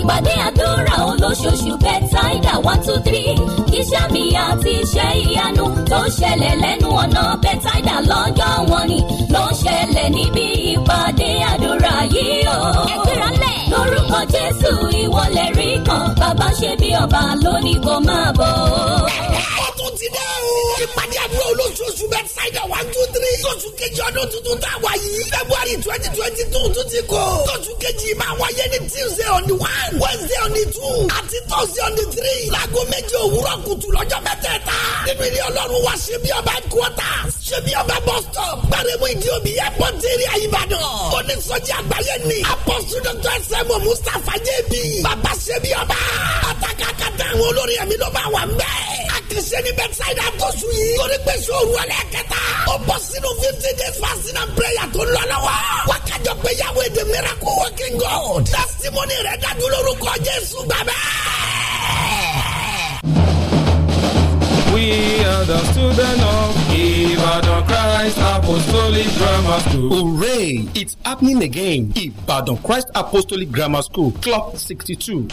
ìpàdé àdúrà olóṣooṣù bẹ́tàìdà one two three iṣẹ́ mi àti iṣẹ́ ìyanu tó ń ṣẹlẹ̀ lẹ́nu ọ̀nà bẹ́tàìdà lọ́jọ́ wọn ni ló ń ṣẹlẹ̀ níbi ìpàdé àdúrà yìí o. ẹ gbéra lẹ̀. lórúkọ jésù ìwọlẹ̀ rí kan bàbá ṣe bí ọba lónìí kò máa bọ̀. ẹ tó ti dẹ́ o. ìpàdé àdúrà lóṣooṣù bẹ́ẹ̀ ṣáìdà one two three. tóṣù kejì ọdún tuntun tá a wà yìí. february twenty twenty two tún ti kó. tóṣù kejì máa wáyé ní tuesday on the one wednesday on the two àti thursday on the three. láago méje òwúrọ̀ kùtù lọ́jọ́ mẹ́tẹ̀ẹ̀ta. nínú ilé ọlọ́run wa ṣe bí ọba kọ́tà ṣe bí ọba bus stop. gbàrẹ́mú ìdí omi airport area ìbàdàn. onísọjí àgbáyé ni. apọ́sù dr sẹ́mu mustapha jẹ́bi. bàbá ṣe bí ọba. àtàkàkàtà àwọn olórí ẹ̀mí ló bá wà ń bẹ́ẹ̀ ti ṣe ní bẹ́tísáìdì àtọ́sù torí pé sóòrù ọ̀lẹ́ kẹta. ó bọ́ sínú fifty days fasting prayer tó ń lọ lọ́wọ́. wákàjọ pé yàwó èdè mìíràn kó working God. testimony rẹ̀ dájú lórúkọ Jésù gbàgbẹ́. We are the students of Ibadan Christ Apostolic Grammar School. Hooray! It's happening again. Ibadan Christ Apostolic Grammar School, Clock 62.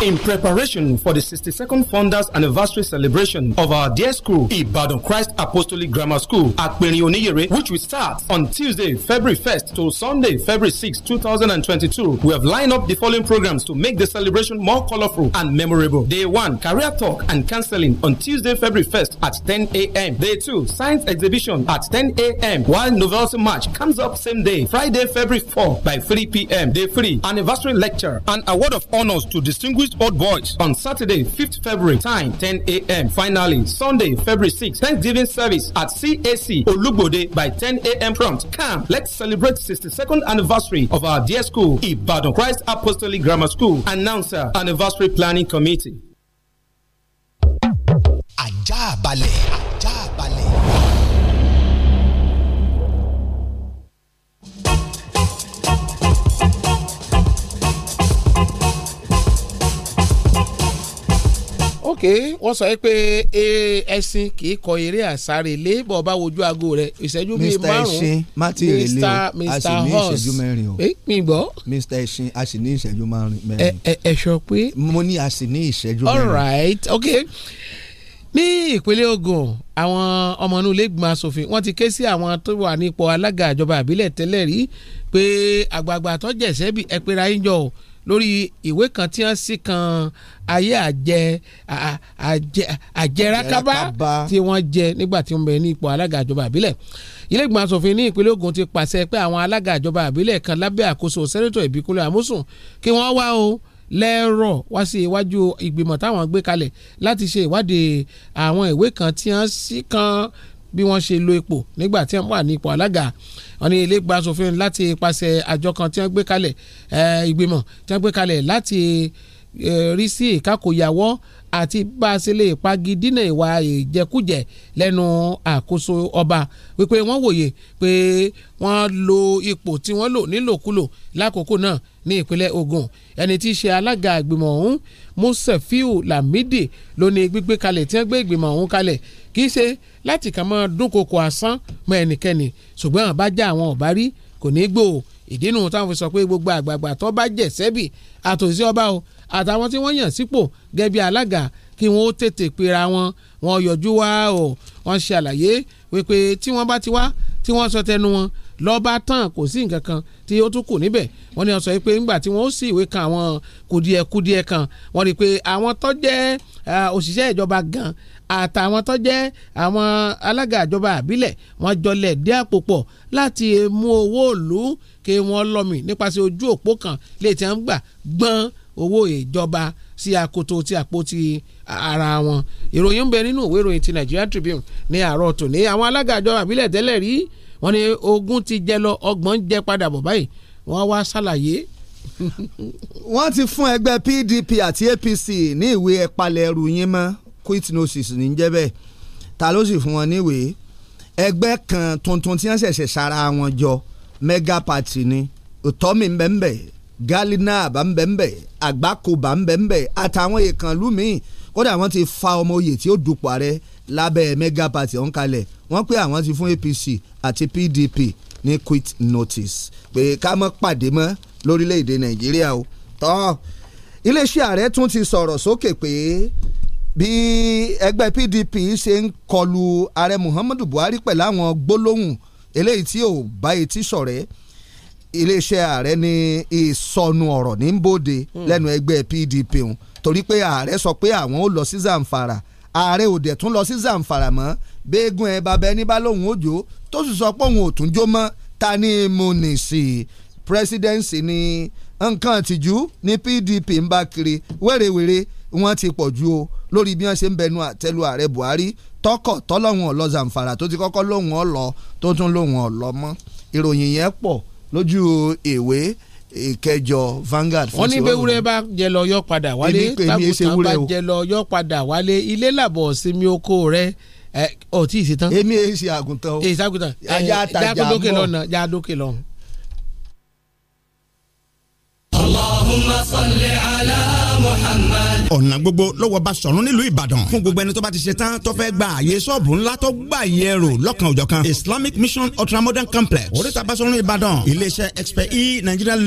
In preparation for the 62nd Founders Anniversary celebration of our dear school, Ibadan Christ Apostolic Grammar School at Perin Oniyere, which will start on Tuesday, February 1st to Sunday, February 6, 2022, we have lined up the following programs to make the celebration more colorful and memorable. Day 1, Career Talk and Counseling on Tuesday, February 1st at 10 a.m. Day 2, Science Exhibition at 10 a.m. While Novelty March comes up same day, Friday, February 4 by 3 p.m. Day 3, Anniversary Lecture and Award of Honors to distinguished English Sport Boys on Saturday, 5th February, time 10 a.m. Finally, Sunday, February 6th, Thanksgiving service at CAC Olugbode by 10 a.m. prompt. Come, let's celebrate 62nd anniversary of our dear school, Ibadan Christ Apostolic Grammar School. Announcer, Anniversary Planning Committee. Ajá balẹ̀. ok wọ́n sọ pé ẹṣin kì í kọ eré àsáré ilé bọ̀ bá wojú aago rẹ̀ ìṣẹ́jú bíi márùn mr ẹṣin mr horse mi gbọ́. mr ẹṣin a sì ní ìṣẹ́jú márùn-ún. ẹ ẹ sọ pé. mo ní a sì ní all right ok ní ìpínlẹ̀ Ògùn àwọn ọmọ inú ilégbìmọ̀ asòfin wọ́n ti ké sí àwọn tó wà nípò alága ìjọba àbílẹ̀ tẹ́lẹ̀ rí pé àgbààgbà tó jẹ̀ṣẹ̀ bí ẹ pera yín jọ o lórí ìwé kan tí wọ́n sì kan ayé àjẹ àjẹrákábá tí wọ́n jẹ nígbà tí wọ́n bẹ ní ipò alága ìjọba àbílẹ̀ ilé ìgbìmọ̀ asòfin ní ìpínlẹ̀ Ògùn ti pàṣẹ pé àwọn alága ìjọba àbílẹ̀ kan lábẹ́ àkóso sẹ́nẹ́tọ̀ Ìbíkúnlẹ̀ Amósùn kí wọ́n wá o lẹ́rọ̀ wá sí iwájú ìgbìmọ̀ táwọn gbé kalẹ̀ láti ṣe ìwádìí àwọn ìwé kan tí wọ́n sì kan bí wọ́n ṣe lo ipò nígbà tí wọ́n wà ní ipò alága wọ́n ní ilé gba aṣòfin láti ipasẹ̀ àjọ kan tí wọ́n gbé kalẹ̀ ìgbìmọ̀ tí wọ́n gbé kalẹ̀ láti rí sí ìkákòyàwó àti bá a ṣe lè pagidínà ìwà ìjẹkújẹ lẹ́nu àkóso ọba wípé wọ́n wòye pé wọ́n lo ipò tí wọ́n lò nílòkulò lákòókò náà ní ìpínlẹ̀ Ògùn ẹni tí í ṣe alága ìgbìmọ̀ ọ̀hún Musefiu Lamidi ló ní gbígbé kalẹ̀ tí wọ́n gbé ìgbìmọ̀ ọ̀hún kalẹ̀ kì í ṣe láti kàn máa dúnkokò asán mọ́ ẹnikẹ́ni ṣùgbọ́n àbájá àwọn ọ̀bá rí kò ní gbòò ìdí nù táwọn fi sọ pé gbogbo àgbààgbà tó bá jẹ̀ sẹ́bì àtòsí ọba o àtàwọn tí wọ́n yàn sípò gẹ́gẹ́ bí alága kí wọ́n ó tètè pera wọn wọn yọjú wá o wọ́n ṣe àlàyé wípé tí wọ́n bá ti wá tí wọ́n sọ tẹnu wọn lọ́ba tán kò sí nǹkan kan tí ó tún kù níbẹ̀ wọ́n ní wọ́n sọ pé ńgbà tí wọ́n ó sì ìwé kan àwọn kùdìẹ̀kùdìẹ̀ kan wọ́n rí i pé àwọn tó jẹ́ òṣìṣẹ́ ìjọba gan àtàwọn tó jẹ́ àwọn alága ìjọba àbílẹ̀ wọ́n jọlẹ̀ dé àpò pọ̀ láti mú owó ìlú kí wọ́n lọ́mì nípasẹ̀ ojú òpó kan lè ti gbà gbọ́n owó ìjọba sí akoto ti àpótí ara wọn ìròyìn ń bẹ nínú ìwé ìròyìn ti Nigeria Tribune ní àárọ̀ tòní àwọn alága ìjọba àbílẹ̀ tẹ́lẹ̀ rí wọ́n ní ogún ti jẹ lọ ọgbọ̀n jẹ padà bọ̀ báyìí wọ́n wá ṣàlàyé *laughs* wọ́n ti fún ẹgbẹ́ PDP àti APC ní ìwé ẹ̀palẹ̀ ẹrù yín mọ́ quit notice ní jẹ́ bẹ́ẹ̀ ta ló sì fún wọn níwèé ẹgbẹ́ kan tuntun tí wọ́n ṣẹ̀ṣẹ̀ sára wọn jọ mega party ni ọ̀tọ́mi mbẹ́mbẹ́ galina àbámbẹ́mbẹ́ àgbákòbá ńbẹ̀ńbẹ̀ àtàwọn ìkànnlú míì kódà wọ́n ti fa ọmọ oyè tí ó dupò ààrẹ lábẹ́ mega party ọ̀hún kalẹ̀ wọ́n pé àwọn ti fún APC àti PDP ní quit notice pé ká mọ́ pàdé mọ́ lórílẹ̀‐èdè Nàìjíríà o tọ́ iléeṣẹ́ ààrẹ tún ti sọ̀rọ̀ sókè pé bí ẹgbẹ́ PDP ṣe ń kọlu ààrẹ Muhammadu Buhari pẹ̀lú àwọn gbólóhùn eléyìí tí ò bá etí sọ̀rẹ́ iléeṣẹ́ ààrẹ ní ìsọnù ọ̀rọ̀ ní bòde hmm. lẹ́nu ẹgbẹ́ PDP òun torí pé ààrẹ sọ pé àwọn ò lọ sí Zamfara ààrẹ ò dẹ̀ tún lọ sí Zamfara mọ́ bẹ́ẹ̀gùn ẹ̀ bàbá ẹni bá lóun ò jó tó sì sọ pé òun ò tún jó mọ́ ta ni mo nì sí i presidency ni nǹkan àtijú ní PDP ń bá kiri wẹ́rẹ́wẹ́rẹ́ wọ́n ti pọ̀ ju o lórí bí wọ́n ṣe ń bẹnu àtẹ́lu ààrẹ Buhari tọkọ̀ tọ́lọ́hún ọ̀lọ́ Zamfara tó ti kọ́kọ́ lóhùn ọ̀lọ́ tó tún lóhùn ọ̀lọ́ mọ́ ìròyìn yẹn pọ̀ lójú ìwé ìkẹjọ Vanguard wọ́n ní bẹ́wúrẹ́ bá jẹ lọ yọ padà wálé tágùntàn bá jẹ lọ yọ padà wálé ilé làbọ̀ sinmi oko rẹ̀ ọ̀ tí ì sí tán. èmi èyí àgùntàn o. èyí àgùntàn. ajá àtàjà ń bọ̀ jákèdókè lọ́nà jákèdókè lọ́hùn. Allahumma salli ala ọ̀nà gbogbo lọ́wọ́ Basọ̀rún nílùú Ìbàdàn fún gbogbo ẹni tó bá ti ṣe tán tó fẹ́ gba àyè sọ́ọ̀bù ńlá tó gbà yẹ rò lọ́kàn òjọ̀kan Islamic Mission ultra modern Complex oríta Basọ̀rún Ìbàdàn iléeṣẹ́ Expert E Nigeria